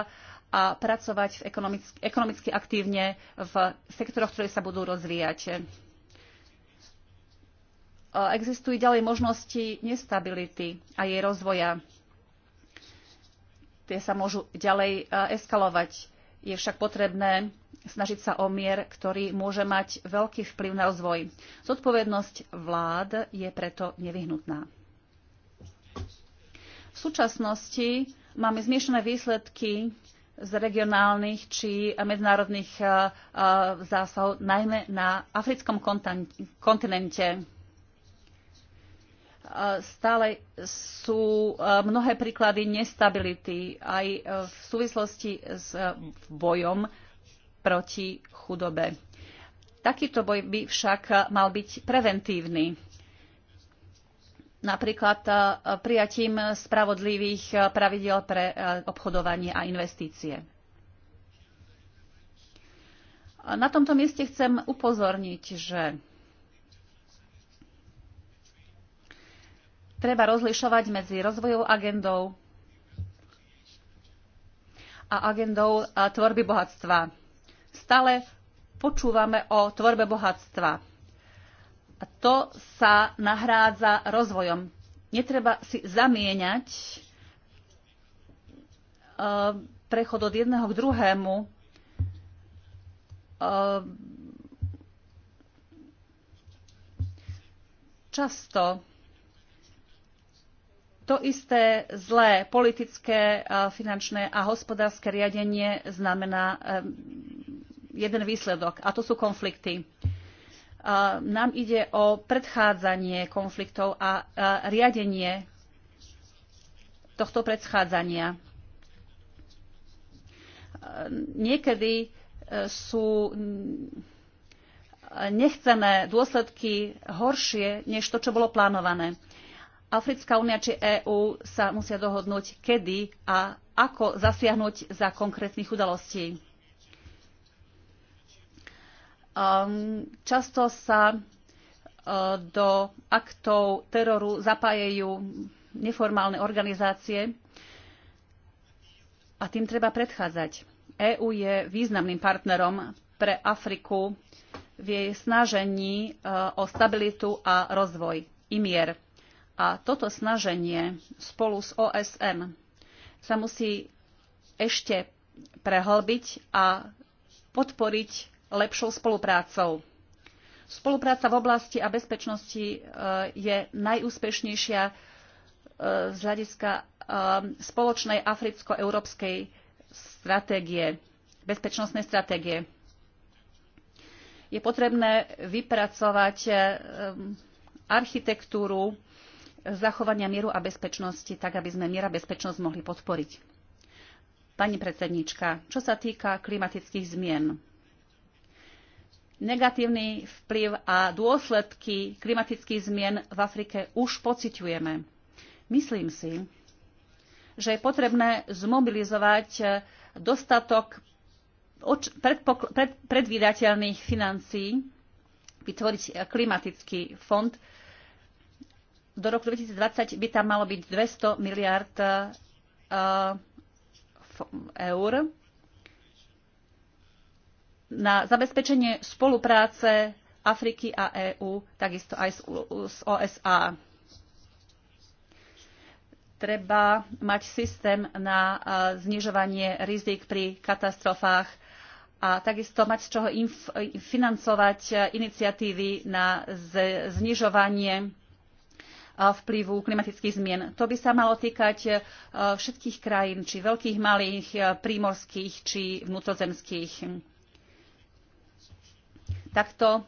Speaker 1: a pracovať v ekonomicky, ekonomicky aktívne v sektoroch, ktoré sa budú rozvíjať. E, existujú ďalej možnosti nestability a jej rozvoja. Tie sa môžu ďalej e, eskalovať. Je však potrebné snažiť sa o mier, ktorý môže mať veľký vplyv na rozvoj. Zodpovednosť vlád je preto nevyhnutná. V súčasnosti máme zmiešané výsledky z regionálnych či medzinárodných zásahov, najmä na africkom kontinente. Stále sú mnohé príklady nestability aj v súvislosti s bojom proti chudobe. Takýto boj by však mal byť preventívny. Napríklad e, prijatím spravodlivých e, pravidel pre e, obchodovanie a investície. Na tomto mieste chcem upozorniť, že treba rozlišovať medzi rozvojovou agendou a agendou tvorby bohatstva stále počúvame o tvorbe bohatstva. A to sa nahrádza rozvojom. Netreba si zamieňať e, prechod od jedného k druhému. E, často to isté zlé politické, e, finančné a hospodárske riadenie znamená jeden výsledok a to sú konflikty. E, nám ide o predchádzanie konfliktov a riadenie tohto predchádzania. E, niekedy e, sú nechcené dôsledky horšie, než to, čo bolo plánované. Africká únia či EÚ sa musia dohodnúť, kedy a ako zasiahnuť za konkrétnych udalostí Ehm, často sa eh, do aktov teroru zapájajú neformálne organizácie a tým treba predchádzať. EÚ je významným partnerom pre Afriku v jej snažení eh, o stabilitu a rozvoj i mier. A toto snaženie spolu s OSN sa musí ešte prehlbiť a podporiť lepšou spoluprácou. Spolupráca v oblasti a bezpečnosti e, je najúspešnejšia e, z hľadiska e, spoločnej africko-európskej stratégie, bezpečnostnej stratégie. Je potrebné vypracovať architektúru zachovania mieru a bezpečnosti, tak aby sme miera bezpečnosť mohli podporiť. Pani predsednička, čo sa týka klimatických zmien, Negatívny vplyv a dôsledky klimatických zmien v Afrike už pociťujeme. Myslím si, že je potrebné zmobilizovať eh, dostatok predvídateľných financií, vytvoriť eh, klimatický fond. Do roku 2020 by tam malo byť 200 miliard eh, eur na zabezpečenie spolupráce Afriky a EÚ, takisto aj s OSA. Treba mať systém na znižovanie rizik pri katastrofách a takisto mať z čoho financovať iniciatívy na znižovanie vplyvu klimatických zmien. To by sa malo týkať všetkých krajín, či veľkých, malých, prímorských, či vnútrozemských takto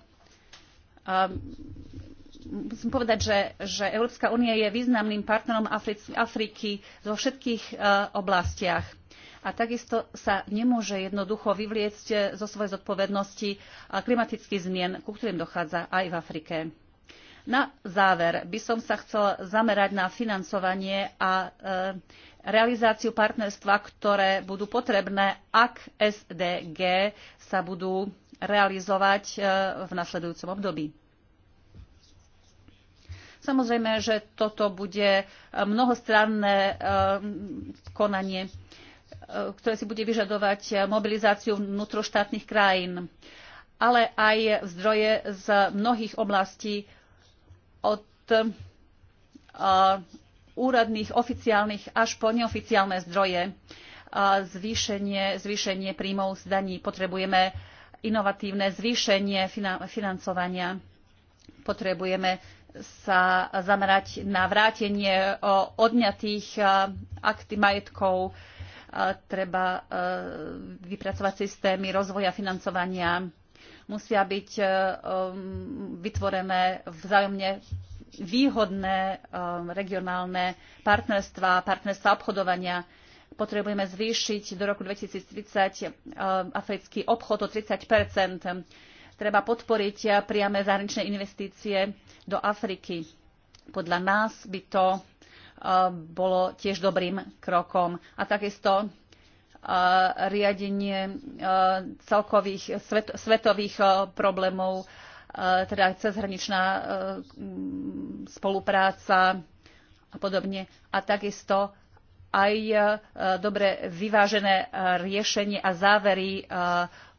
Speaker 1: um, musím povedať, že, že Európska únia je významným partnerom Afric Afriky vo všetkých uh, oblastiach. A takisto sa nemôže jednoducho vyvliecť uh, zo svojej zodpovednosti uh, klimatických zmien, ku ktorým dochádza aj v Afrike. Na záver by som sa chcela zamerať na financovanie a realizáciu partnerstva, ktoré budú potrebné, ak SDG sa budú realizovať e, v nasledujúcom období. Samozrejme, že toto bude mnohostranné e, konanie, e, ktoré si bude vyžadovať mobilizáciu vnútroštátnych krajín, ale aj zdroje z mnohých oblastí od úradných, oficiálnych až po neoficiálne zdroje. Zvýšenie, zvýšenie príjmov z daní potrebujeme inovatívne zvýšenie financovania. Potrebujeme sa zamerať na vrátenie e, odňatých e, akty majetkov, e, treba vypracovať systémy rozvoja financovania. Musia byť vytvorené vzájomne výhodné regionálne partnerstva, partnerstva obchodovania potrebujeme zvýšiť do roku 2030 eh, africký obchod o 30 Treba podporiť eh, priame zahraničné investície do Afriky. Podľa nás by to eh, bolo tiež dobrým krokom. A takisto riadenie celkových svet, svetových problémov, teda cezhraničná spolupráca a podobne. A takisto aj e, dobre vyvážené e, riešenie a závery e,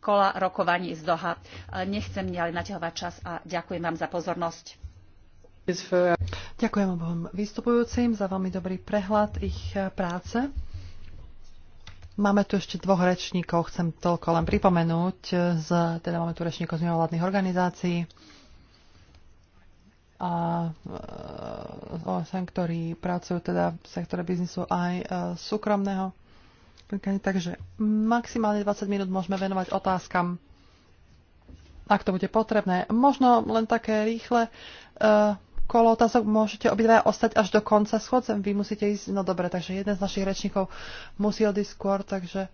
Speaker 1: kola rokovaní z Doha. Nechcem ďalej naťahovať čas a ďakujem vám za pozornosť.
Speaker 3: Ďakujem obom vystupujúcim za veľmi dobrý prehľad ich práce. Máme tu ešte dvoch rečníkov, chcem toľko len pripomenúť. Z, teda máme tu rečníkov z mimovládnych organizácií a e, OSN, ktorí pracujú teda v sektore biznisu aj e, súkromného. Takže maximálne 20 minút môžeme venovať otázkam, ak to bude potrebné. Možno len také rýchle e, kolo otázok môžete obidva ostať až do konca schodcem. Vy musíte ísť, no dobre, takže jeden z našich rečníkov musí odísť skôr, takže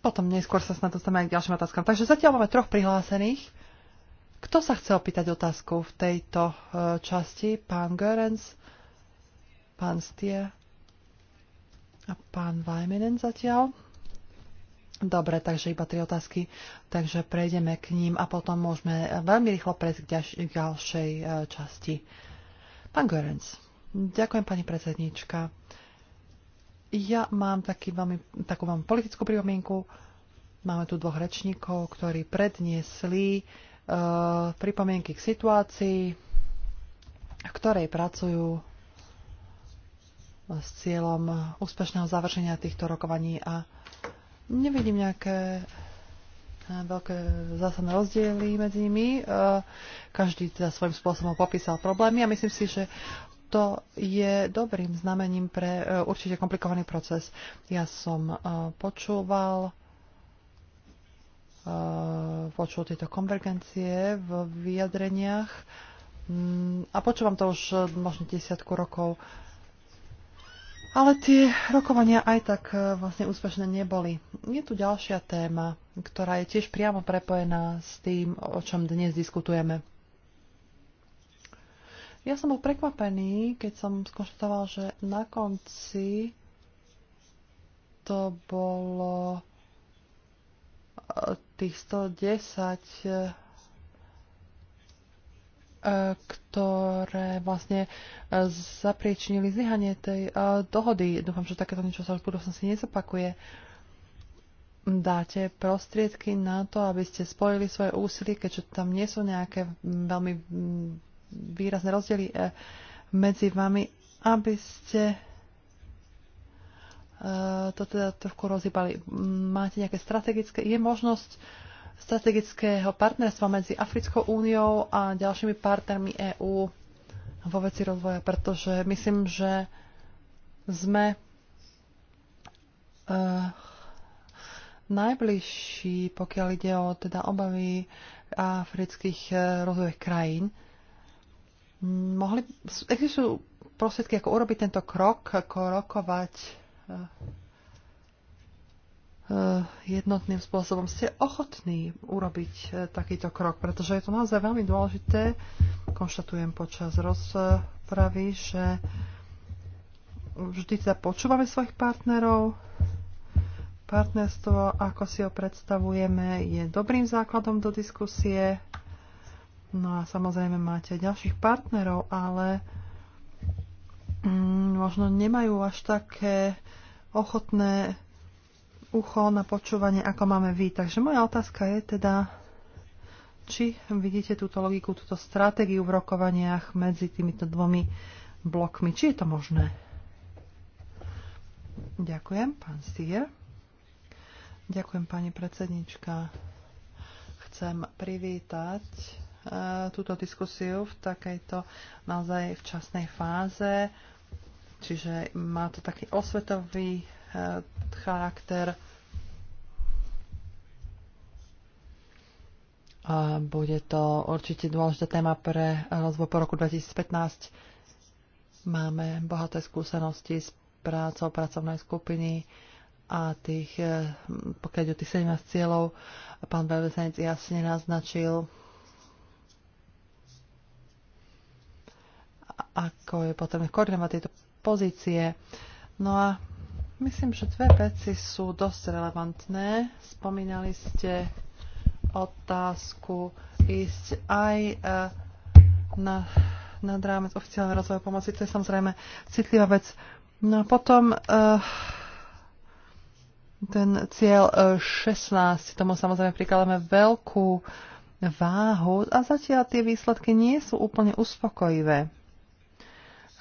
Speaker 3: potom neskôr sa snad dostaneme aj k ďalším otázkam. Takže zatiaľ máme troch prihlásených kto sa chce opýtať otázku v tejto e, časti? Pán Görens, pán Stie a pán Vajminen zatiaľ. Dobre, takže iba tri otázky, takže prejdeme k ním a potom môžeme veľmi rýchlo prejsť k ďalšej e, časti. Pán Görens, ďakujem pani predsednička. Ja mám taký veľmi, takú veľmi politickú pripomienku. Máme tu dvoch rečníkov, ktorí predniesli uh, Eh, pripomienky k situácii, v ktorej pracujú s cieľom úspešného završenia týchto rokovaní a nevidím nejaké eh, veľké zásadné rozdiely medzi nimi. Eh, každý teda svojím spôsobom popísal problémy a myslím si, že to je dobrým znamením pre určite komplikovaný proces. Ja som počúval počul tieto konvergencie v vyjadreniach mm, a počúvam to už eh, možno desiatku rokov. Ale tie rokovania aj tak eh, vlastne úspešné neboli. Je tu ďalšia téma, ktorá je tiež priamo prepojená s tým, o čom dnes diskutujeme. Ja som bol prekvapený, keď som skonštatoval, že na konci to bolo tých 110 e, ktoré vlastne e, zapriečnili zlyhanie tej e, dohody. Dúfam, že takéto niečo sa v budúcnosti nezopakuje. Dáte prostriedky na to, aby ste spojili svoje úsilie, keďže tam nie sú nejaké veľmi výrazné rozdiely medzi vami, aby ste Eh, to teda trošku rozhýbali. Mm, máte nejaké strategické, je možnosť strategického partnerstva medzi Africkou úniou a ďalšími partnermi EÚ vo veci rozvoja, pretože myslím, že sme uh, najbližší, pokiaľ ide o teda obavy afrických uh, rozvojových krajín. Mm, mohli, existujú prostriedky, ako urobiť tento krok, ako rokovať E, e, jednotným spôsobom ste ochotní urobiť e, takýto krok, pretože je to naozaj veľmi dôležité. Konštatujem počas rozpravy, že vždy teda počúvame svojich partnerov. Partnerstvo, ako si ho predstavujeme, je dobrým základom do diskusie. No a samozrejme máte ďalších partnerov, ale Mm, možno nemajú až také ochotné ucho na počúvanie, ako máme vy. Takže moja otázka je teda, či vidíte túto logiku, túto stratégiu v rokovaniach medzi týmito dvomi blokmi. Či je to možné? Ďakujem, pán Stier. Ďakujem, pani predsednička. Chcem privítať eh, túto diskusiu v takejto naozaj včasnej fáze Čiže má to taký osvetový eh, charakter. A bude to určite dôležitá téma pre eh, rozvoj po roku 2015. Máme bohaté skúsenosti s prácou pracovnej skupiny a tých, eh, pokiaľ o tých 17 cieľov, pán veľvyslanec jasne naznačil, ako je potrebné koordinovať tieto pozície. No a myslím, že dve veci sú dosť relevantné. Spomínali ste otázku ísť aj eh, na, na rámec oficiálnej rozvojovej pomoci. To je samozrejme citlivá vec. No a potom eh, ten cieľ 16, eh, tomu samozrejme prikladáme veľkú váhu a zatiaľ tie výsledky nie sú úplne uspokojivé.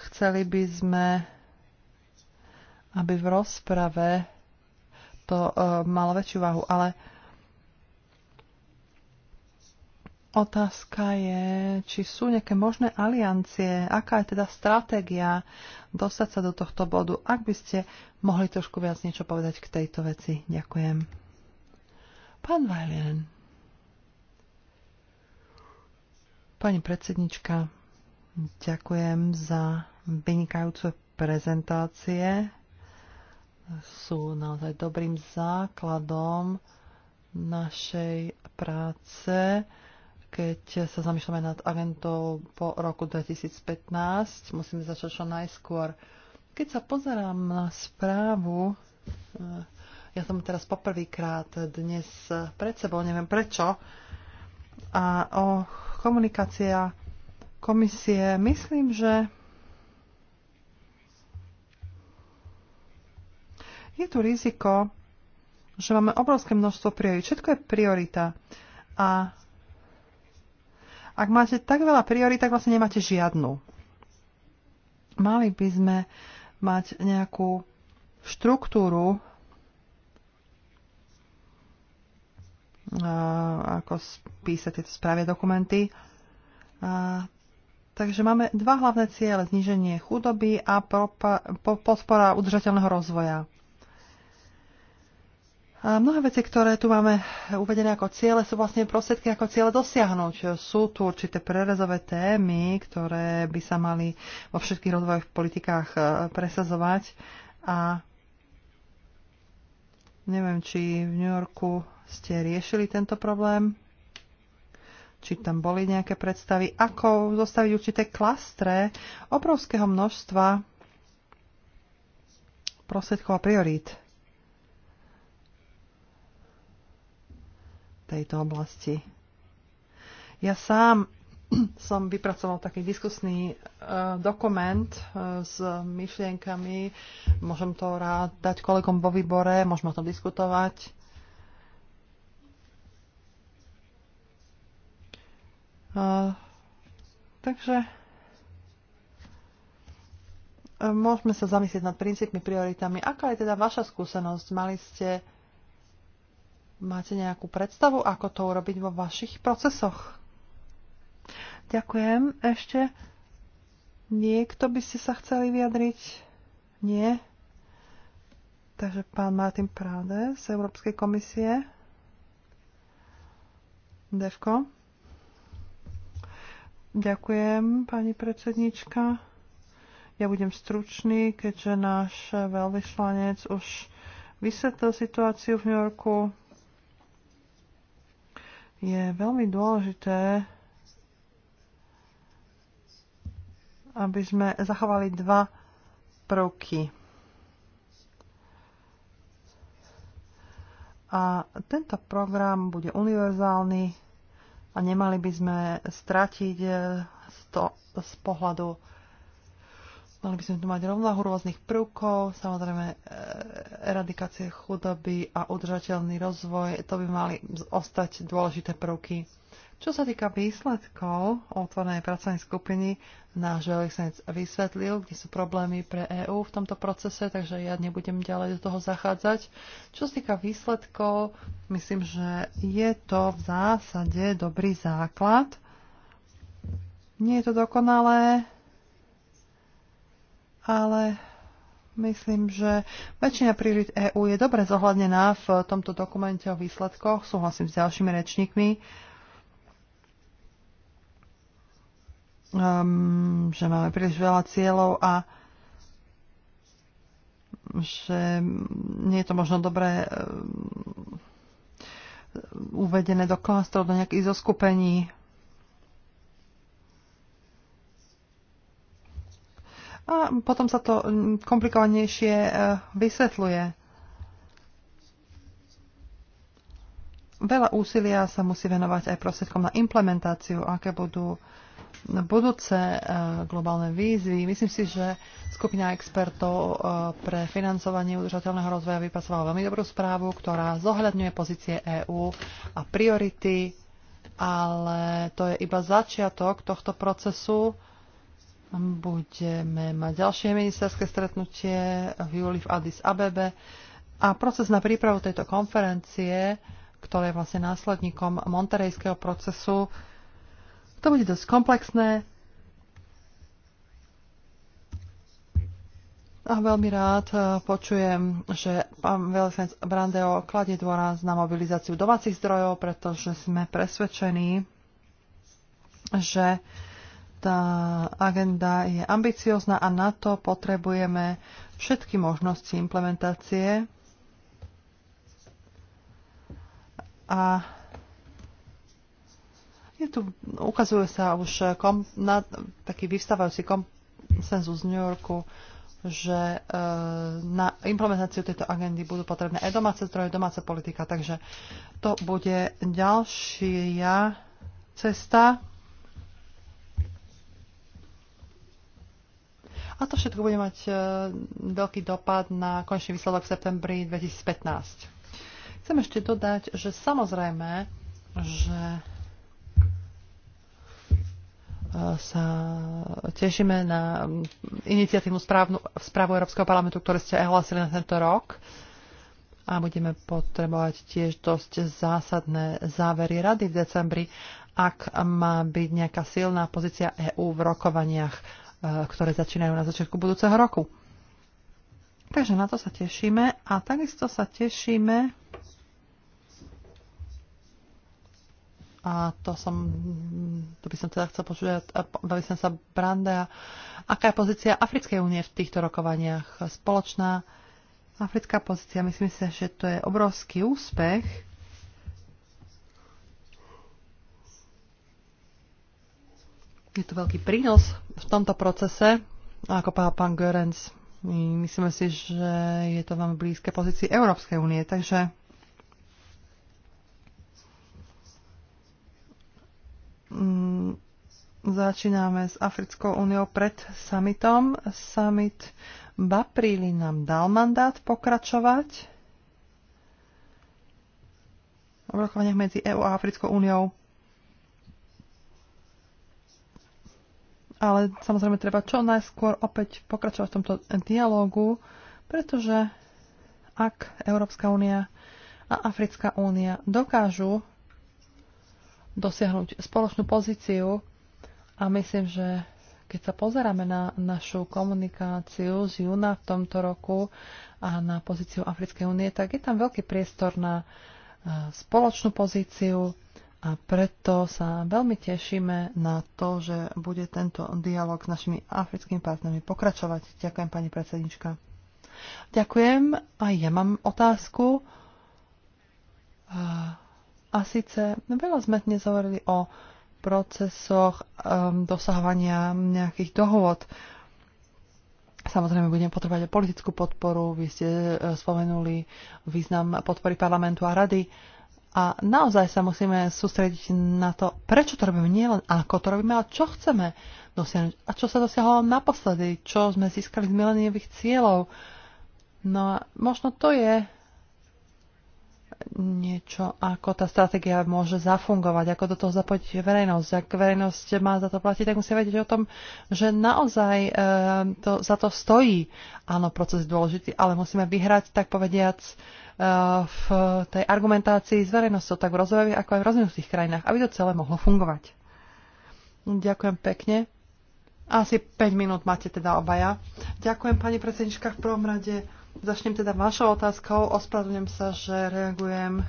Speaker 3: Chceli by sme, aby v rozprave to e, malo väčšiu váhu, ale Otázka je, či sú nejaké možné aliancie, aká je teda stratégia dostať sa do tohto bodu. Ak by ste mohli trošku viac niečo povedať k tejto veci. Ďakujem. Pán Vajlien. Pani predsednička, Ďakujem za vynikajúce prezentácie. Sú naozaj dobrým základom našej práce, keď sa zamýšľame nad agentou po roku 2015. Musíme začať čo najskôr. Keď sa pozerám na správu, eh, ja som teraz poprvýkrát dnes pred sebou, neviem prečo, a o komunikácia komisie. Myslím, že je tu riziko, že máme obrovské množstvo priorít. Všetko je priorita. A ak máte tak veľa priorít, tak vlastne nemáte žiadnu. Mali by sme mať nejakú štruktúru, ako spísať tieto správne dokumenty. A Takže máme dva hlavné ciele. Zníženie chudoby a podpora udržateľného rozvoja. A mnohé veci, ktoré tu máme uvedené ako ciele, sú vlastne prostriedky ako ciele dosiahnuť. Sú tu určité prerezové témy, ktoré by sa mali vo všetkých rozvojových politikách e, presazovať. A neviem, či v New Yorku ste riešili tento problém či tam boli nejaké predstavy, ako zostaviť určité klastre obrovského množstva prostriedkov a priorít tejto oblasti. Ja sám som vypracoval taký diskusný uh, dokument uh, s myšlienkami. Môžem to rád dať kolegom vo výbore, môžeme o tom diskutovať. Uh, takže uh, môžeme sa zamyslieť nad princípmi, prioritami. Aká je teda vaša skúsenosť? Mali ste, máte nejakú predstavu, ako to urobiť vo vašich procesoch? Ďakujem. Ešte niekto by ste sa chceli vyjadriť? Nie? Takže pán Martin Prade z Európskej komisie. Devko. Ďakujem, pani predsednička. Ja budem stručný, keďže náš veľvyslanec už vysvetlil situáciu v New Yorku. Je veľmi dôležité, aby sme zachovali dva prvky. A tento program bude univerzálny a nemali by sme stratiť z, eh, to, z pohľadu Mali by sme tu mať rovnahu rôznych prvkov, samozrejme eh, eradikácie chudoby a udržateľný rozvoj, to by mali ostať dôležité prvky čo sa týka výsledkov otvorenej pracovnej skupiny, náš veľvyslanec vysvetlil, kde sú problémy pre EÚ v tomto procese, takže ja nebudem ďalej do toho zachádzať. Čo sa týka výsledkov, myslím, že je to v zásade dobrý základ. Nie je to dokonalé, ale myslím, že väčšina priorit EÚ je dobre zohľadnená v tomto dokumente o výsledkoch. Súhlasím s ďalšími rečníkmi um, že máme príliš veľa cieľov a že nie je to možno dobre um, uvedené do klastrov, do nejakých zoskupení. A potom sa to komplikovanejšie uh, vysvetľuje. veľa úsilia sa musí venovať aj prostriedkom na implementáciu, aké budú budúce e, globálne výzvy. Myslím si, že skupina expertov e, pre financovanie udržateľného rozvoja vypasovala veľmi dobrú správu, ktorá zohľadňuje pozície EÚ a priority, ale to je iba začiatok tohto procesu. Budeme mať ďalšie ministerské stretnutie v júli v Addis Abebe a proces na prípravu tejto konferencie ktoré je vlastne následníkom monterejského procesu. To bude dosť komplexné a veľmi rád e, počujem, že pán veľvyslanec Brandeo kladie dôraz na mobilizáciu domácich zdrojov, pretože sme presvedčení, že tá agenda je ambiciozná a na to potrebujeme všetky možnosti implementácie A je tu, ukazuje sa už eh, kom, na, taký vyvstávajúci konsenzus z New Yorku, že e, na implementáciu tejto agendy budú potrebné aj domáce zdroje, domáca politika. Takže to bude ďalšia cesta. A to všetko bude mať e, veľký dopad na končný výsledok v septembri 2015. Chcem ešte dodať, že samozrejme, že e, sa tešíme na iniciatívnu správnu, správu Európskeho parlamentu, ktoré ste ohlasili na tento rok a budeme potrebovať tiež dosť zásadné závery rady v decembri, ak má byť nejaká silná pozícia EÚ v rokovaniach, e, ktoré začínajú na začiatku budúceho roku. Takže na to sa tešíme a takisto sa tešíme A to som, to by som teda chcel počuť, bavil som sa A Aká je pozícia Africkej únie v týchto rokovaniach? Spoločná africká pozícia, myslím si, že to je obrovský úspech. Je to veľký prínos v tomto procese, ako povedal pán Görens. My myslíme si, že je to veľmi blízke pozícii Európskej únie, takže Mm, začíname s Africkou úniou pred summitom. Summit v apríli nám dal mandát pokračovať v rokovaniach medzi EU a Africkou úniou. Ale samozrejme treba čo najskôr opäť pokračovať v tomto dialógu, pretože ak Európska únia a Africká únia dokážu dosiahnuť spoločnú pozíciu a myslím, že keď sa pozeráme na našu komunikáciu z júna v tomto roku a na pozíciu Africkej únie, tak je tam veľký priestor na e, spoločnú pozíciu a preto sa veľmi tešíme na to, že bude tento dialog s našimi africkými partnermi pokračovať. Ďakujem, pani predsednička. Ďakujem. A ja mám otázku. E, a síce veľa sme dnes hovorili o procesoch um, dosahovania nejakých dohovod. Samozrejme, budeme potrebovať aj politickú podporu. Vy ste e, spomenuli význam podpory parlamentu a rady. A naozaj sa musíme sústrediť na to, prečo to robíme, nielen ako to robíme, ale čo chceme dosiahnuť. A čo sa dosiahlo naposledy, čo sme získali z mileniových cieľov. No a možno to je niečo, ako tá stratégia môže zafungovať, ako do toho zapojiť verejnosť. Ak verejnosť má za to platiť, tak musia vedieť o tom, že naozaj e, to, za to stojí. Áno, proces je dôležitý, ale musíme vyhrať, tak povediac, e, v tej argumentácii s verejnosťou, tak v rozvojových, ako aj v rozvinutých krajinách, aby to celé mohlo fungovať. Ďakujem pekne. Asi 5 minút máte teda obaja. Ďakujem, pani predsednička, v prvom rade Začnem teda vašou otázkou. Ospravedlňujem sa, že reagujem e,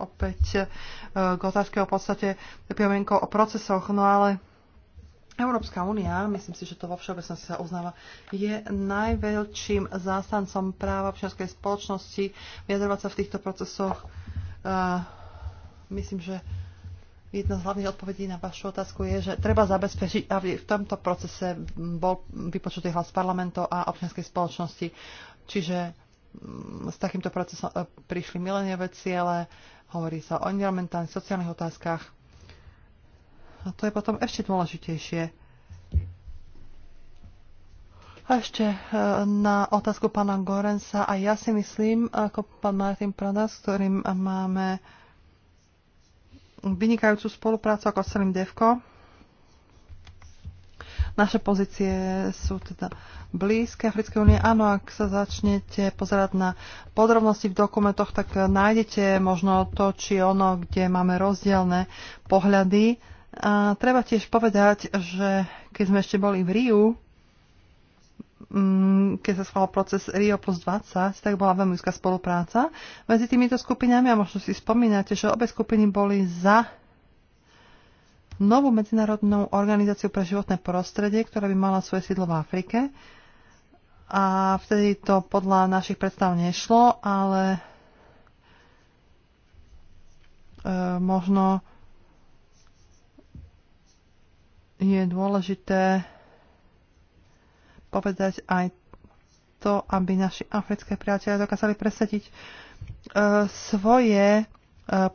Speaker 3: opäť e, k otázke o podstate pripomienkou o procesoch, no ale Európska únia, myslím si, že to vo všeobecnosti sa uznáva, je najväčším zástancom práva občianskej spoločnosti vyjadrovať sa v týchto procesoch. Uh, myslím, že jedna z hlavných odpovedí na vašu otázku je, že treba zabezpečiť, aby v tomto procese bol vypočutý hlas parlamentov a občianskej spoločnosti. Čiže mm, s takýmto procesom e, prišli mileniové ciele, hovorí sa o environmentálnych, sociálnych otázkach. A to je potom ešte dôležitejšie. A ešte e, na otázku pána Gorensa. A ja si myslím, ako pán Martin Prada, s ktorým máme vynikajúcu spoluprácu ako celým DEVKO, naše pozície sú teda blízke Africkej únie. Áno, ak sa začnete pozerať na podrobnosti v dokumentoch, tak nájdete možno to či ono, kde máme rozdielne pohľady. A treba tiež povedať, že keď sme ešte boli v Riu, mm, keď sa schválil proces Rio plus 20, tak bola veľmi úzka spolupráca medzi týmito skupinami a možno si spomínate, že obe skupiny boli za novú medzinárodnú organizáciu pre životné prostredie, ktorá by mala svoje sídlo v Afrike. A vtedy to podľa našich predstav nešlo, ale e, možno je dôležité povedať aj to, aby naši africké priatelia dokázali presadiť e, svoje e,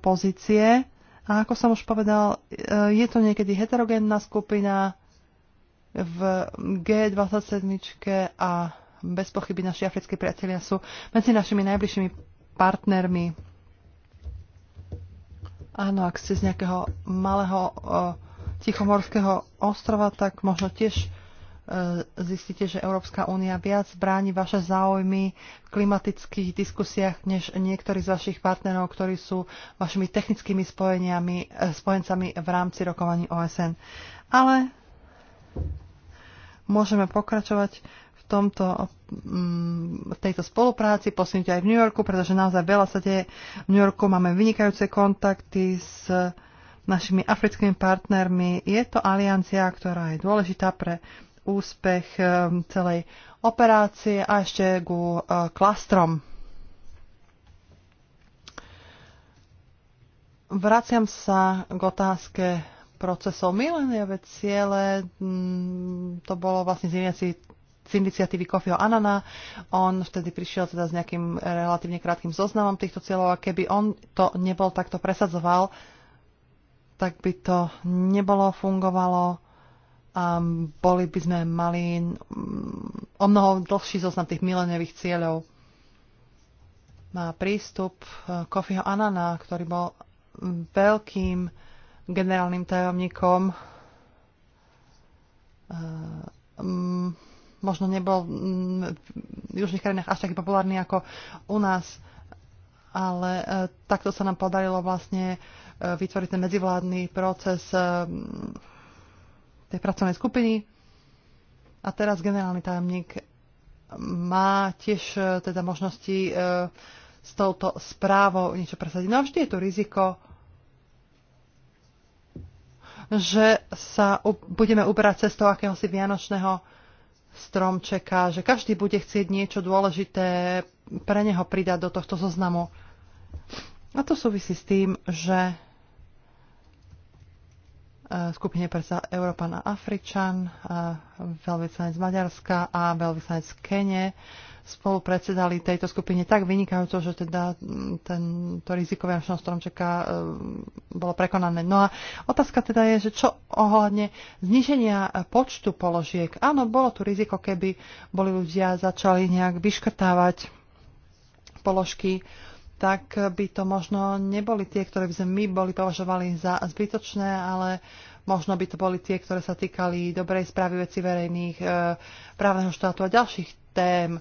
Speaker 3: pozície a ako som už povedal, e, je to niekedy heterogénna skupina v G27 a bez pochyby naši africkí priatelia sú medzi našimi najbližšími partnermi. Áno, ak ste z nejakého malého e, tichomorského ostrova, tak možno tiež E, zistíte, že Európska únia viac bráni vaše záujmy v klimatických diskusiách, než niektorí z vašich partnerov, ktorí sú vašimi technickými spojeniami, e, spojencami v rámci rokovaní OSN. Ale môžeme pokračovať v tomto, mm, v tejto spolupráci, posunúť aj v New Yorku, pretože naozaj veľa sa deje. V New Yorku máme vynikajúce kontakty s našimi africkými partnermi. Je to aliancia, ktorá je dôležitá pre úspech eh, celej operácie a ešte ku eh, klastrom. Vraciam sa k otázke procesov miléniové ciele. Mm, to bolo vlastne z z iniciatívy Kofiho Anana. On vtedy prišiel teda s nejakým relatívne krátkým zoznamom týchto cieľov a keby on to nebol takto presadzoval, tak by to nebolo fungovalo a boli by sme mali mm, o mnoho dlhší zoznam tých mileniových cieľov. Má prístup eh, Kofiho Anana, ktorý bol mm, veľkým generálnym tajomníkom. Eh, mm, možno nebol v južných krajinách až taký populárny ako u nás, ale eh, takto sa nám podarilo vlastne vytvoriť ten medzivládny proces tej pracovnej skupiny. A teraz generálny tajomník má tiež e, teda možnosti e, s touto správou niečo presadiť. No vždy je tu riziko, že sa budeme uberať cestou akéhosi vianočného stromčeka, že každý bude chcieť niečo dôležité pre neho pridať do tohto zoznamu. A to súvisí s tým, že E, skupine predsa Európan a Afričan, e, veľvyslanec Maďarska a veľvyslanec Kene spolupredsedali tejto skupine tak vynikajúco, že teda ten, to riziko Vianočného stromčeka bolo prekonané. No a otázka teda je, že čo ohľadne zniženia počtu položiek. Áno, bolo tu riziko, keby boli ľudia začali nejak vyškrtávať položky tak by to možno neboli tie, ktoré by sme my boli považovali za zbytočné, ale možno by to boli tie, ktoré sa týkali dobrej správy veci verejných, e, právneho štátu a ďalších tém.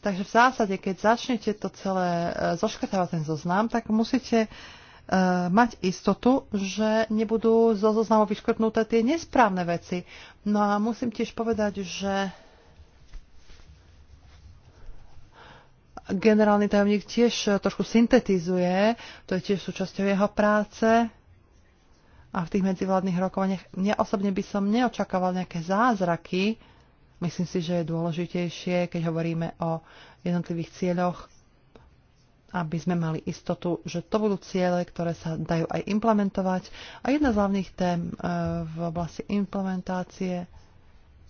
Speaker 3: Takže v zásade, keď začnete to celé e, zoškrtávať ten zoznam, tak musíte e, mať istotu, že nebudú zo zoznamu vyškrtnuté tie nesprávne veci. No a musím tiež povedať, že generálny tajomník tiež eh, trošku syntetizuje, to je tiež súčasťou jeho práce a v tých medzivládnych rokovaniach. Ja osobne by som neočakával nejaké zázraky. Myslím si, že je dôležitejšie, keď hovoríme o jednotlivých cieľoch, aby sme mali istotu, že to budú ciele, ktoré sa dajú aj implementovať. A jedna z hlavných tém eh, v oblasti implementácie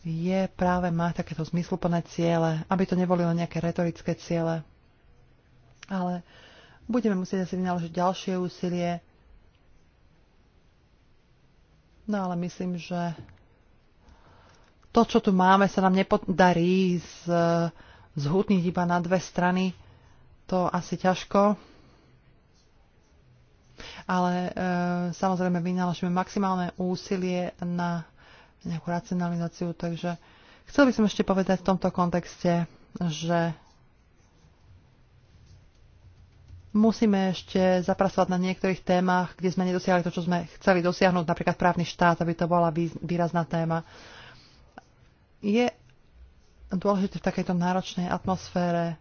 Speaker 3: je práve mať takéto zmysluplné ciele, aby to neboli len nejaké retorické ciele ale budeme musieť asi vynaložiť ďalšie úsilie. No ale myslím, že to, čo tu máme, sa nám nepodarí z, zhutniť iba na dve strany. To asi ťažko. Ale e, samozrejme vynaložíme maximálne úsilie na nejakú racionalizáciu, takže chcel by som ešte povedať v tomto kontexte, že Musíme ešte zapracovať na niektorých témach, kde sme nedosiahli to, čo sme chceli dosiahnuť, napríklad právny štát, aby to bola výrazná téma. Je dôležité v takejto náročnej atmosfére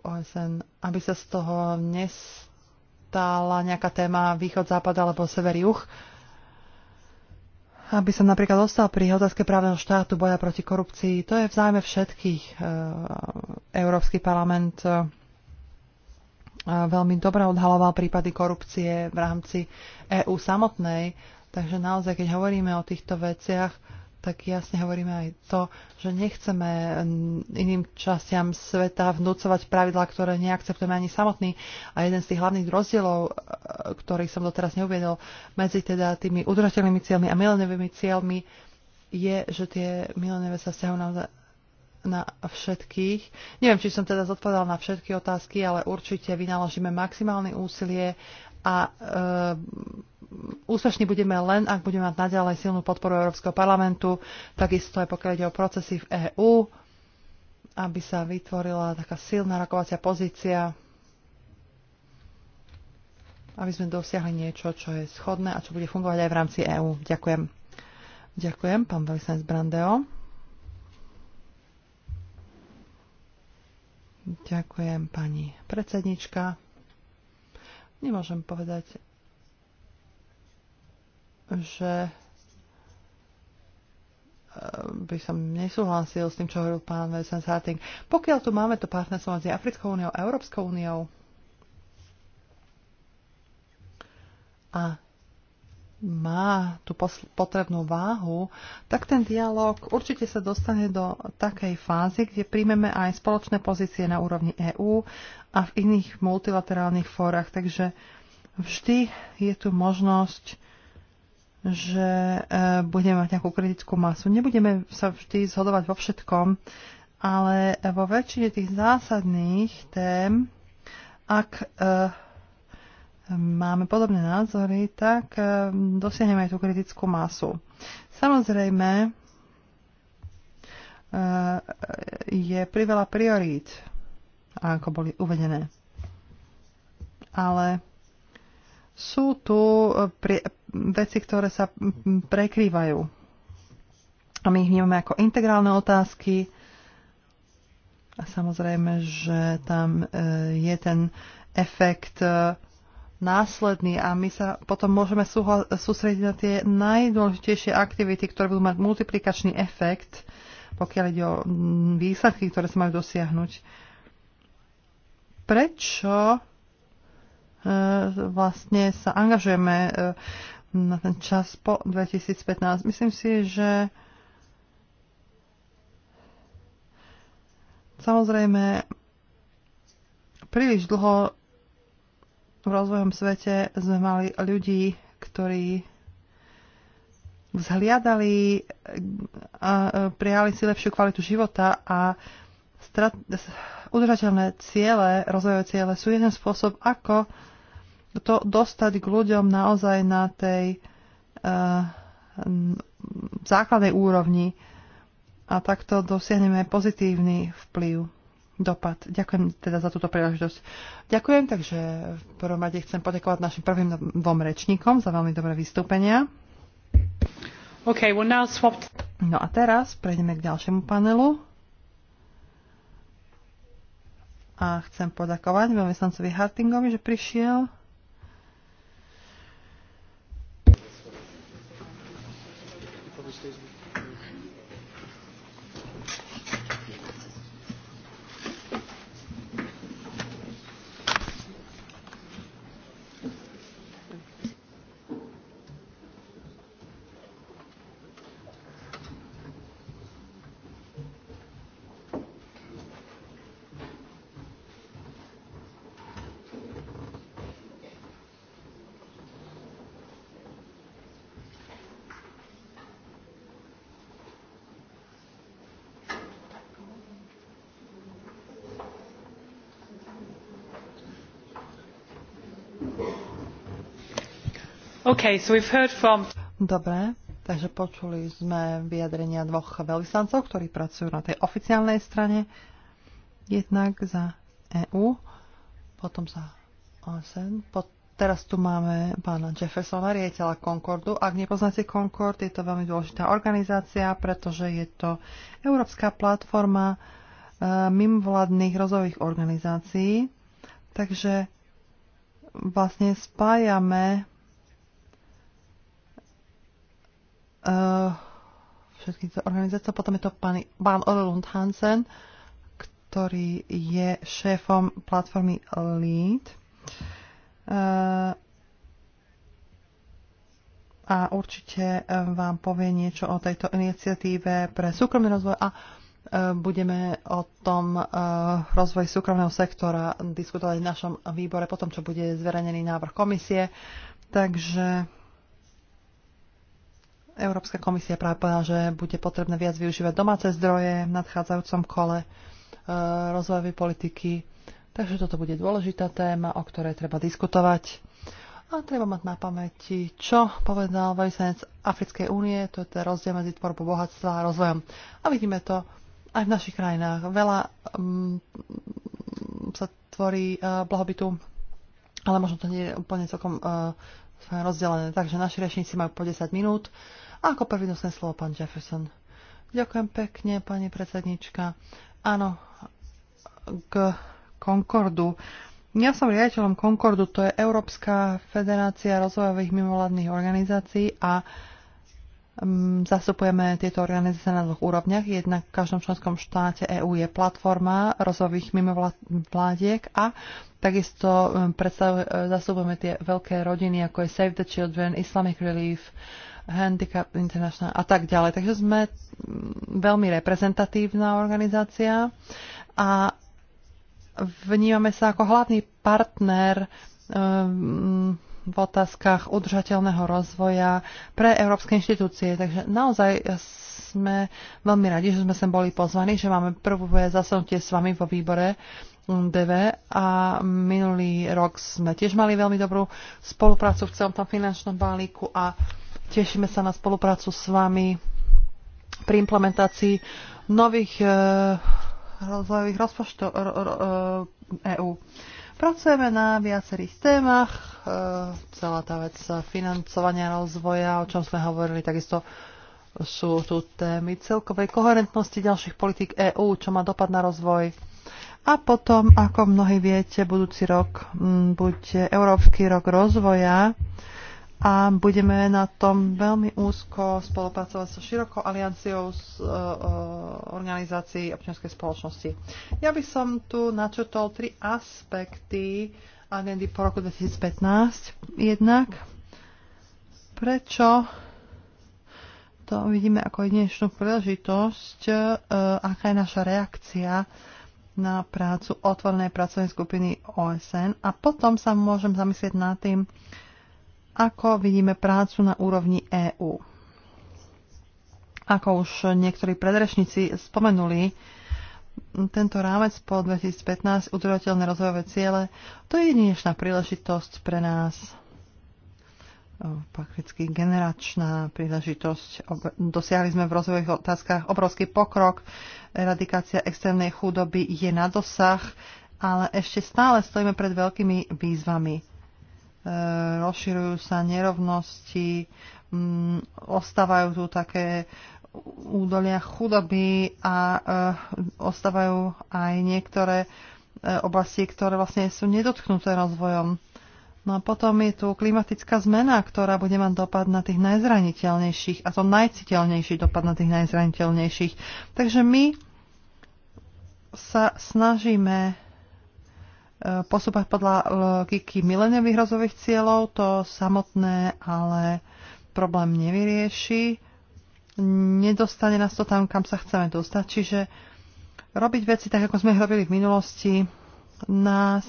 Speaker 3: OSN, aby sa z toho nestala nejaká téma východ-západ alebo sever-juh, aby som napríklad ostal pri otázke právneho štátu, boja proti korupcii. To je v všetkých. E, Európsky parlament veľmi dobre odhaloval prípady korupcie v rámci EÚ samotnej. Takže naozaj, keď hovoríme o týchto veciach, tak jasne hovoríme aj to, že nechceme iným častiam sveta vnúcovať pravidlá, ktoré neakceptujeme ani samotní. A jeden z tých hlavných rozdielov, e, ktorý som doteraz neuviedol, medzi teda tými udržateľnými cieľmi a milenovými cieľmi, je, že tie milenové sa stiahujú naozaj na všetkých. Neviem, či som teda zodpovedal na všetky otázky, ale určite vynaložíme maximálne úsilie a e, úspešní budeme len, ak budeme mať naďalej silnú podporu Európskeho parlamentu, takisto aj pokiaľ ide o procesy v EÚ, aby sa vytvorila taká silná rokovacia pozícia, aby sme dosiahli niečo, čo je schodné a čo bude fungovať aj v rámci EÚ. Ďakujem. Ďakujem, pán veľvyslanec Brandeo. Ďakujem, pani predsednička. Nemôžem povedať, že eh, by som nesúhlasil s tým, čo hovoril pán Vincent Harting. Pokiaľ tu máme to partnerstvo medzi Africkou úniou a Európskou úniou a má tú potrebnú váhu, tak ten dialog určite sa dostane do takej fázy, kde príjmeme aj spoločné pozície na úrovni EÚ a v iných multilaterálnych fórach. Takže vždy je tu možnosť že e, budeme mať nejakú kritickú masu. Nebudeme sa vždy zhodovať vo všetkom, ale vo väčšine tých zásadných tém, ak e, máme podobné názory, tak eh, dosiahneme aj tú kritickú masu. Samozrejme, eh, je priveľa priorít, ako boli uvedené. Ale sú tu eh, veci, ktoré sa prekrývajú. A my ich vnímame ako integrálne otázky. A samozrejme, že tam je ten efekt následný a my sa potom môžeme sústrediť na tie najdôležitejšie aktivity, ktoré budú mať multiplikačný efekt, pokiaľ ide o mm, výsledky, ktoré sa majú dosiahnuť. Prečo e, vlastne sa angažujeme e, na ten čas po 2015? Myslím si, že samozrejme príliš dlho v rozvojom svete sme mali ľudí, ktorí vzhliadali a prijali si lepšiu kvalitu života a strat, udržateľné ciele, rozvojové ciele sú jeden spôsob, ako to dostať k ľuďom naozaj na tej uh, základnej úrovni a takto dosiahneme pozitívny vplyv dopad. Ďakujem teda za túto príležitosť. Ďakujem, takže v prvom rade chcem poďakovať našim prvým dvom rečníkom za veľmi dobré vystúpenia. Okay, we'll now swap... No a teraz prejdeme k ďalšiemu panelu. A chcem poďakovať veľvyslancovi Hartingovi, že prišiel. Okay, so we've heard from... Dobre, takže počuli sme vyjadrenia dvoch veľvyslancov, ktorí pracujú na tej oficiálnej strane, jednak za EU, potom za OSN. Pot- teraz tu máme pána Jeffersona, riaditeľa Concordu. Ak nepoznáte Concord, je to veľmi dôležitá organizácia, pretože je to európska platforma eh, mimovládnych rozvojových organizácií. Takže vlastne spájame Eh, tieto organizácie. Potom je to pán, pán Orlund Hansen, ktorý je šéfom platformy LEAD. Eh, a určite eh, vám povie niečo o tejto iniciatíve pre súkromný rozvoj a budeme o tom rozvoji súkromného sektora diskutovať v našom výbore potom, čo bude zverejnený návrh komisie. Takže Európska komisia práve povedala, že bude potrebné viac využívať domáce zdroje v nadchádzajúcom kole e, rozvojovej politiky. Takže toto bude dôležitá téma, o ktorej treba diskutovať. A treba mať na pamäti, čo povedal veľvyslanec Africkej únie, to je ten rozdiel medzi tvorbou bohatstva a rozvojom. A vidíme to aj v našich krajinách. Veľa um, sa tvorí uh, blahobytu, ale možno to nie je úplne celkom uh, e, rozdelené. Takže naši rečníci majú po 10 minút ako prvý slovo pán Jefferson. Ďakujem pekne, pani predsednička. Áno, k Concordu. Ja som riaditeľom Concordu, to je Európska federácia rozvojových mimovládnych organizácií a mm, Zastupujeme tieto organizácie na dvoch úrovniach. Jednak v každom členskom štáte EÚ je platforma rozvojových mimovládiek a takisto mm, zastupujeme tie veľké rodiny, ako je Save the Children, Islamic Relief, Handicap International a tak ďalej. Takže sme mm, veľmi reprezentatívna organizácia a vnímame sa ako hlavný partner e, mm, v otázkach udržateľného rozvoja pre európske inštitúcie. Takže naozaj sme veľmi radi, že sme sem boli pozvaní, že máme prvé zasadnutie s vami vo výbore DV a minulý rok sme tiež mali veľmi dobrú spoluprácu v celom tom finančnom balíku a Tešíme sa na spoluprácu s vami pri implementácii nových eh, rozvojových rozpočtov EÚ. Eh, e Pracujeme na viacerých témach, eh, celá tá vec financovania rozvoja, o čom sme hovorili, takisto sú tu témy celkovej koherentnosti ďalších politík EÚ, čo má dopad na rozvoj. A potom, ako mnohí viete, budúci rok mm, bude Európsky rok rozvoja, a budeme na tom veľmi úzko spolupracovať so širokou alianciou z e, e, organizácií občianskej spoločnosti. Ja by som tu načrtol tri aspekty agendy po roku 2015. Jednak, prečo to vidíme ako jedinečnú príležitosť, e, aká je naša reakcia na prácu otvorenej pracovnej skupiny OSN a potom sa môžem zamyslieť nad tým, ako vidíme prácu na úrovni EÚ. Ako už niektorí predrečníci spomenuli, tento rámec po 2015 udržateľné rozvojové ciele, to je jedinečná príležitosť pre nás, prakticky generačná príležitosť. Dosiahli sme v rozvojových otázkach obrovský pokrok, eradikácia extrémnej chudoby je na dosah, ale ešte stále stojíme pred veľkými výzvami E, rozširujú sa nerovnosti, mm, ostávajú tu také údolia chudoby a e, ostávajú aj niektoré e, oblasti, ktoré vlastne sú nedotknuté rozvojom. No a potom je tu klimatická zmena, ktorá bude mať dopad na tých najzraniteľnejších a to najciteľnejší dopad na tých najzraniteľnejších. Takže my sa snažíme posúpať podľa logiky e, mileniových rozvojových cieľov, to samotné ale problém nevyrieši. Nedostane nás to tam, kam sa chceme dostať. Čiže robiť veci tak, ako sme ich robili v minulosti, nás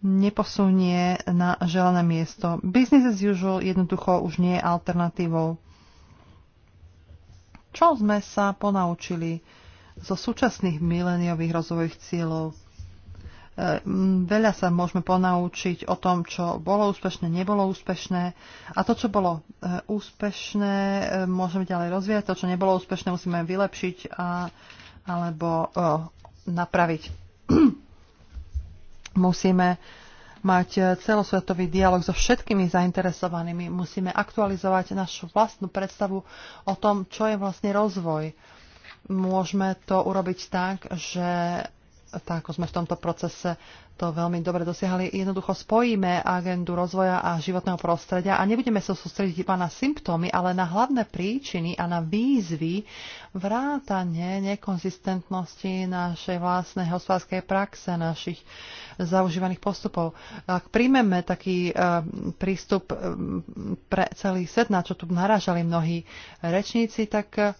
Speaker 3: neposunie na želané miesto. Business as usual jednoducho už nie je alternatívou. Čo sme sa ponaučili zo súčasných mileniových rozvojových cieľov? Ehm, veľa sa môžeme ponaučiť o tom, čo bolo úspešné, nebolo úspešné. A to, čo bolo eh, úspešné, eh, môžeme ďalej rozvíjať. To, čo nebolo úspešné, musíme vylepšiť a, alebo o, eh, napraviť. musíme mať celosvetový dialog so všetkými zainteresovanými. Musíme aktualizovať našu vlastnú predstavu o tom, čo je vlastne rozvoj môžeme to urobiť tak, že tak ako sme v tomto procese to veľmi dobre dosiahli, jednoducho spojíme agendu rozvoja a životného prostredia a nebudeme sa sústrediť iba na symptómy, ale na hlavné príčiny a na výzvy vrátane nekonzistentnosti našej vlastnej hospodárskej praxe, našich zaužívaných postupov. Ak príjmeme taký e, prístup e, pre celý set, na čo tu narážali mnohí rečníci, tak e,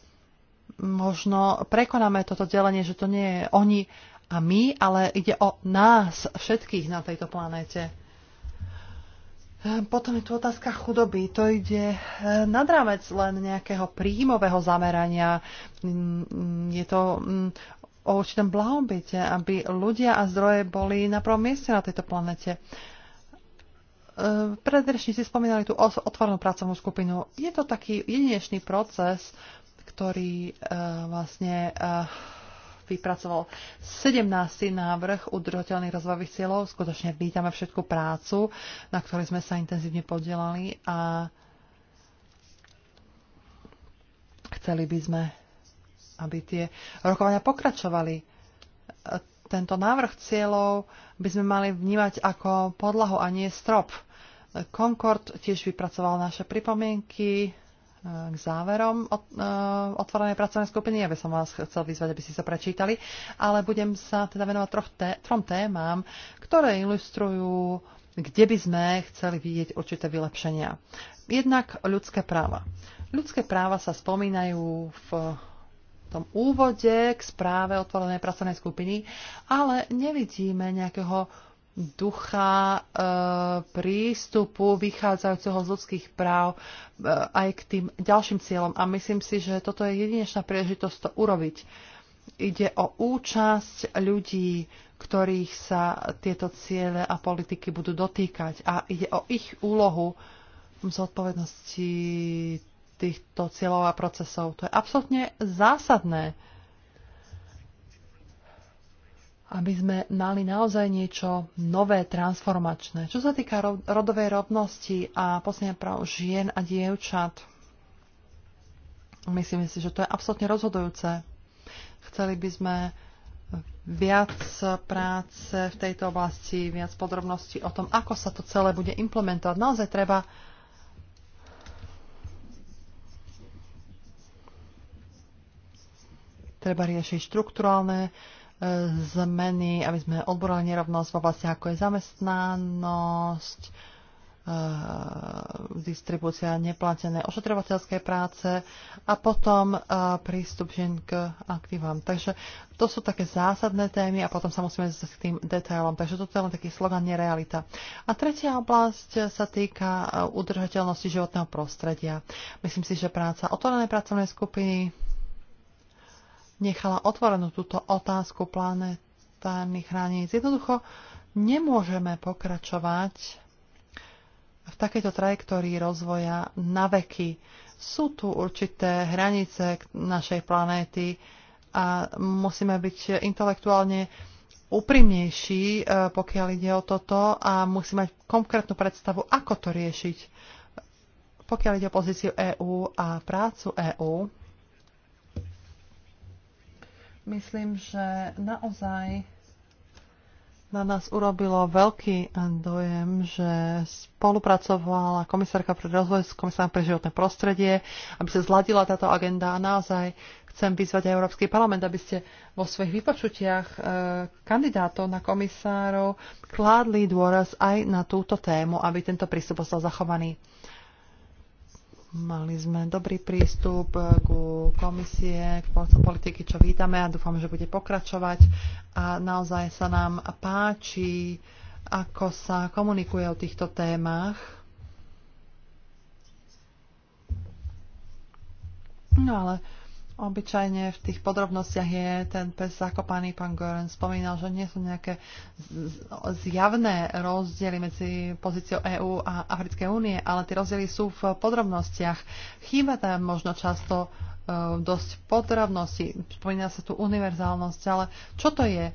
Speaker 3: možno prekonáme toto delenie, že to nie je oni a my, ale ide o nás všetkých na tejto planéte. Potom je tu otázka chudoby. To ide eh, nad rámec len nejakého príjmového zamerania. Mm, je to mm, o určitom blahobite, aby ľudia a zdroje boli na prvom mieste na tejto planete. Eh, predrečníci spomínali tú otvornú pracovnú skupinu. Je to taký jedinečný proces, ktorý eh, vlastne vypracoval 17. návrh udržateľných rozvojových cieľov. Skutočne vítame všetku prácu, na ktorej sme sa intenzívne podielali a chceli by sme, aby tie rokovania pokračovali. Tento návrh cieľov by sme mali vnímať ako podlahu a nie strop. Concord tiež vypracoval naše pripomienky, k záverom e, otvorenej pracovnej skupiny. Ja by som vás chcel vyzvať, aby ste sa prečítali, ale budem sa teda venovať troch té, trom témam, ktoré ilustrujú, kde by sme chceli vidieť určité vylepšenia. Jednak ľudské práva. Ľudské práva sa spomínajú v tom úvode k správe otvorenej pracovnej skupiny, ale nevidíme nejakého ducha e, prístupu vychádzajúceho z ľudských práv e, aj k tým ďalším cieľom. A myslím si, že toto je jedinečná príležitosť to urobiť. Ide o účasť ľudí, ktorých sa tieto ciele a politiky budú dotýkať. A ide o ich úlohu zodpovednosti týchto cieľov a procesov. To je absolútne zásadné aby sme mali naozaj niečo nové, transformačné. Čo sa týka rodovej rovnosti a posledne práv žien a dievčat, myslím si, že to je absolútne rozhodujúce. Chceli by sme viac práce v tejto oblasti, viac podrobností o tom, ako sa to celé bude implementovať. Naozaj treba treba riešiť štruktúrálne zmeny, aby sme odborali nerovnosť v oblasti ako je zamestnanosť, eh, distribúcia neplatené ošetrovateľské práce a potom eh, prístup žen k aktívam. Takže to sú také zásadné témy a potom sa musíme zase k tým detailom. Takže toto je len taký slogan nerealita. A tretia oblasť sa týka eh, udržateľnosti životného prostredia. Myslím si, že práca otvorené pracovnej skupiny nechala otvorenú túto otázku planetárnych hraníc. Jednoducho nemôžeme pokračovať v takejto trajektórii rozvoja na veky. Sú tu určité hranice našej planéty a musíme byť intelektuálne úprimnejší, e, pokiaľ ide o toto a musí mať konkrétnu predstavu, ako to riešiť. Pokiaľ ide o pozíciu EÚ a prácu EÚ, Myslím, že naozaj na nás urobilo veľký dojem, že spolupracovala komisárka pre rozvoj s komisárom pre životné prostredie, aby sa zladila táto agenda a naozaj chcem vyzvať aj Európsky parlament, aby ste vo svojich vypočutiach e, kandidátov na komisárov kládli dôraz aj na túto tému, aby tento prístup bol zachovaný. Mali sme dobrý prístup ku komisie, k politiky, čo vítame a dúfam, že bude pokračovať. A naozaj sa nám páči, ako sa komunikuje o týchto témach. No ale Obyčajne v tých podrobnostiach je ten pes zakopaný. Pán Goren spomínal, že nie sú nejaké zjavné rozdiely medzi pozíciou EÚ a Africkej únie, ale tie rozdiely sú v podrobnostiach. Chýba tam možno často E, dosť potravnosti, spomína sa tu univerzálnosť, ale čo to je? E,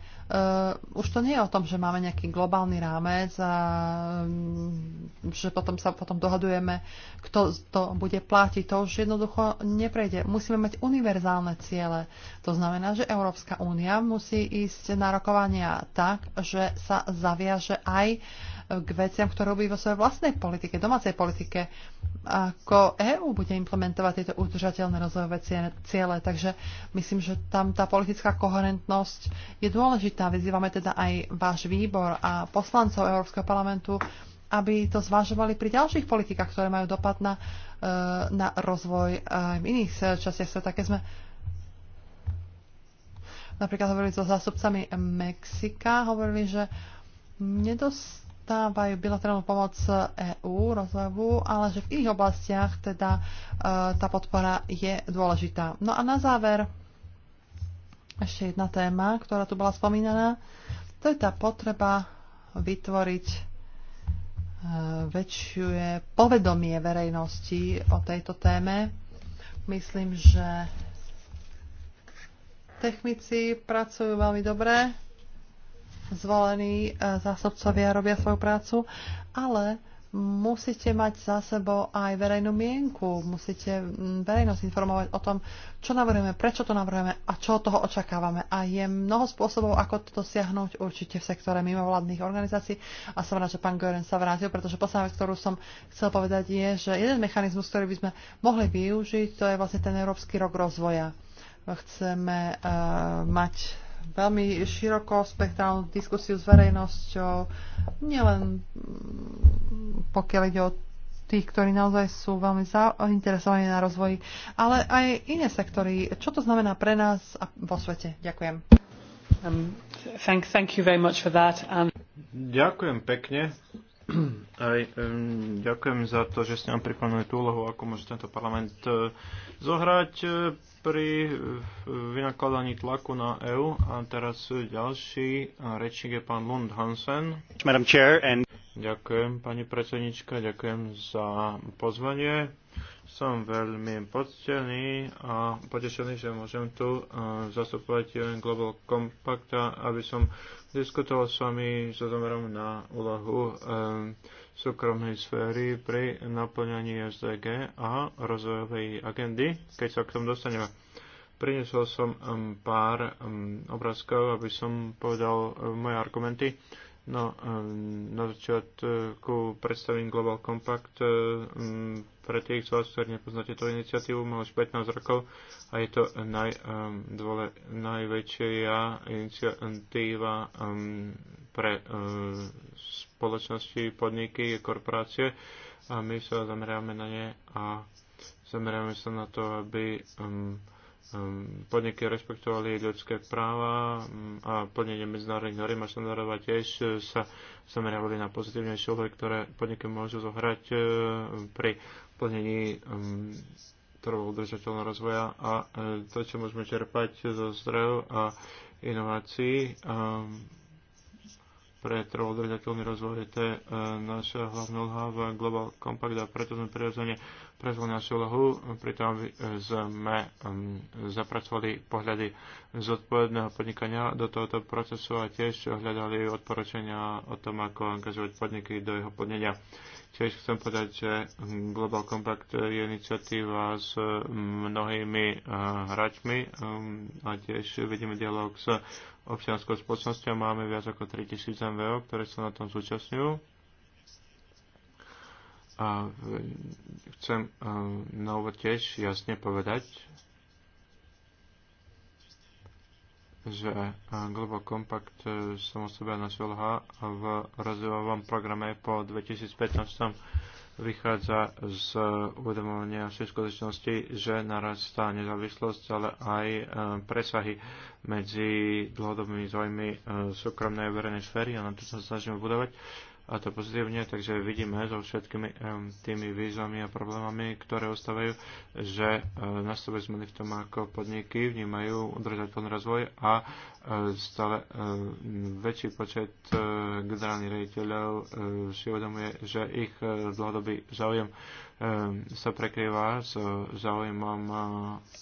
Speaker 3: už to nie je o tom, že máme nejaký globálny rámec a mm, že potom sa potom dohadujeme, kto to bude platiť. To už jednoducho neprejde. Musíme mať univerzálne ciele. To znamená, že Európska únia musí ísť na rokovania tak, že sa zaviaže aj k veciam, ktoré robí vo svojej vlastnej politike, domácej politike, ako EÚ bude implementovať tieto udržateľné rozvojové ciele. Takže myslím, že tam tá politická koherentnosť je dôležitá. Vyzývame teda aj váš výbor a poslancov Európskeho parlamentu, aby to zvažovali pri ďalších politikách, ktoré majú dopad na, e, na rozvoj aj e, v iných e, častiach sveta. Keď sme napríklad hovorili so zástupcami Mexika, hovorili, že nedostávajú dostávajú bilaterálnu pomoc EÚ rozvojovú, ale že v iných oblastiach teda e, tá podpora je dôležitá. No a na záver ešte jedna téma, ktorá tu bola spomínaná. To je tá potreba vytvoriť e, väčšie povedomie verejnosti o tejto téme. Myslím, že technici pracujú veľmi dobre zvolení e, zástupcovia robia svoju prácu, ale musíte mať za sebou aj verejnú mienku, musíte mm, verejnosť informovať o tom, čo navrhujeme, prečo to navrhujeme a čo od toho očakávame. A je mnoho spôsobov, ako to dosiahnuť určite v sektore mimovládnych organizácií. A som rád, že pán Gören sa vrátil, pretože posledná vec, ktorú som chcel povedať, je, že jeden mechanizmus, ktorý by sme mohli využiť, to je vlastne ten Európsky rok rozvoja. Chceme uh, mať veľmi široko spektrálnu diskusiu s verejnosťou, nielen mm, pokiaľ ide o tých, ktorí naozaj sú veľmi zainteresovaní na rozvoji, ale aj iné sektory. Čo to znamená pre nás a vo svete? Ďakujem. Um,
Speaker 2: thank, thank you very much for that. Um...
Speaker 4: Ďakujem pekne aj um, ďakujem za to, že ste nám pripomenuli tú úlohu, ako môže tento parlament uh, zohrať uh, pri uh, vynakladaní tlaku na EÚ. A teraz ďalší uh, rečník je pán Lund Hansen. Madam Chair and... Ďakujem, pani predsednička, ďakujem za pozvanie som veľmi poctený a potešený, že môžem tu e, zastupovať Global Compact, aby som diskutoval s vami so zomerom na úlohu e, súkromnej sféry pri naplňaní SDG a rozvojovej agendy, keď sa k tomu dostaneme. Prinesol som e, pár obrázkov, aby som povedal moje argumenty No, ehm, na začiatku predstavím Global Compact. Ehm, pre tých z vás, ktorí nepoznáte tú iniciatívu, má už 15 rokov a je to naj, ehm, dvole, najväčšia iniciatíva pre spoločnosti, podniky, korporácie a my sa zameráme na ne a zameráme sa na to, aby um, Um, podniky rešpektovali ľudské práva um, a plnenie medzinárodných noriem a štandardov a tiež e, sa zameriavali na pozitívnejšie úlohy, ktoré podniky môžu zohrať e, pri plnení um, trvalo udržateľného rozvoja a e, to, čo môžeme čerpať zo zdrojov a inovácií pre trvalodržateľný rozvoj. To je e, naša hlavná úloha v Global Compact a preto sme prirodzene prezvali našu úlohu, pritom e, sme zapracovali pohľady zodpovedného podnikania do tohoto procesu a tiež hľadali odporúčania o tom, ako angažovať podniky do jeho podnenia. Tiež chcem povedať, že Global Compact je iniciatíva s mnohými eh, hračmi eh, a tiež vidíme dialog s občianskou spoločnosťou. Máme viac ako 3000 MVO, ktoré sa na tom zúčastňujú. A chcem eh, na úvod tiež jasne povedať, že eh, Global Compact eh, som o sebe a v rozvojovom programe po 2015 vychádza z eh, uvedomovania všetkých skutočnosti, že narastá nezávislosť, ale aj presahy medzi dlhodobými zájmy súkromnej a verejnej sféry a na to sa snažíme budovať a to pozitívne, takže vidíme so všetkými tými výzvami a problémami, ktoré ostávajú, že e, nastavujú zmeny v tom, ako podniky vnímajú udržateľný rozvoj a e, stále e, väčší počet generálnych rejiteľov si uvedomuje, že ich dlhodobý záujem sa prekrýva s záujmom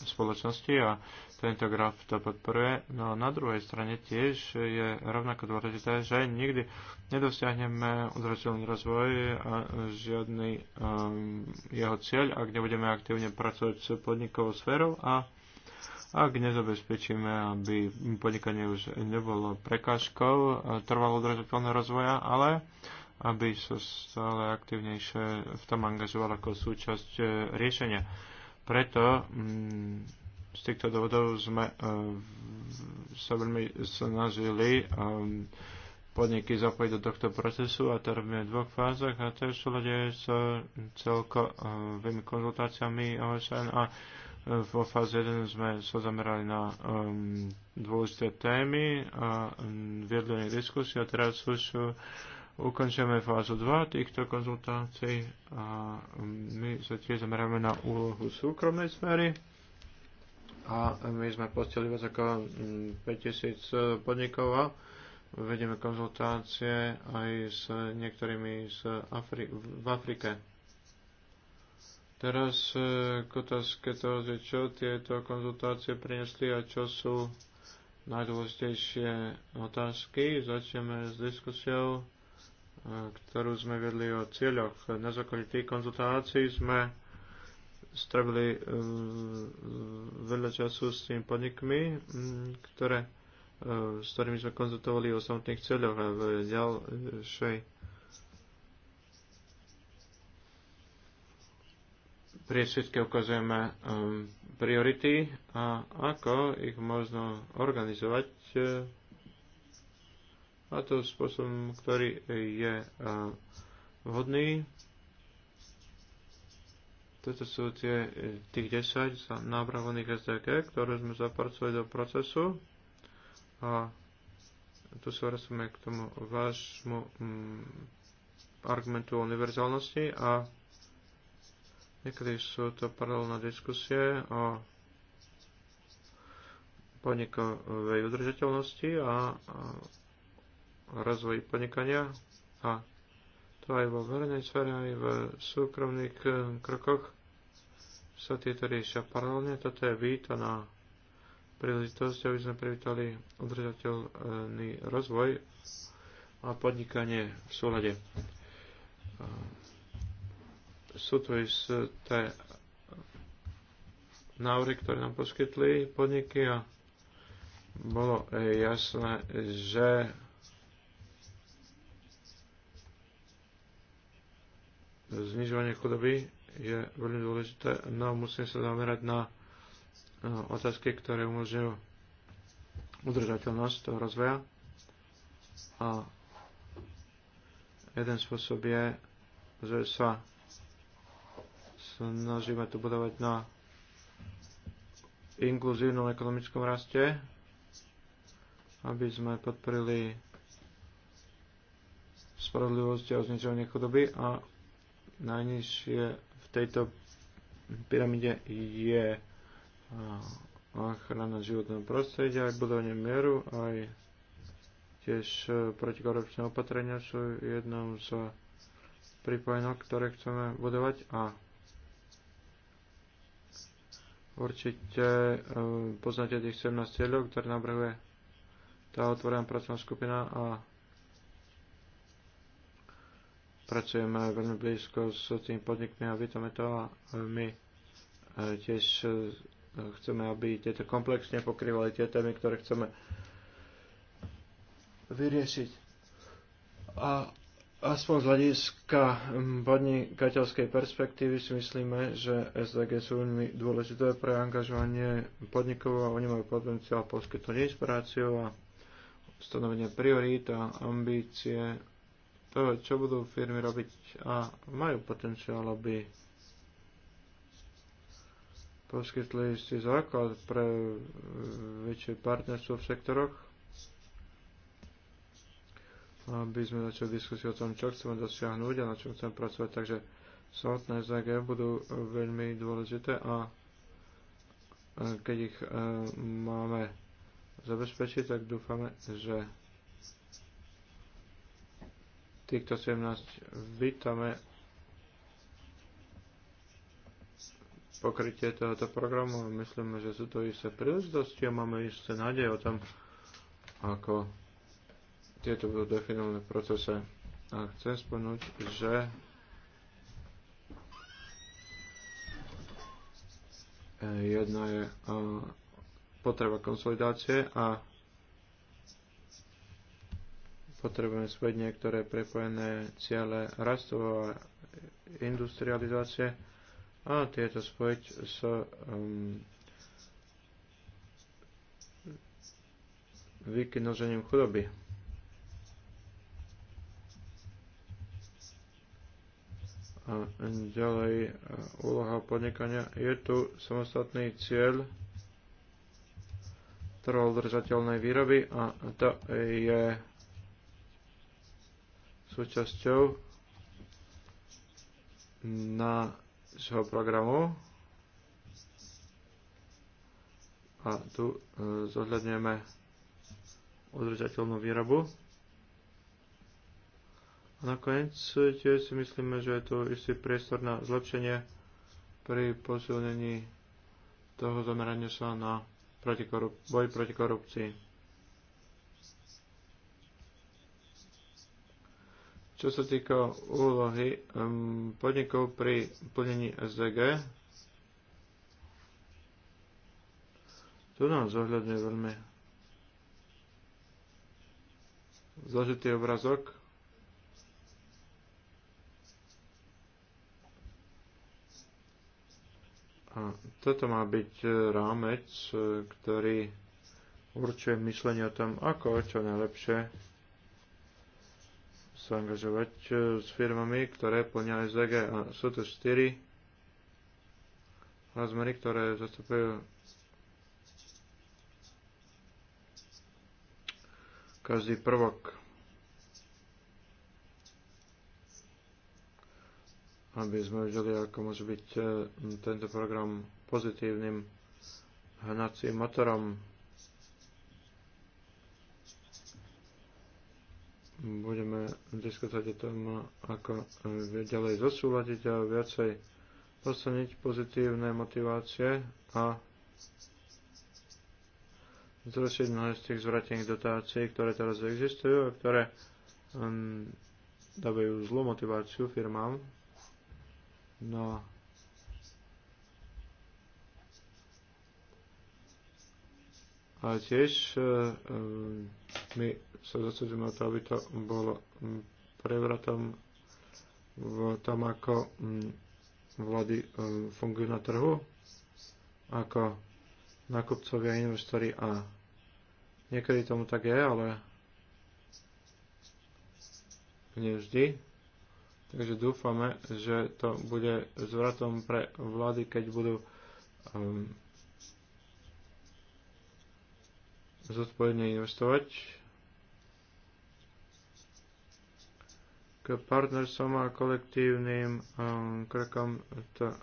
Speaker 4: spoločnosti a tento graf to podporuje, no na druhej strane tiež je rovnako dôležité, že nikdy nedosiahneme udržateľný rozvoj a žiadny um, jeho cieľ, ak nebudeme aktívne pracovať s podnikovou sférou a ak nezabezpečíme, aby podnikanie už nebolo prekážkou trvalo udržateľného rozvoja, ale aby sa stále aktívnejšie v tom angažovalo ako súčasť eh, riešenia. Preto mm, z týchto dôvodov sme uh, sa veľmi snažili um, podniky zapojiť do tohto procesu a to robíme v dvoch fázach a to je v s celkovými e, uh, konzultáciami OSN a vo fáze 1 sme sa zamerali na um, dôležité témy a um, viedli diskusie a teraz už ukončujeme fázu 2 týchto konzultácií a um, my sa tiež zameráme na úlohu súkromnej sféry a my sme postili viac ako 5000 mm, e, podnikov a konzultácie aj s niektorými z Afri- v Afrike. Teraz e, k otázke toho, že čo tieto konzultácie priniesli a čo sú najdôležitejšie otázky. Začneme s diskusiou, e, ktorú sme vedli o cieľoch. Na základe tých konzultácií sme strávili eh, veľa času s tými podnikmi, mm, ktoré, eh, s ktorými sme konzultovali o samotných cieľoch a v ďalšej priesvitke ukazujeme um, priority a ako ich možno organizovať a to spôsobom, ktorý je uh, vhodný toto sú tie, e, tých 10 nabrávaných SDK, ktoré sme zapracovali do procesu a tu sa vracame k tomu vášmu mm, argumentu o univerzálnosti a niekedy sú to paralelné diskusie o podnikovej udržateľnosti a, a rozvoji podnikania a to aj vo verejnej sfere, aj v súkromných eh, krokoch sa tieto riešia paralelne. Toto je vítaná príležitosť, aby sme privítali udržateľný rozvoj a podnikanie v súlade. Sú to isté návrhy, ktoré nám poskytli podniky a bolo jasné, že znižovanie chudoby je veľmi dôležité, no musíme sa zamerať na e, otázky, ktoré umožňujú udržateľnosť toho rozvoja. A jeden spôsob je, že sa snažíme tu budovať na inkluzívnom ekonomickom raste, aby sme podporili spravodlivosť a znižovanie chudoby a najnižšie v tejto pyramíde je eh, ochrana životného prostredia, aj budovanie mieru, aj tiež eh, protikorupčné opatrenia sú jednou z pripojenok, ktoré chceme budovať a určite eh, poznáte tých 17 cieľov, ktoré nabrhuje, tá otvorená pracovná skupina a pracujeme veľmi blízko s tým podnikmi a vítame to a my e, tiež e, chceme, aby tieto komplexne pokrývali tie témy, ktoré chceme vyriešiť. A aspoň z hľadiska podnikateľskej perspektívy si myslíme, že SDG sú veľmi dôležité pre angažovanie podnikov a oni majú potenciál poskytnúť inšpiráciu a stanovenie priorít a ambície to, čo budú firmy robiť a majú potenciál, aby poskytli istý základ pre e, väčšie partnerstvo v sektoroch, aby sme začali diskusiu o tom, čo chceme dosiahnuť a na čom chceme pracovať. Takže samotné SDG budú e, veľmi dôležité a e, keď ich máme zabezpečiť, tak dúfame, že týchto 17 vítame pokrytie tohoto programu a myslíme, že sú to isté príležitosti a máme isté nádej o tom, ako tieto budú definované v procese. A chcem spomenúť, že jedna je potreba konsolidácie a Potrebujeme späť niektoré prepojené ciele rastu a industrializácie a tieto spojiť s um, vyknožením chudoby. A ďalej uh, úloha podnikania. Je tu samostatný cieľ trvalodržateľnej výroby a to je súčasťou nášho programu. A tu e, zohľadňujeme udržateľnú výrobu. A nakoniec tiež si myslíme, že je tu istý priestor na zlepšenie pri posilnení toho zamerania sa na boj proti korupcii. Čo sa týka úlohy podnikov pri plnení SDG, tu nám zohľadňuje veľmi zložitý obrazok. A toto má byť e, rámec, e, ktorý určuje myslenie o tom, ako čo najlepšie sa angažovať e, s firmami, ktoré plňa SDG. A sú to štyri rozmery, ktoré zastupujú každý prvok. aby sme videli, ako môže byť e, tento program pozitívnym hnacím motorom budeme diskutovať o tom, ako e, ďalej zosúľadiť a viacej posilniť pozitívne motivácie a zrušiť mnohé z tých zvratených dotácií, ktoré teraz existujú a ktoré um, dávajú zlú motiváciu firmám. No a tiež um, my sa zasadím o to, aby to bolo mm, prevratom v tom, ako mm, vlády mm, fungujú na trhu, ako nakupcovia, investori a niekedy tomu tak je, ale nie vždy. Takže dúfame, že to bude zvratom pre vlády, keď budú um, zodpovedne investovať k partnerstvom a kolektívnym um, krokom to, uh,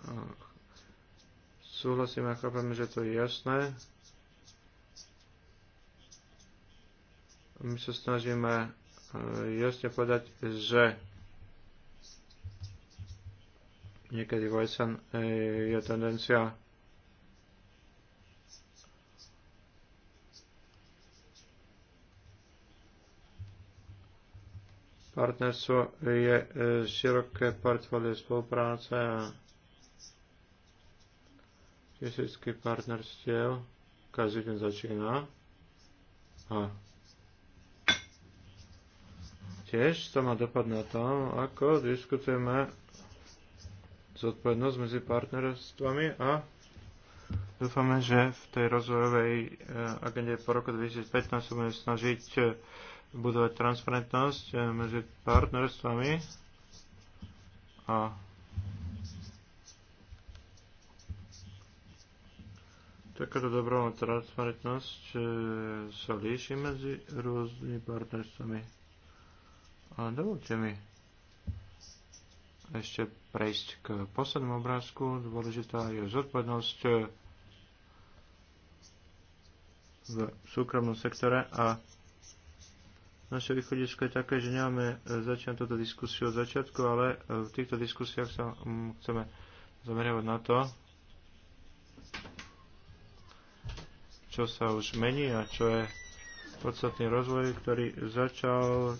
Speaker 4: súhlasím a chápem, že to je jasné. My sa snažíme uh, jasne povedať, že niekedy v OSN uh, je tendencia Partnerstvo je e, široké portfólio spolupráce a tisícky partnerstiev. Každý deň začína. A tiež to má dopad na to, ako diskutujeme zodpovednosť medzi partnerstvami a dúfame, že v tej rozvojovej e, agende po roku 2015 sa budeme snažiť e, budovať transparentnosť eh, medzi partnerstvami a Takáto dobrovoľná transparentnosť eh, sa líši medzi rôznymi partnerstvami. A dovolte mi ešte prejsť k poslednému obrázku. Dôležitá je zodpovednosť eh, v súkromnom sektore a naše východisko je také, že nemáme e, začiať túto diskusiu od začiatku, ale e, v týchto diskusiách sa chceme zameriavať na to, čo sa už mení a čo je podstatný rozvoj, ktorý začal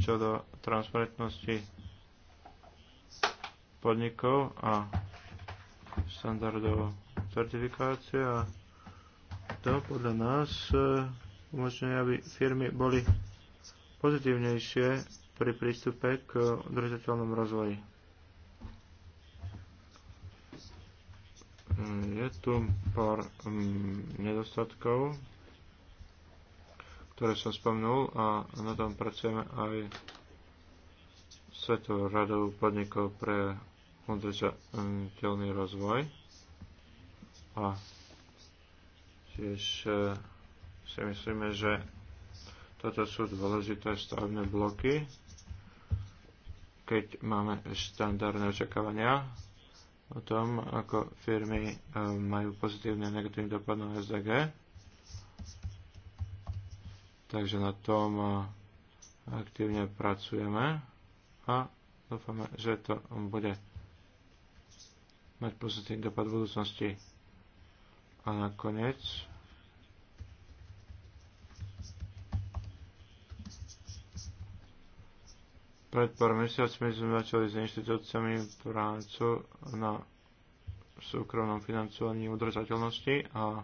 Speaker 4: čo do transparentnosti podnikov a štandardov certifikácie a to podľa nás e, umožňuje, aby firmy boli pozitívnejšie pri prístupe k udržateľnom rozvoji. Je tu pár mm, nedostatkov, ktoré som spomenul a na tom pracujeme aj Svetovou radou podnikov pre udržateľný rozvoj a tiež eh, si myslíme, že toto sú dôležité stavebné bloky, keď máme štandardné očakávania o tom, ako firmy e, majú pozitívny a negatívny dopad na SDG. Takže na tom e, aktívne pracujeme a dúfame, že to bude mať pozitívny dopad v budúcnosti. A nakoniec Pred pár mesiacmi sme začali s inštitúciami prácu na súkromnom financovaní udržateľnosti a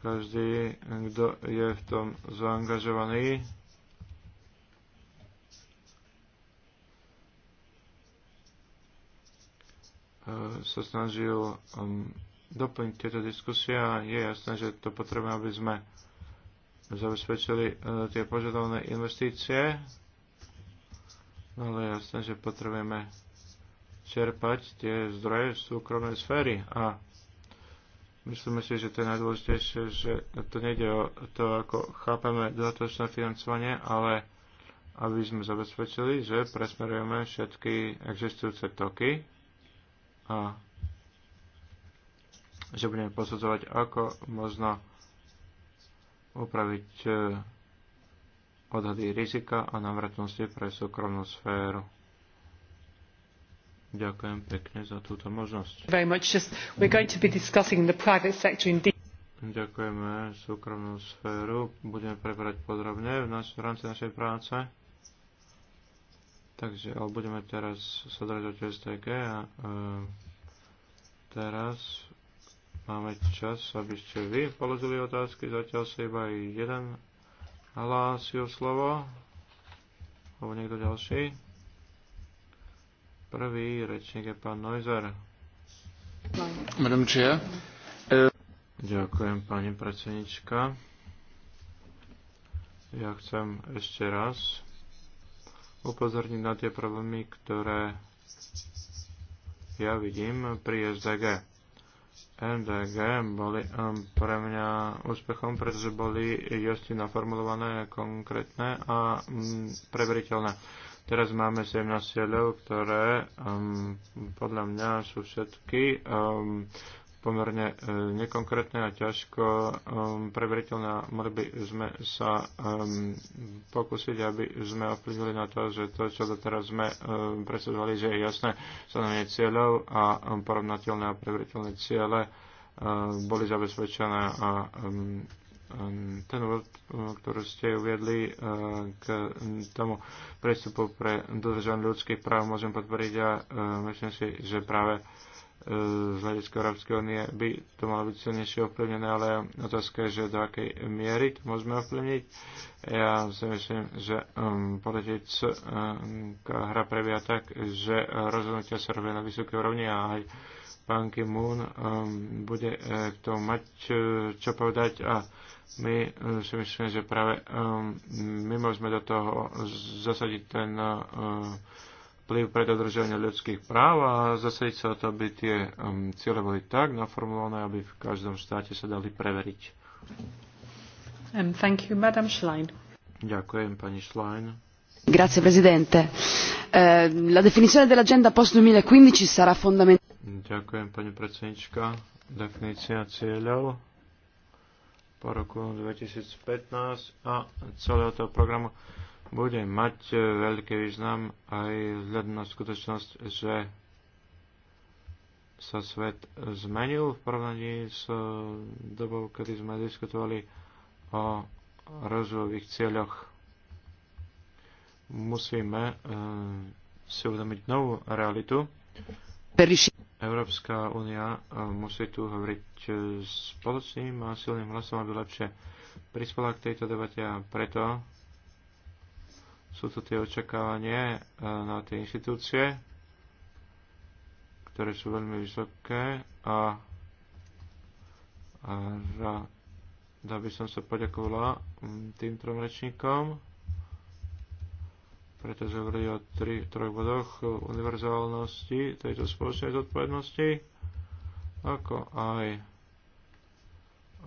Speaker 4: každý, kto je v tom zaangažovaný, eh, sa snažil mm, doplniť tieto diskusie a je jasné, že to potrebujeme, aby sme zabezpečili e, tie požadované investície. No ale jasné, že potrebujeme čerpať tie zdroje z súkromnej sféry a Myslíme si, že to je najdôležitejšie, že to nejde o to, ako chápeme dodatočné financovanie, ale aby sme zabezpečili, že presmerujeme všetky existujúce toky a že budeme posudzovať, ako možno upraviť e, odhady rizika a návratnosti pre súkromnú sféru. Ďakujem pekne za túto možnosť. Ďakujeme súkromnú sféru. Budeme prebrať podrobne v, naš, v rámci našej práce. Takže, ale budeme teraz sa držať STG a e, teraz Máme čas, aby ste vy položili otázky. Zatiaľ sa iba jeden hlási o slovo. Alebo niekto ďalší. Prvý rečník je pán Neuser. Madam eh, Ďakujem, pani predsednička. Ja chcem ešte raz upozorniť na tie problémy, ktoré ja vidím pri SDG MDG boli ehm, pre mňa úspechom, pretože boli jasne naformulované, konkrétne a mm, preveriteľné. Teraz máme 17 cieľov, ktoré um, podľa mňa sú všetky um, pomerne e, nekonkrétne a ťažko um, preveriteľné. Mali by sme sa um, pokúsiť, aby sme ovplyvnili na to, že to, čo doteraz sme um, presadzovali, že je jasné stanovenie cieľov a porovnateľné a preveriteľné ciele boli zabezpečené a ten úvod, ktorý ste uviedli uh, k tomu prístupu pre dodržanie ľudských práv môžem podporiť a myslím si, že práve z hľadiska Európskej únie by to malo byť silnejšie ovplyvnené, ale otázka je, že do akej miery to môžeme ovplyvniť. Ja si myslím, že um, politická um, hra prebieha tak, že rozhodnutia sa robia na vysokej úrovni a aj pán Kim Moon um, bude eh, k tomu mať eh, čo povedať a my eh, si myslím, že práve um, my môžeme do toho zasadiť ten uh, vplyv pre dodržovanie ľudských práv a zase sa o to, aby tie um, ciele boli tak naformulované, aby v každom štáte sa dali preveriť.
Speaker 3: Um, thank
Speaker 1: you, Madam Schlein.
Speaker 4: Ďakujem, pani Schlein.
Speaker 1: Grazie Presidente. Eh, la definizione dell'agenda post 2015 sarà fondamentale.
Speaker 4: Ďakujem, pani predsednička. Definícia cieľov po roku 2015 a celého toho programu bude mať e, veľký význam aj vzhľad na skutočnosť, že sa svet zmenil v porovnaní s e, dobou, kedy sme diskutovali o rozvojových cieľoch. Musíme e, si uvedomiť novú realitu. Európska únia musí tu hovoriť spoločným a silným hlasom, aby lepšie prispela k tejto debate a preto sú to tie očakávanie e, na tie inštitúcie, ktoré sú veľmi vysoké a, a rada by som sa poďakovala tým trom rečníkom, pretože hovorili o tri, troch bodoch univerzálnosti tejto spoločnej zodpovednosti, ako aj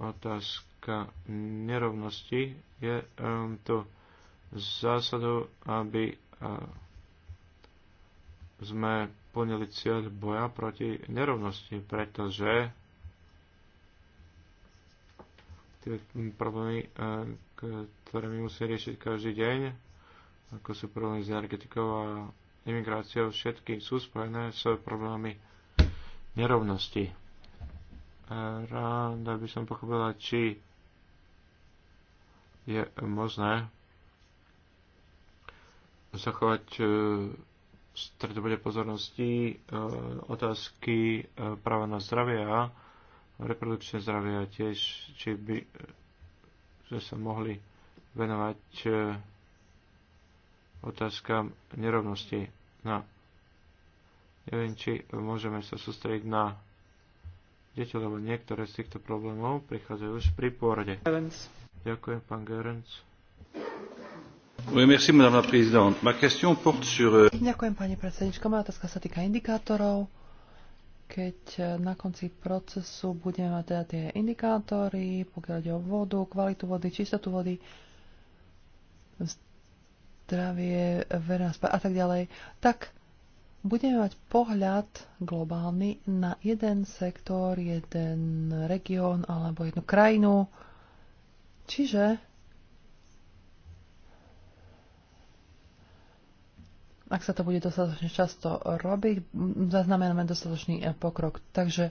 Speaker 4: otázka nerovnosti je um, e, tu zásadu, aby sme plnili cieľ boja proti nerovnosti, pretože tie problémy, ktoré my musíme riešiť každý deň, ako sú problémy s energetikou a imigráciou, všetky sú spojené s problémami nerovnosti. Ráda by som pochopila, či je možné zachovať e, stredobode pozornosti e, otázky e, práva na zdravie a reprodukčné zdravie a tiež, či by sme sa mohli venovať otázkam nerovnosti. No, neviem, či môžeme sa sústrediť na deti, lebo niektoré z týchto problémov prichádzajú už pri pôrode. Ďakujem, pán Gerenc. Euh,
Speaker 3: Ďakujem, pani predsednička. Moja otázka sa týka indikátorov. Keď e, na konci procesu budeme mať teda tie indikátory, pokiaľ ide o vodu, kvalitu vody, čistotu vody, zdravie, verejná a tak ďalej, tak budeme mať pohľad globálny na jeden sektor, jeden región alebo jednu krajinu. Čiže ak sa to bude dostatočne často robiť, zaznamenáme dostatočný e, pokrok. Takže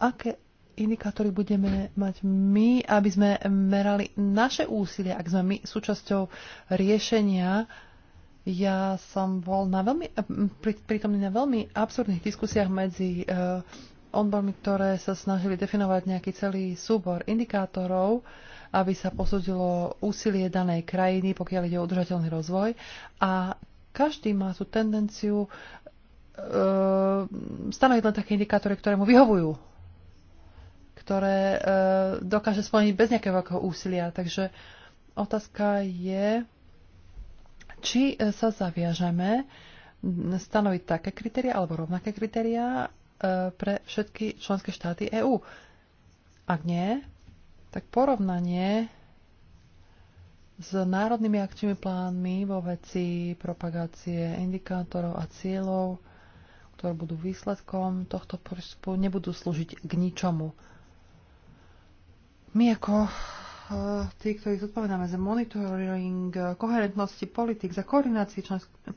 Speaker 3: aké indikátory budeme mať my, aby sme merali naše úsilie, ak sme my súčasťou riešenia. Ja som bol na veľmi, e, prítomný na veľmi absurdných diskusiách medzi e, odbormi, ktoré sa snažili definovať nejaký celý súbor indikátorov, aby sa posudilo úsilie danej krajiny, pokiaľ ide o udržateľný rozvoj. A každý má tú tendenciu e, stanoviť len také indikátory, ktoré mu vyhovujú, ktoré e, dokáže splniť bez nejakého úsilia. Takže otázka je, či e, sa zaviažeme stanoviť také kritéria alebo rovnaké kritéria e, pre všetky členské štáty EÚ. Ak nie, tak porovnanie s národnými akčnými plánmi vo veci propagácie indikátorov a cieľov, ktoré budú výsledkom tohto prístupu, nebudú slúžiť k ničomu. My ako eh, tí, ktorí zodpovedáme za monitoring eh, koherentnosti politik, za koordináciu,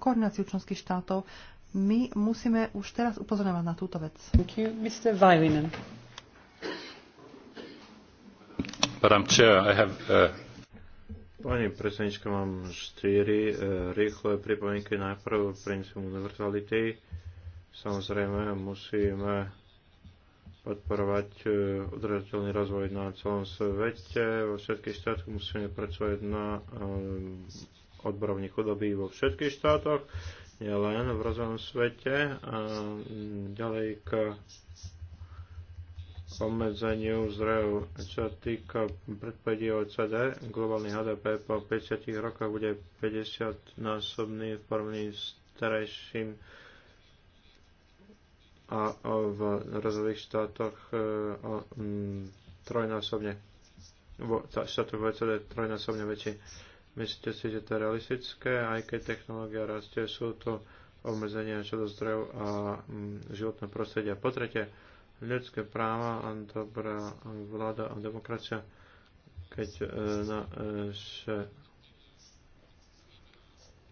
Speaker 3: koordináciu členských štátov, my musíme už teraz upozorňovať na túto vec. Thank you, Mr.
Speaker 4: Uh, Pani predsednička, mám štyri e, rýchle pripomienky. Najprv princíp univerzality. Samozrejme, musíme podporovať e, udržateľný rozvoj na celom svete. Vo všetkých štátoch musíme pracovať na e, um, odborovní chudoby vo všetkých štátoch, nielen v rozvojnom svete. A um, ďalej k obmedzeniu zdrojov. Čo týka predpovedí OCD, globálny HDP po 50 rokoch bude 50-násobný v porovnaní s terajším a v rozvojových štátoch e, o, m, trojnásobne vo štátoch je trojnásobne väčší. Myslíte si, že to je realistické, aj keď technológia rastie, sú to obmedzenia čo do zdrojov a životného prostredia. Po tretie, ľudské práva a dobrá vláda a demokracia, keď e, naše e,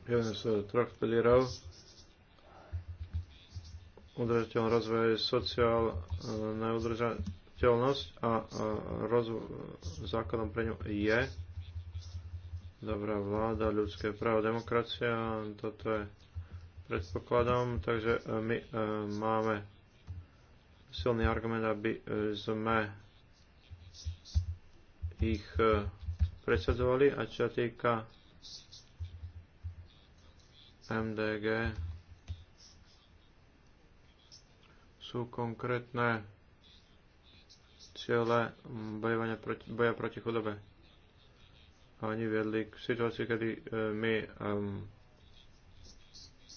Speaker 4: jeden z troch pilierov udržateľný rozvoj je sociálna e, neudržateľnosť a e, rozvoj, základom pre ňu je dobrá vláda, ľudské právo, demokracia. Toto je predpokladom, takže my máme silný argument, aby e, sme ich e, presadzovali a čo týka MDG sú konkrétne ciele bojovania proti, boja proti chudobe. A oni viedli k situácii, kedy e, my um,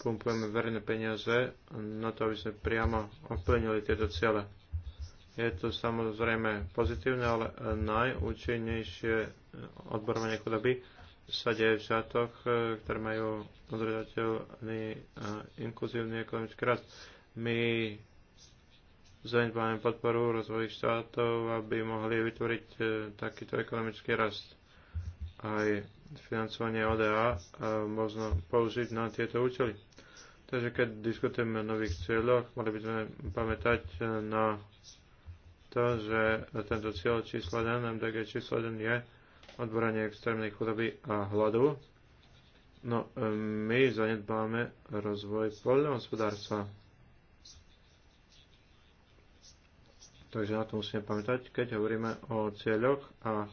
Speaker 4: pumpujeme verejné peniaze na to, aby sme priamo odplnili tieto ciele. Je to samozrejme pozitívne, ale najúčinnejšie odborovanie chudoby sa deje v štátoch, ktoré majú udržateľný inkluzívny ekonomický rast. My zanedbáme podporu rozvojových štátov, aby mohli vytvoriť e, takýto ekonomický rast. Aj financovanie ODA e, možno použiť na tieto účely. Takže keď diskutujeme o nových cieľoch, mali by sme pamätať na to, že tento cieľ číslo 1, MDG číslo 1 je odboranie extrémnej chudoby a hladu. No, e, my zanedbáme rozvoj poľnohospodárstva. Takže na to musíme pamätať, keď hovoríme o cieľoch a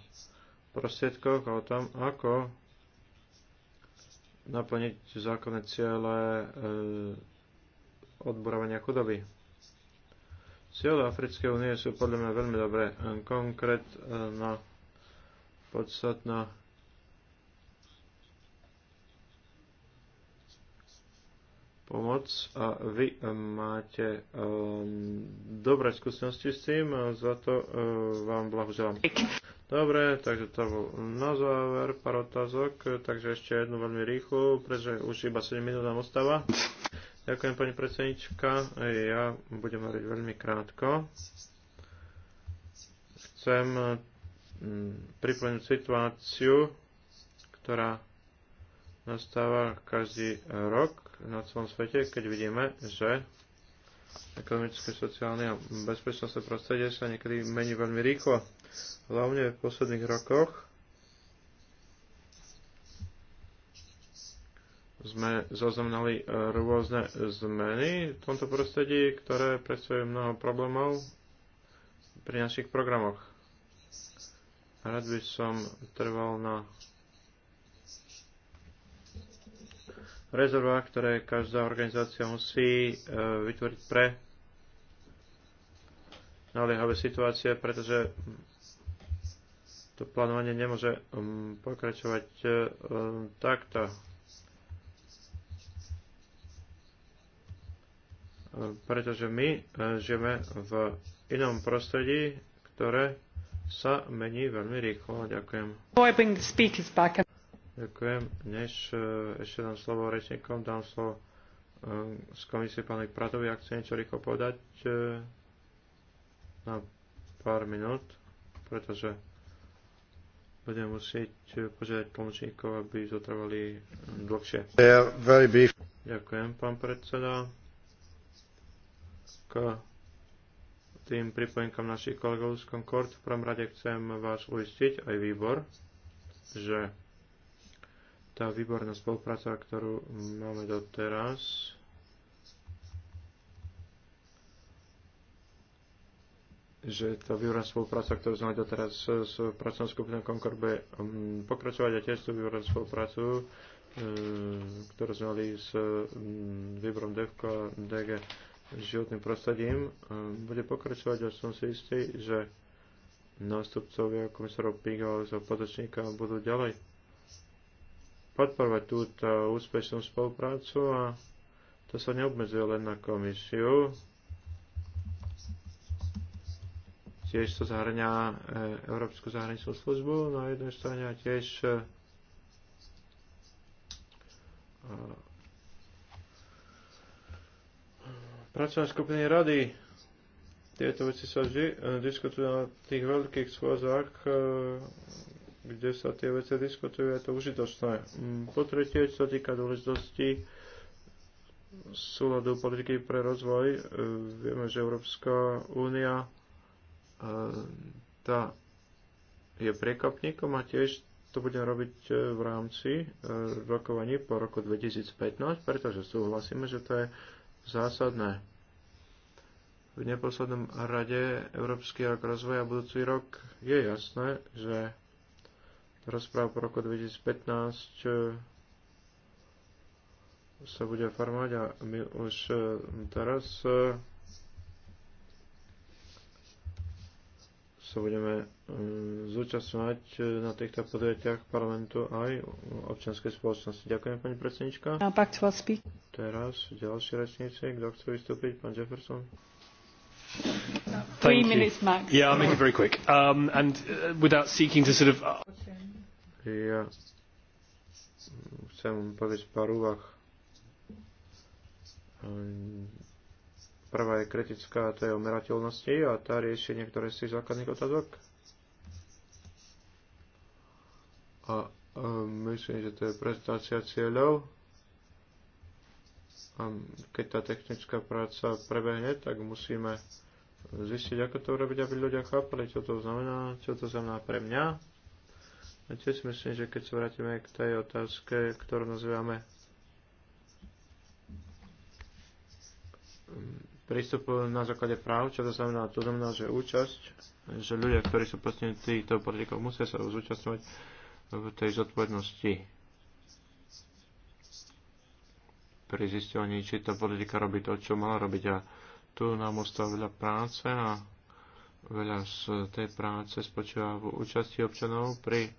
Speaker 4: prostriedkoch a o tom, ako naplniť zákonné ciele e, odborovania chudoby. Ciele Africkej únie sú podľa mňa veľmi dobré. Konkrétna, e, podstatná pomoc a vy e, máte um, dobré skúsenosti s tým, za to um, vám blahoželám. Dobre, takže to bol na záver pár otázok, takže ešte jednu veľmi rýchlu, pretože už iba 7 minút nám ostáva. Ďakujem pani predsednička, ja budem hovoriť veľmi krátko. Chcem mm, pripomenúť situáciu, ktorá nastáva každý rok na celom svete, keď vidíme, že ekonomické, sociálne a bezpečnostné prostredie sa niekedy mení veľmi rýchlo hlavne v posledných rokoch, sme zaznamenali e, rôzne zmeny v tomto prostredí, ktoré predstavujú mnoho problémov pri našich programoch. Rád by som trval na rezerva, ktoré každá organizácia musí e, vytvoriť pre naliehavé situácie, pretože to plánovanie nemôže um, pokračovať e, um, takto. Pretože my e, žijeme v inom prostredí, ktoré sa mení veľmi rýchlo. Ďakujem. Ďakujem. Než e, ešte dám slovo rečníkom, dám slovo z komisie pánovi Pratovi. ak chce niečo rýchlo povedať na pár minút, pretože budem musieť požiadať tlmočníkov, aby zotrvali dlhšie. Ďakujem, pán predseda. K tým pripojenkám našich kolegov z Concord v prvom rade chcem vás uistiť, aj výbor, že tá výborná spolupráca, ktorú máme doteraz, že tá výborná spolupráca, ktorú sme mali doteraz s pracovnou skupinou Concord, bude um, pokračovať a tiež tú výbornú spoluprácu, um, ktorú sme mali s um, výborom DEVKO a DG životným prostredím, bude pokračovať a som si istý, že nástupcovia komisárov Pigo a podočníka budú ďalej podporovať túto úspešnú spoluprácu a to sa neobmedzuje len na komisiu, Tiež to zahrňa e, Európsku zahraničnú službu na jednej strane a tiež e, e, pracovné skupiny rady. Tieto veci sa vždy diskutujú na tých veľkých schôzach, kde sa tie veci diskutujú, je to užitočné. Mm, po tretie, čo sa týka dôležitosti súladu politiky pre rozvoj, vieme, že Európska únia tá je priekopníkom a tiež to budem robiť e, v rámci e, rokovaní po roku 2015, pretože súhlasíme, že to je zásadné. V neposlednom rade Európsky rok rozvoja budúci rok je jasné, že rozpráva po roku 2015 e, sa bude farmať a my už teraz sa budeme e, zúčastňovať e, na týchto podujatiach parlamentu aj občianskej spoločnosti. Ďakujem, pani predsednička. Teraz ďalší rečníci. Kto chce vystúpiť? Pán Jefferson.
Speaker 2: Three minutes max. Yeah, I'll make it very quick. Um, and uh, without seeking to sort of... Uh, ja chcem
Speaker 4: povedať pár úvah Prvá je kritická, to je o merateľnosti a tá rieši niektoré z tých základných otázok. A um, myslím, že to je prezentácia cieľov. A keď tá technická práca prebehne, tak musíme zistiť, ako to urobiť, aby ľudia chápali, čo to znamená, čo to znamená pre mňa. A tiež myslím, že keď sa vrátime k tej otázke, ktorú nazývame prístupu na základe práv, čo to znamená, to znamená, že účasť, že ľudia, ktorí sú postihnutí týchto politikov, musia sa zúčastňovať v tej zodpovednosti pri zistení, či tá politika robí to, čo mala robiť. A tu nám ostáva veľa práce a veľa z tej práce spočíva v účasti občanov pri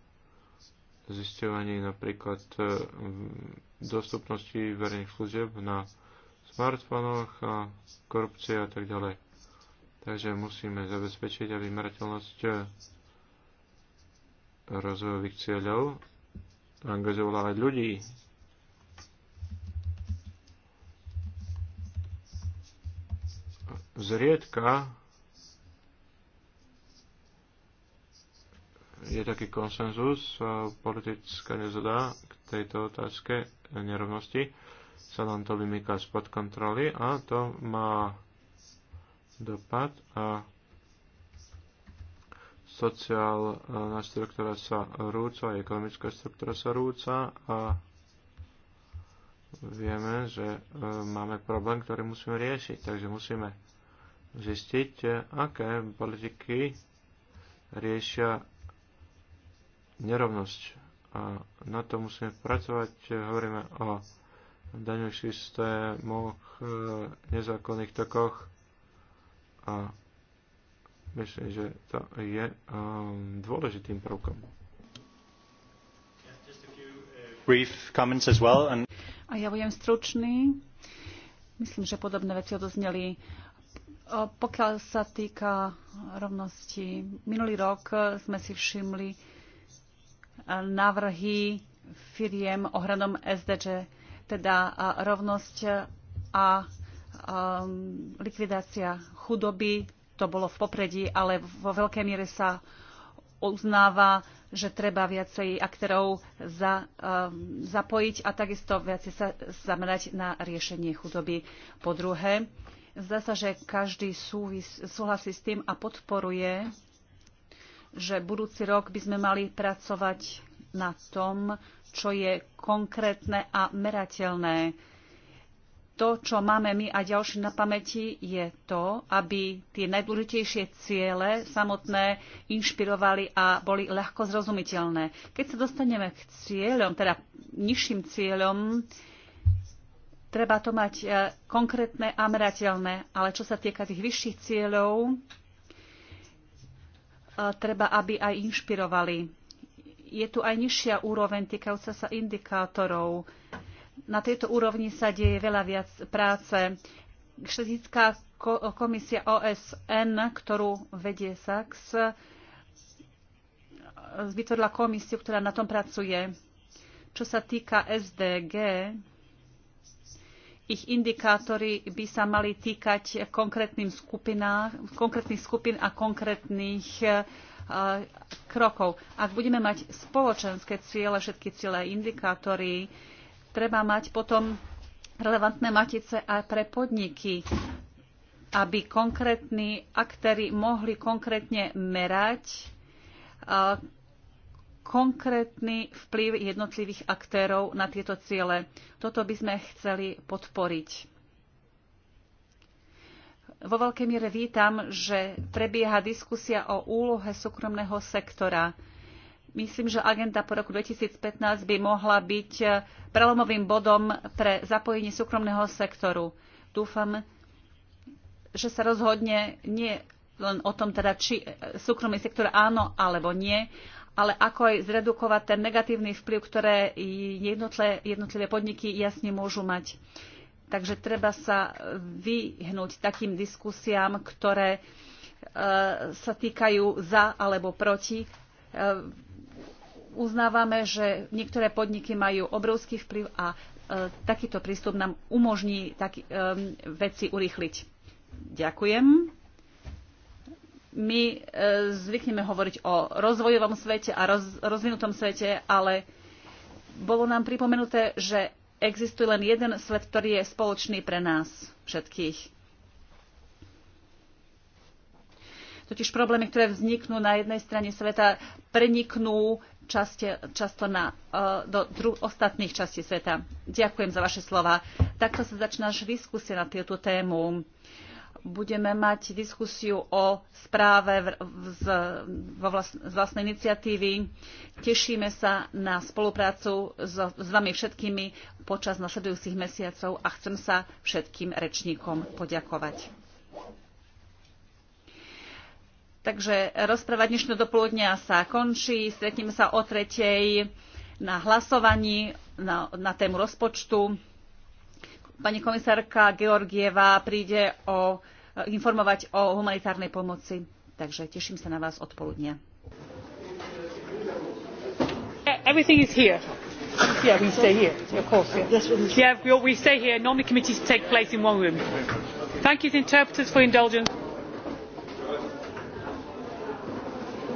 Speaker 4: zistovaní napríklad mm, dostupnosti verejných služieb na smartfónoch a korupcie a tak ďalej. Takže musíme zabezpečiť, aby merateľnosť eh, rozvojových cieľov angažovala aj ľudí. Zriedka je taký konsenzus, politická nezhoda k tejto otázke nerovnosti sa nám to vymýka spod kontroly a to má dopad a sociálna e, štruktúra sa rúca, ekonomická štruktúra sa rúca a vieme, že e, máme problém, ktorý musíme riešiť. Takže musíme zistiť, e, aké politiky riešia nerovnosť. A na to musíme pracovať. Hovoríme o daňových systémoch, e, nezákonných tokoch a myslím, že to je e, dôležitým prvkom.
Speaker 1: A ja budem stručný. Myslím, že podobné veci odozneli pokiaľ sa týka rovnosti, minulý rok sme si všimli e, návrhy firiem ohradom SDG teda rovnosť a um, likvidácia chudoby, to bolo v popredí, ale vo veľkej miere sa uznáva, že treba viacej aktérov za, um, zapojiť a takisto viacej sa zamerať na riešenie chudoby. Po druhé, zdá sa, že každý súvis, súhlasí s tým a podporuje, že budúci rok by sme mali pracovať na tom, čo je konkrétne a merateľné. To, čo máme my a ďalší na pamäti, je to, aby tie najdôležitejšie ciele samotné inšpirovali a boli ľahko zrozumiteľné. Keď sa dostaneme k cieľom, teda nižším cieľom, treba to mať e, konkrétne a merateľné. Ale čo sa týka tých vyšších cieľov, e, treba, aby aj inšpirovali je tu aj nižšia úroveň týkajúca sa indikátorov. Na tejto úrovni sa deje veľa viac práce. Štetická komisia OSN, ktorú vedie SAX, vytvorila komisiu, ktorá na tom pracuje. Čo sa týka SDG, ich indikátory by sa mali týkať konkrétnych skupín a konkrétnych Eh, krokov. Ak budeme mať spoločenské ciele, všetky ciele, indikátory, treba mať potom relevantné matice aj pre podniky, aby konkrétni aktéry mohli konkrétne merať eh, konkrétny vplyv jednotlivých aktérov na tieto ciele. Toto by sme chceli podporiť. Vo veľkej miere vítam, že prebieha diskusia o úlohe súkromného sektora. Myslím, že agenda po roku 2015 by mohla byť eh, prelomovým bodom pre zapojenie súkromného sektoru. Dúfam, že sa rozhodne nie len o tom, teda, či eh, súkromný sektor áno alebo nie, ale ako aj zredukovať ten negatívny vplyv, ktoré jednotlivé podniky jasne môžu mať. Takže treba sa vyhnúť takým diskusiám, ktoré e, sa týkajú za alebo proti. E, uznávame, že niektoré podniky majú obrovský vplyv a e, takýto prístup nám umožní veci urýchliť. Ďakujem. My zvykneme hovoriť o rozvojovom svete a roz, rozvinutom svete, ale bolo nám pripomenuté, že existuje len jeden svet, ktorý je spoločný pre nás všetkých. Totiž problémy, ktoré vzniknú na jednej strane sveta, preniknú časte, často na, eh, do dru- ostatných častí sveta. Ďakujem za vaše slova. Takto sa začína až diskusia na túto tému. Uh, budeme mať diskusiu o správe z, z vlastnej iniciatívy. Tešíme sa na spoluprácu s, s vami všetkými počas nasledujúcich mesiacov a chcem sa všetkým rečníkom poďakovať. Takže rozpráva dnešného dopoludnia sa končí. Stretneme sa o tretej na hlasovaní na, na tému rozpočtu pani komisárka Georgieva príde o, eh, informovať o humanitárnej pomoci. Takže teším sa na vás odpoludne.
Speaker 3: E- everything is here.
Speaker 1: Yeah, we stay here, of course.
Speaker 3: Yeah, yeah we stay here. Normally committees take place in one room. Thank you interpreters for indulgence.